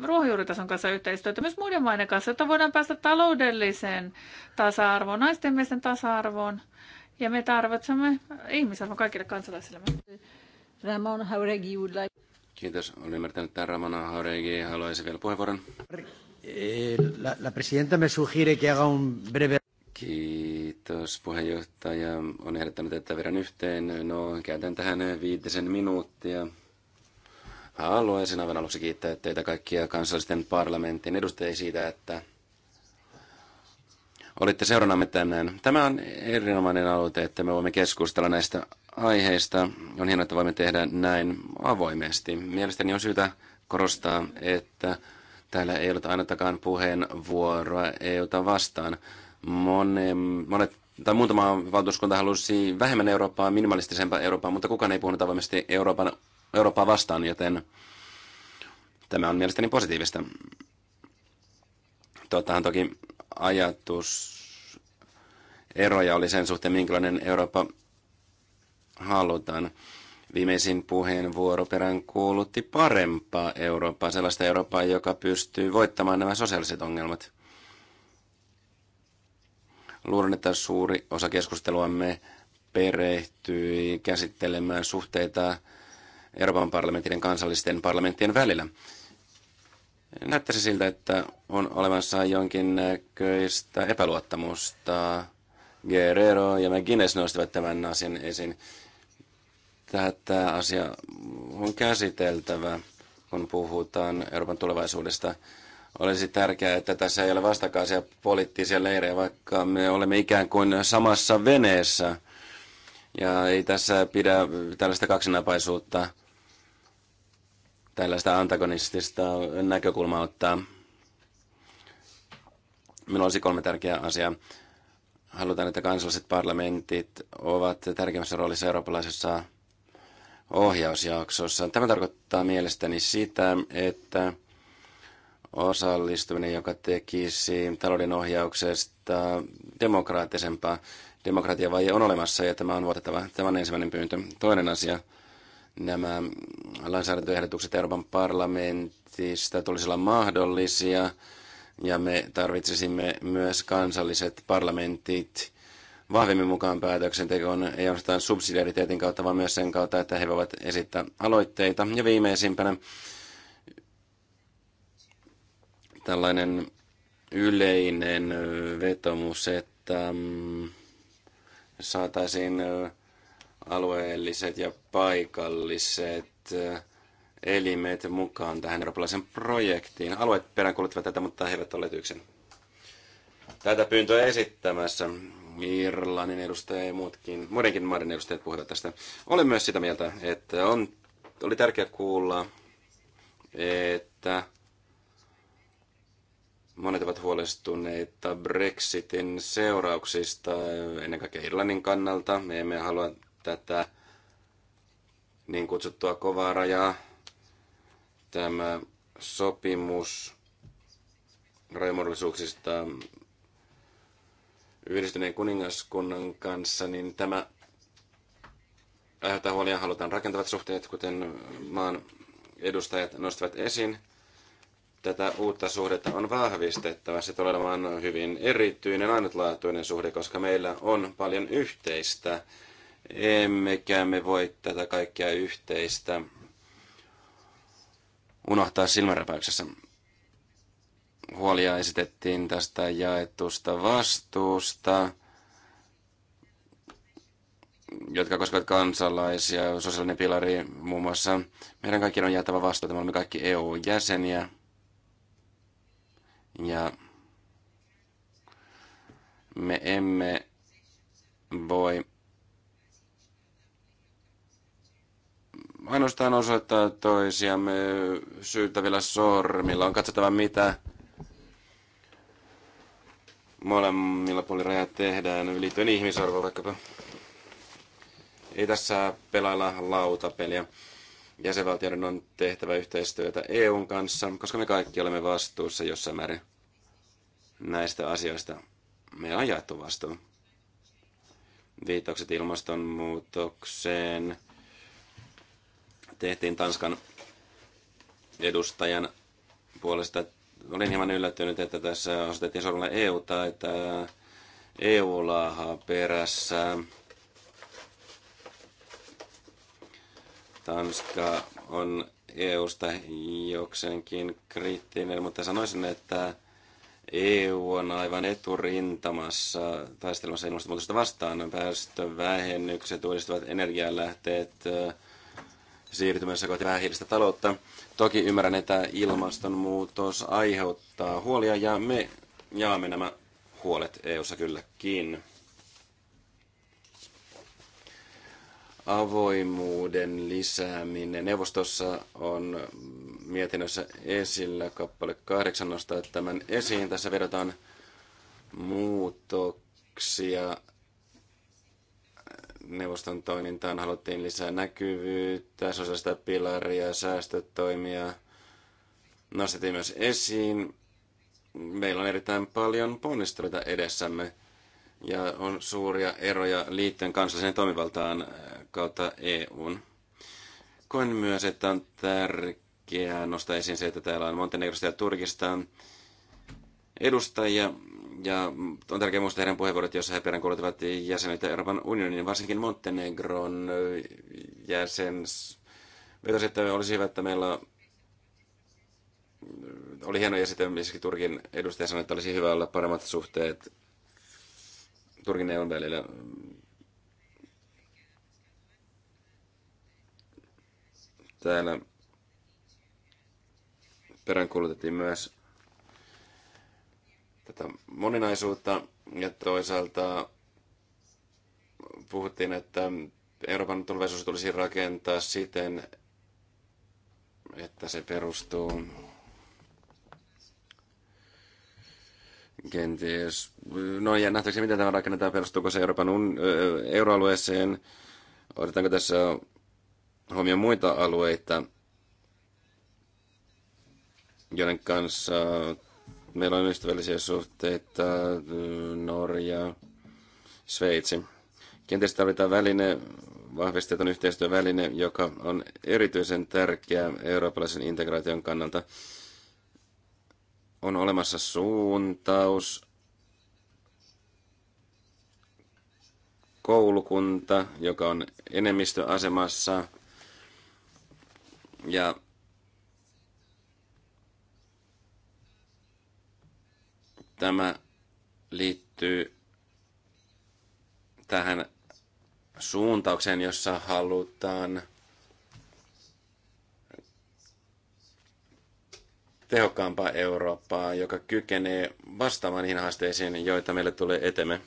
ruohonjuuritason kanssa yhteistyötä myös muiden maiden kanssa, jotta voidaan päästä taloudelliseen tasa-arvoon, naisten ja miesten tasa-arvoon. Ja me tarvitsemme ihmisarvon kaikille kansalaisillemme. Ramon Hauregi would like... Kiitos. Olen ymmärtänyt, että Ramon Hauregi haluaisi vielä puheenvuoron. Eh, la, la presidenta me sugiere que haga un breve... Kiitos puheenjohtaja. On ehdottanut, että vedän yhteen. No, käytän tähän viitisen minuuttia ensin aivan aluksi kiittää teitä kaikkia kansallisten parlamentin edustajia siitä, että olitte seurannamme tänään. Tämä on erinomainen aloite, että me voimme keskustella näistä aiheista. On hienoa, että voimme tehdä näin avoimesti. Mielestäni on syytä korostaa, että täällä ei ole ainakaan puheenvuoroa EUta vastaan. Monen, monet tai muutama valtuuskunta halusi vähemmän Eurooppaa, minimalistisempaa Eurooppaa, mutta kukaan ei puhunut avoimesti Euroopan Eurooppaa vastaan, joten tämä on mielestäni positiivista. Tottahan toki ajatus eroja oli sen suhteen, minkälainen Eurooppa halutaan. Viimeisin puheenvuoro perään kuulutti parempaa Eurooppaa, sellaista Eurooppaa, joka pystyy voittamaan nämä sosiaaliset ongelmat. Luulen, että suuri osa keskusteluamme perehtyi käsittelemään suhteita Euroopan parlamentin ja kansallisten parlamenttien välillä. Näyttäisi siltä, että on olemassa jonkinnäköistä epäluottamusta. Guerrero ja McGuinness nostivat tämän asian esiin. Tätä asia on käsiteltävä, kun puhutaan Euroopan tulevaisuudesta. Olisi tärkeää, että tässä ei ole vastakkaisia poliittisia leirejä, vaikka me olemme ikään kuin samassa veneessä. Ja ei tässä pidä tällaista kaksinapaisuutta tällaista antagonistista näkökulmaa ottaa. Minulla olisi kolme tärkeää asiaa. Halutaan, että kansalliset parlamentit ovat tärkeimmässä roolissa eurooppalaisessa ohjausjaksossa. Tämä tarkoittaa mielestäni sitä, että osallistuminen, joka tekisi talouden ohjauksesta demokraattisempaa. Demokratiavaje on olemassa ja tämä on vuotettava. Tämä on ensimmäinen pyyntö. Toinen asia – nämä lainsäädäntöehdotukset Euroopan parlamentista tulisi olla mahdollisia, ja me tarvitsisimme myös kansalliset parlamentit vahvemmin mukaan päätöksentekoon, ei ainoastaan subsidiariteetin kautta, vaan myös sen kautta, että he voivat esittää aloitteita. Ja viimeisimpänä tällainen yleinen vetomus, että saataisiin alueelliset ja paikalliset eh, elimet mukaan tähän eurooppalaisen projektiin. Alueet peräänkuuluttivat tätä, mutta he eivät olleet yksin. Tätä pyyntöä esittämässä Irlannin edustaja ja muutkin, muidenkin maiden edustajat puhuivat tästä. Olen myös sitä mieltä, että on, oli tärkeää kuulla, että monet ovat huolestuneita Brexitin seurauksista, ennen kaikkea Irlannin kannalta. Me emme halua tätä niin kutsuttua kovaa rajaa. Tämä sopimus rajamuodollisuuksista yhdistyneen kuningaskunnan kanssa, niin tämä aiheuttaa huolia. Halutaan rakentavat suhteet, kuten maan edustajat nostivat esiin. Tätä uutta suhdetta on vahvistettava. Se tulee olemaan hyvin erityinen, ainutlaatuinen suhde, koska meillä on paljon yhteistä Emmekä me voi tätä kaikkea yhteistä unohtaa silmänräpäyksessä. Huolia esitettiin tästä jaetusta vastuusta jotka koskevat kansalaisia, sosiaalinen pilari muun muassa. Meidän kaikkien on jaettava vastuuta, me olemme kaikki EU-jäseniä. Ja me emme voi ainoastaan osoittaa toisiamme syyttävillä sormilla. On katsottava, mitä molemmilla puolilla tehdään liittyen ihmisarvoon vaikkapa. Ei tässä pelailla lautapeliä. Jäsenvaltioiden on tehtävä yhteistyötä EUn kanssa, koska me kaikki olemme vastuussa jossain määrin näistä asioista. Meillä on jaettu vastuu. Viitokset ilmastonmuutokseen – tehtiin Tanskan edustajan puolesta. Olin hieman yllättynyt, että tässä osoitettiin sormella EUta, että EU laahaa perässä. Tanska on EUsta jokseenkin kriittinen, mutta sanoisin, että EU on aivan eturintamassa taistelemassa ilmastonmuutosta vastaan. Päästövähennykset, uudistuvat energialähteet, siirtymässä kohti vähähiilistä taloutta. Toki ymmärrän, että ilmastonmuutos aiheuttaa huolia ja me jaamme nämä huolet EU-ssa kylläkin. Avoimuuden lisääminen neuvostossa on mietinnössä esillä. Kappale kahdeksan nostaa tämän esiin. Tässä vedotaan muutoksia neuvoston toimintaan. Haluttiin lisää näkyvyyttä, sosiaalista pilaria, säästötoimia. Nostettiin myös esiin. Meillä on erittäin paljon ponnisteluita edessämme ja on suuria eroja liittyen kansalliseen toimivaltaan äh, kautta EUn. Koen myös, että on tärkeää nostaa esiin se, että täällä on Montenegrosta ja Turkista edustajia ja mm, on tärkeää muistaa heidän puheenvuorot, joissa he peräänkuulutivat jäsenyyttä Euroopan unionin, varsinkin Montenegron äh, jäsen. Vetosi, että olisi hyvä, että meillä oli hieno missäkin Turkin edustaja sanoi, että olisi hyvä olla paremmat suhteet Turkin EUn välillä. Täällä peräänkuulutettiin myös tätä moninaisuutta ja toisaalta puhuttiin, että Euroopan tulevaisuus tulisi rakentaa siten, että se perustuu kenties. No ja nähtäväksi, miten tämä rakennetaan, perustuuko se Euroopan un, euroalueeseen, otetaanko tässä huomioon muita alueita, joiden kanssa Meillä on ystävällisiä suhteita äh, Norja, Sveitsi. Kenties tarvitaan väline, vahvistetun yhteistyöväline, joka on erityisen tärkeä eurooppalaisen integraation kannalta. On olemassa suuntaus, koulukunta, joka on enemmistöasemassa, ja Tämä liittyy tähän suuntaukseen, jossa halutaan tehokkaampaa Eurooppaa, joka kykenee vastaamaan niihin haasteisiin, joita meille tulee etemme.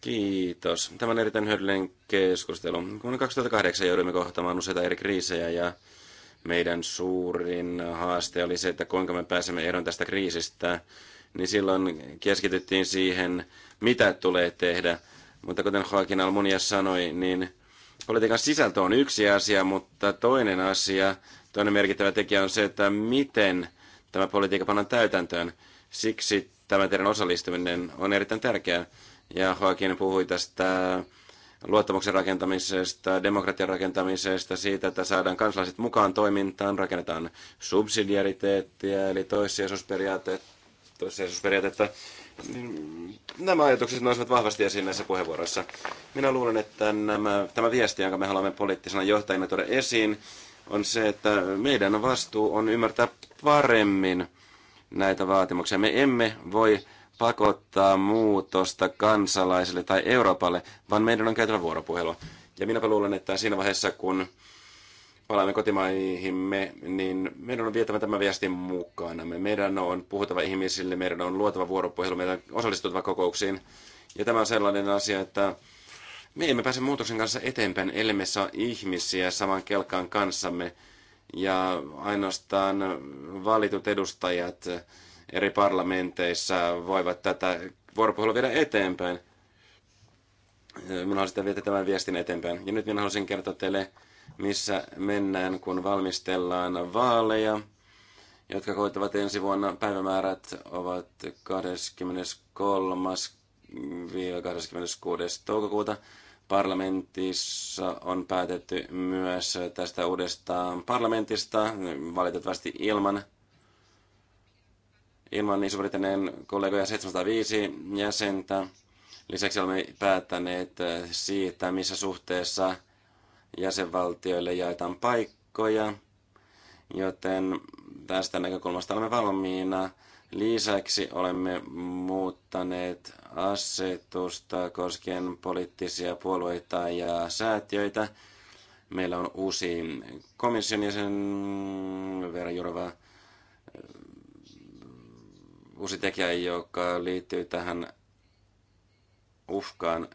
Kiitos. Tämä on erittäin hyödyllinen keskustelu. Vuonna 2008 joudumme kohtamaan useita eri kriisejä ja meidän suurin haaste oli se, että kuinka me pääsemme eroon tästä kriisistä niin silloin keskityttiin siihen, mitä tulee tehdä. Mutta kuten Joaquin Almunia sanoi, niin politiikan sisältö on yksi asia, mutta toinen asia, toinen merkittävä tekijä on se, että miten tämä politiikka pannaan täytäntöön. Siksi tämä teidän osallistuminen on erittäin tärkeää. Ja Joaquin puhui tästä luottamuksen rakentamisesta, demokratian rakentamisesta, siitä, että saadaan kansalaiset mukaan toimintaan, rakennetaan subsidiariteettia, eli toissijaisuusperiaatetta, toissijaisuusperiaatetta. Nämä ajatukset nousivat vahvasti esiin näissä puheenvuoroissa. Minä luulen, että nämä, tämä viesti, jonka me haluamme poliittisena johtajina tuoda esiin, on se, että meidän vastuu on ymmärtää paremmin näitä vaatimuksia. Me emme voi pakottaa muutosta kansalaisille tai Euroopalle, vaan meidän on käytävä vuoropuhelua. Ja minäpä luulen, että siinä vaiheessa, kun palaamme kotimaihimme, niin meidän on vietävä tämä viesti mukana. Meidän on puhuttava ihmisille, meidän on luotava vuoropuhelu, meidän on osallistuttava kokouksiin. Ja tämä on sellainen asia, että me emme pääse muutoksen kanssa eteenpäin, ellei saa ihmisiä saman kelkaan kanssamme. Ja ainoastaan valitut edustajat eri parlamenteissa voivat tätä vuoropuhelua viedä eteenpäin. Minä haluaisin viedä tämän viestin eteenpäin. Ja nyt minä haluaisin kertoa teille missä mennään, kun valmistellaan vaaleja, jotka koittavat ensi vuonna. Päivämäärät ovat 23. 26. toukokuuta. Parlamentissa on päätetty myös tästä uudesta parlamentista, valitettavasti ilman ilman Iso-Britannian kollegoja 705 jäsentä. Lisäksi olemme päättäneet siitä, missä suhteessa jäsenvaltioille jaetaan paikkoja, joten tästä näkökulmasta olemme valmiina. Lisäksi olemme muuttaneet asetusta koskien poliittisia puolueita ja säätiöitä. Meillä on uusi komission jäsen Vera Jurva, uusi tekijä, joka liittyy tähän uhkaan,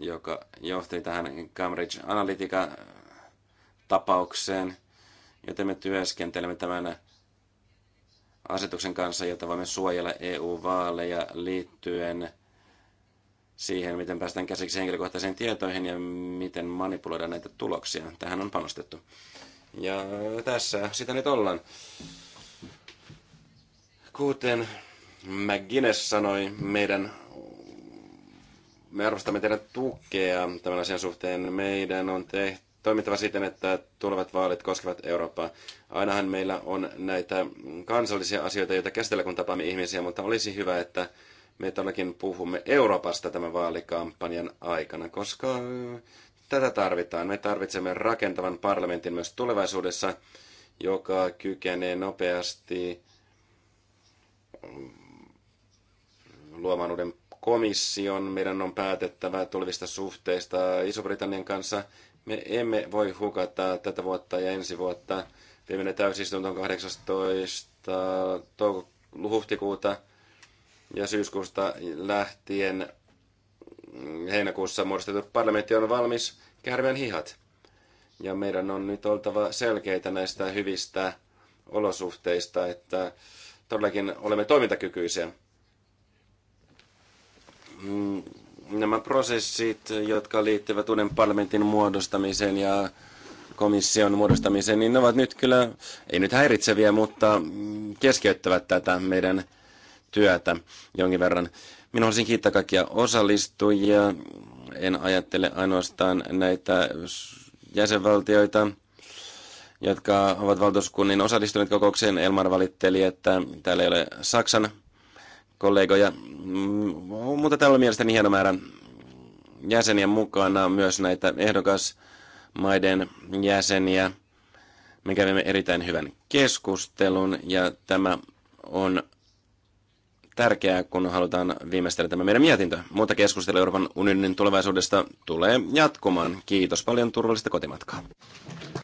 joka johti tähän Cambridge Analytica-tapaukseen, joten me työskentelemme tämän asetuksen kanssa, jotta voimme suojella EU-vaaleja liittyen siihen, miten päästään käsiksi henkilökohtaisiin tietoihin ja miten manipuloidaan näitä tuloksia. Tähän on panostettu. Ja tässä sitä nyt ollaan. Kuten McGuinness sanoi, meidän me arvostamme teidän tukea tämän asian suhteen. Meidän on tehty toimittava siten, että tulevat vaalit koskevat Eurooppaa. Ainahan meillä on näitä kansallisia asioita, joita käsitellä, kun tapaamme ihmisiä, mutta olisi hyvä, että me todellakin puhumme Euroopasta tämän vaalikampanjan aikana, koska äh, tätä tarvitaan. Me tarvitsemme rakentavan parlamentin myös tulevaisuudessa, joka kykenee nopeasti äh, luomaan uuden komission meidän on päätettävä tulevista suhteista Iso-Britannian kanssa. Me emme voi hukata tätä vuotta ja ensi vuotta. Viimeinen täysistunto on 18. huhtikuuta ja syyskuusta lähtien heinäkuussa muodostettu parlamentti on valmis kärven hihat. Ja meidän on nyt oltava selkeitä näistä hyvistä olosuhteista, että todellakin olemme toimintakykyisiä nämä prosessit, jotka liittyvät uuden parlamentin muodostamiseen ja komission muodostamiseen, niin ne ovat nyt kyllä, ei nyt häiritseviä, mutta keskeyttävät tätä meidän työtä jonkin verran. Minä haluaisin kiittää kaikkia osallistujia. En ajattele ainoastaan näitä jäsenvaltioita, jotka ovat valtuuskunnin osallistuneet kokoukseen. Elmar valitteli, että täällä ei ole Saksan kollegoja. Mm, mutta täällä on mielestäni hieno määrä jäseniä mukana, myös näitä ehdokasmaiden jäseniä. Me kävimme erittäin hyvän keskustelun ja tämä on tärkeää, kun halutaan viimeistellä tämä meidän mietintö. Mutta keskustelu Euroopan unionin tulevaisuudesta tulee jatkumaan. Kiitos paljon turvallista kotimatkaa.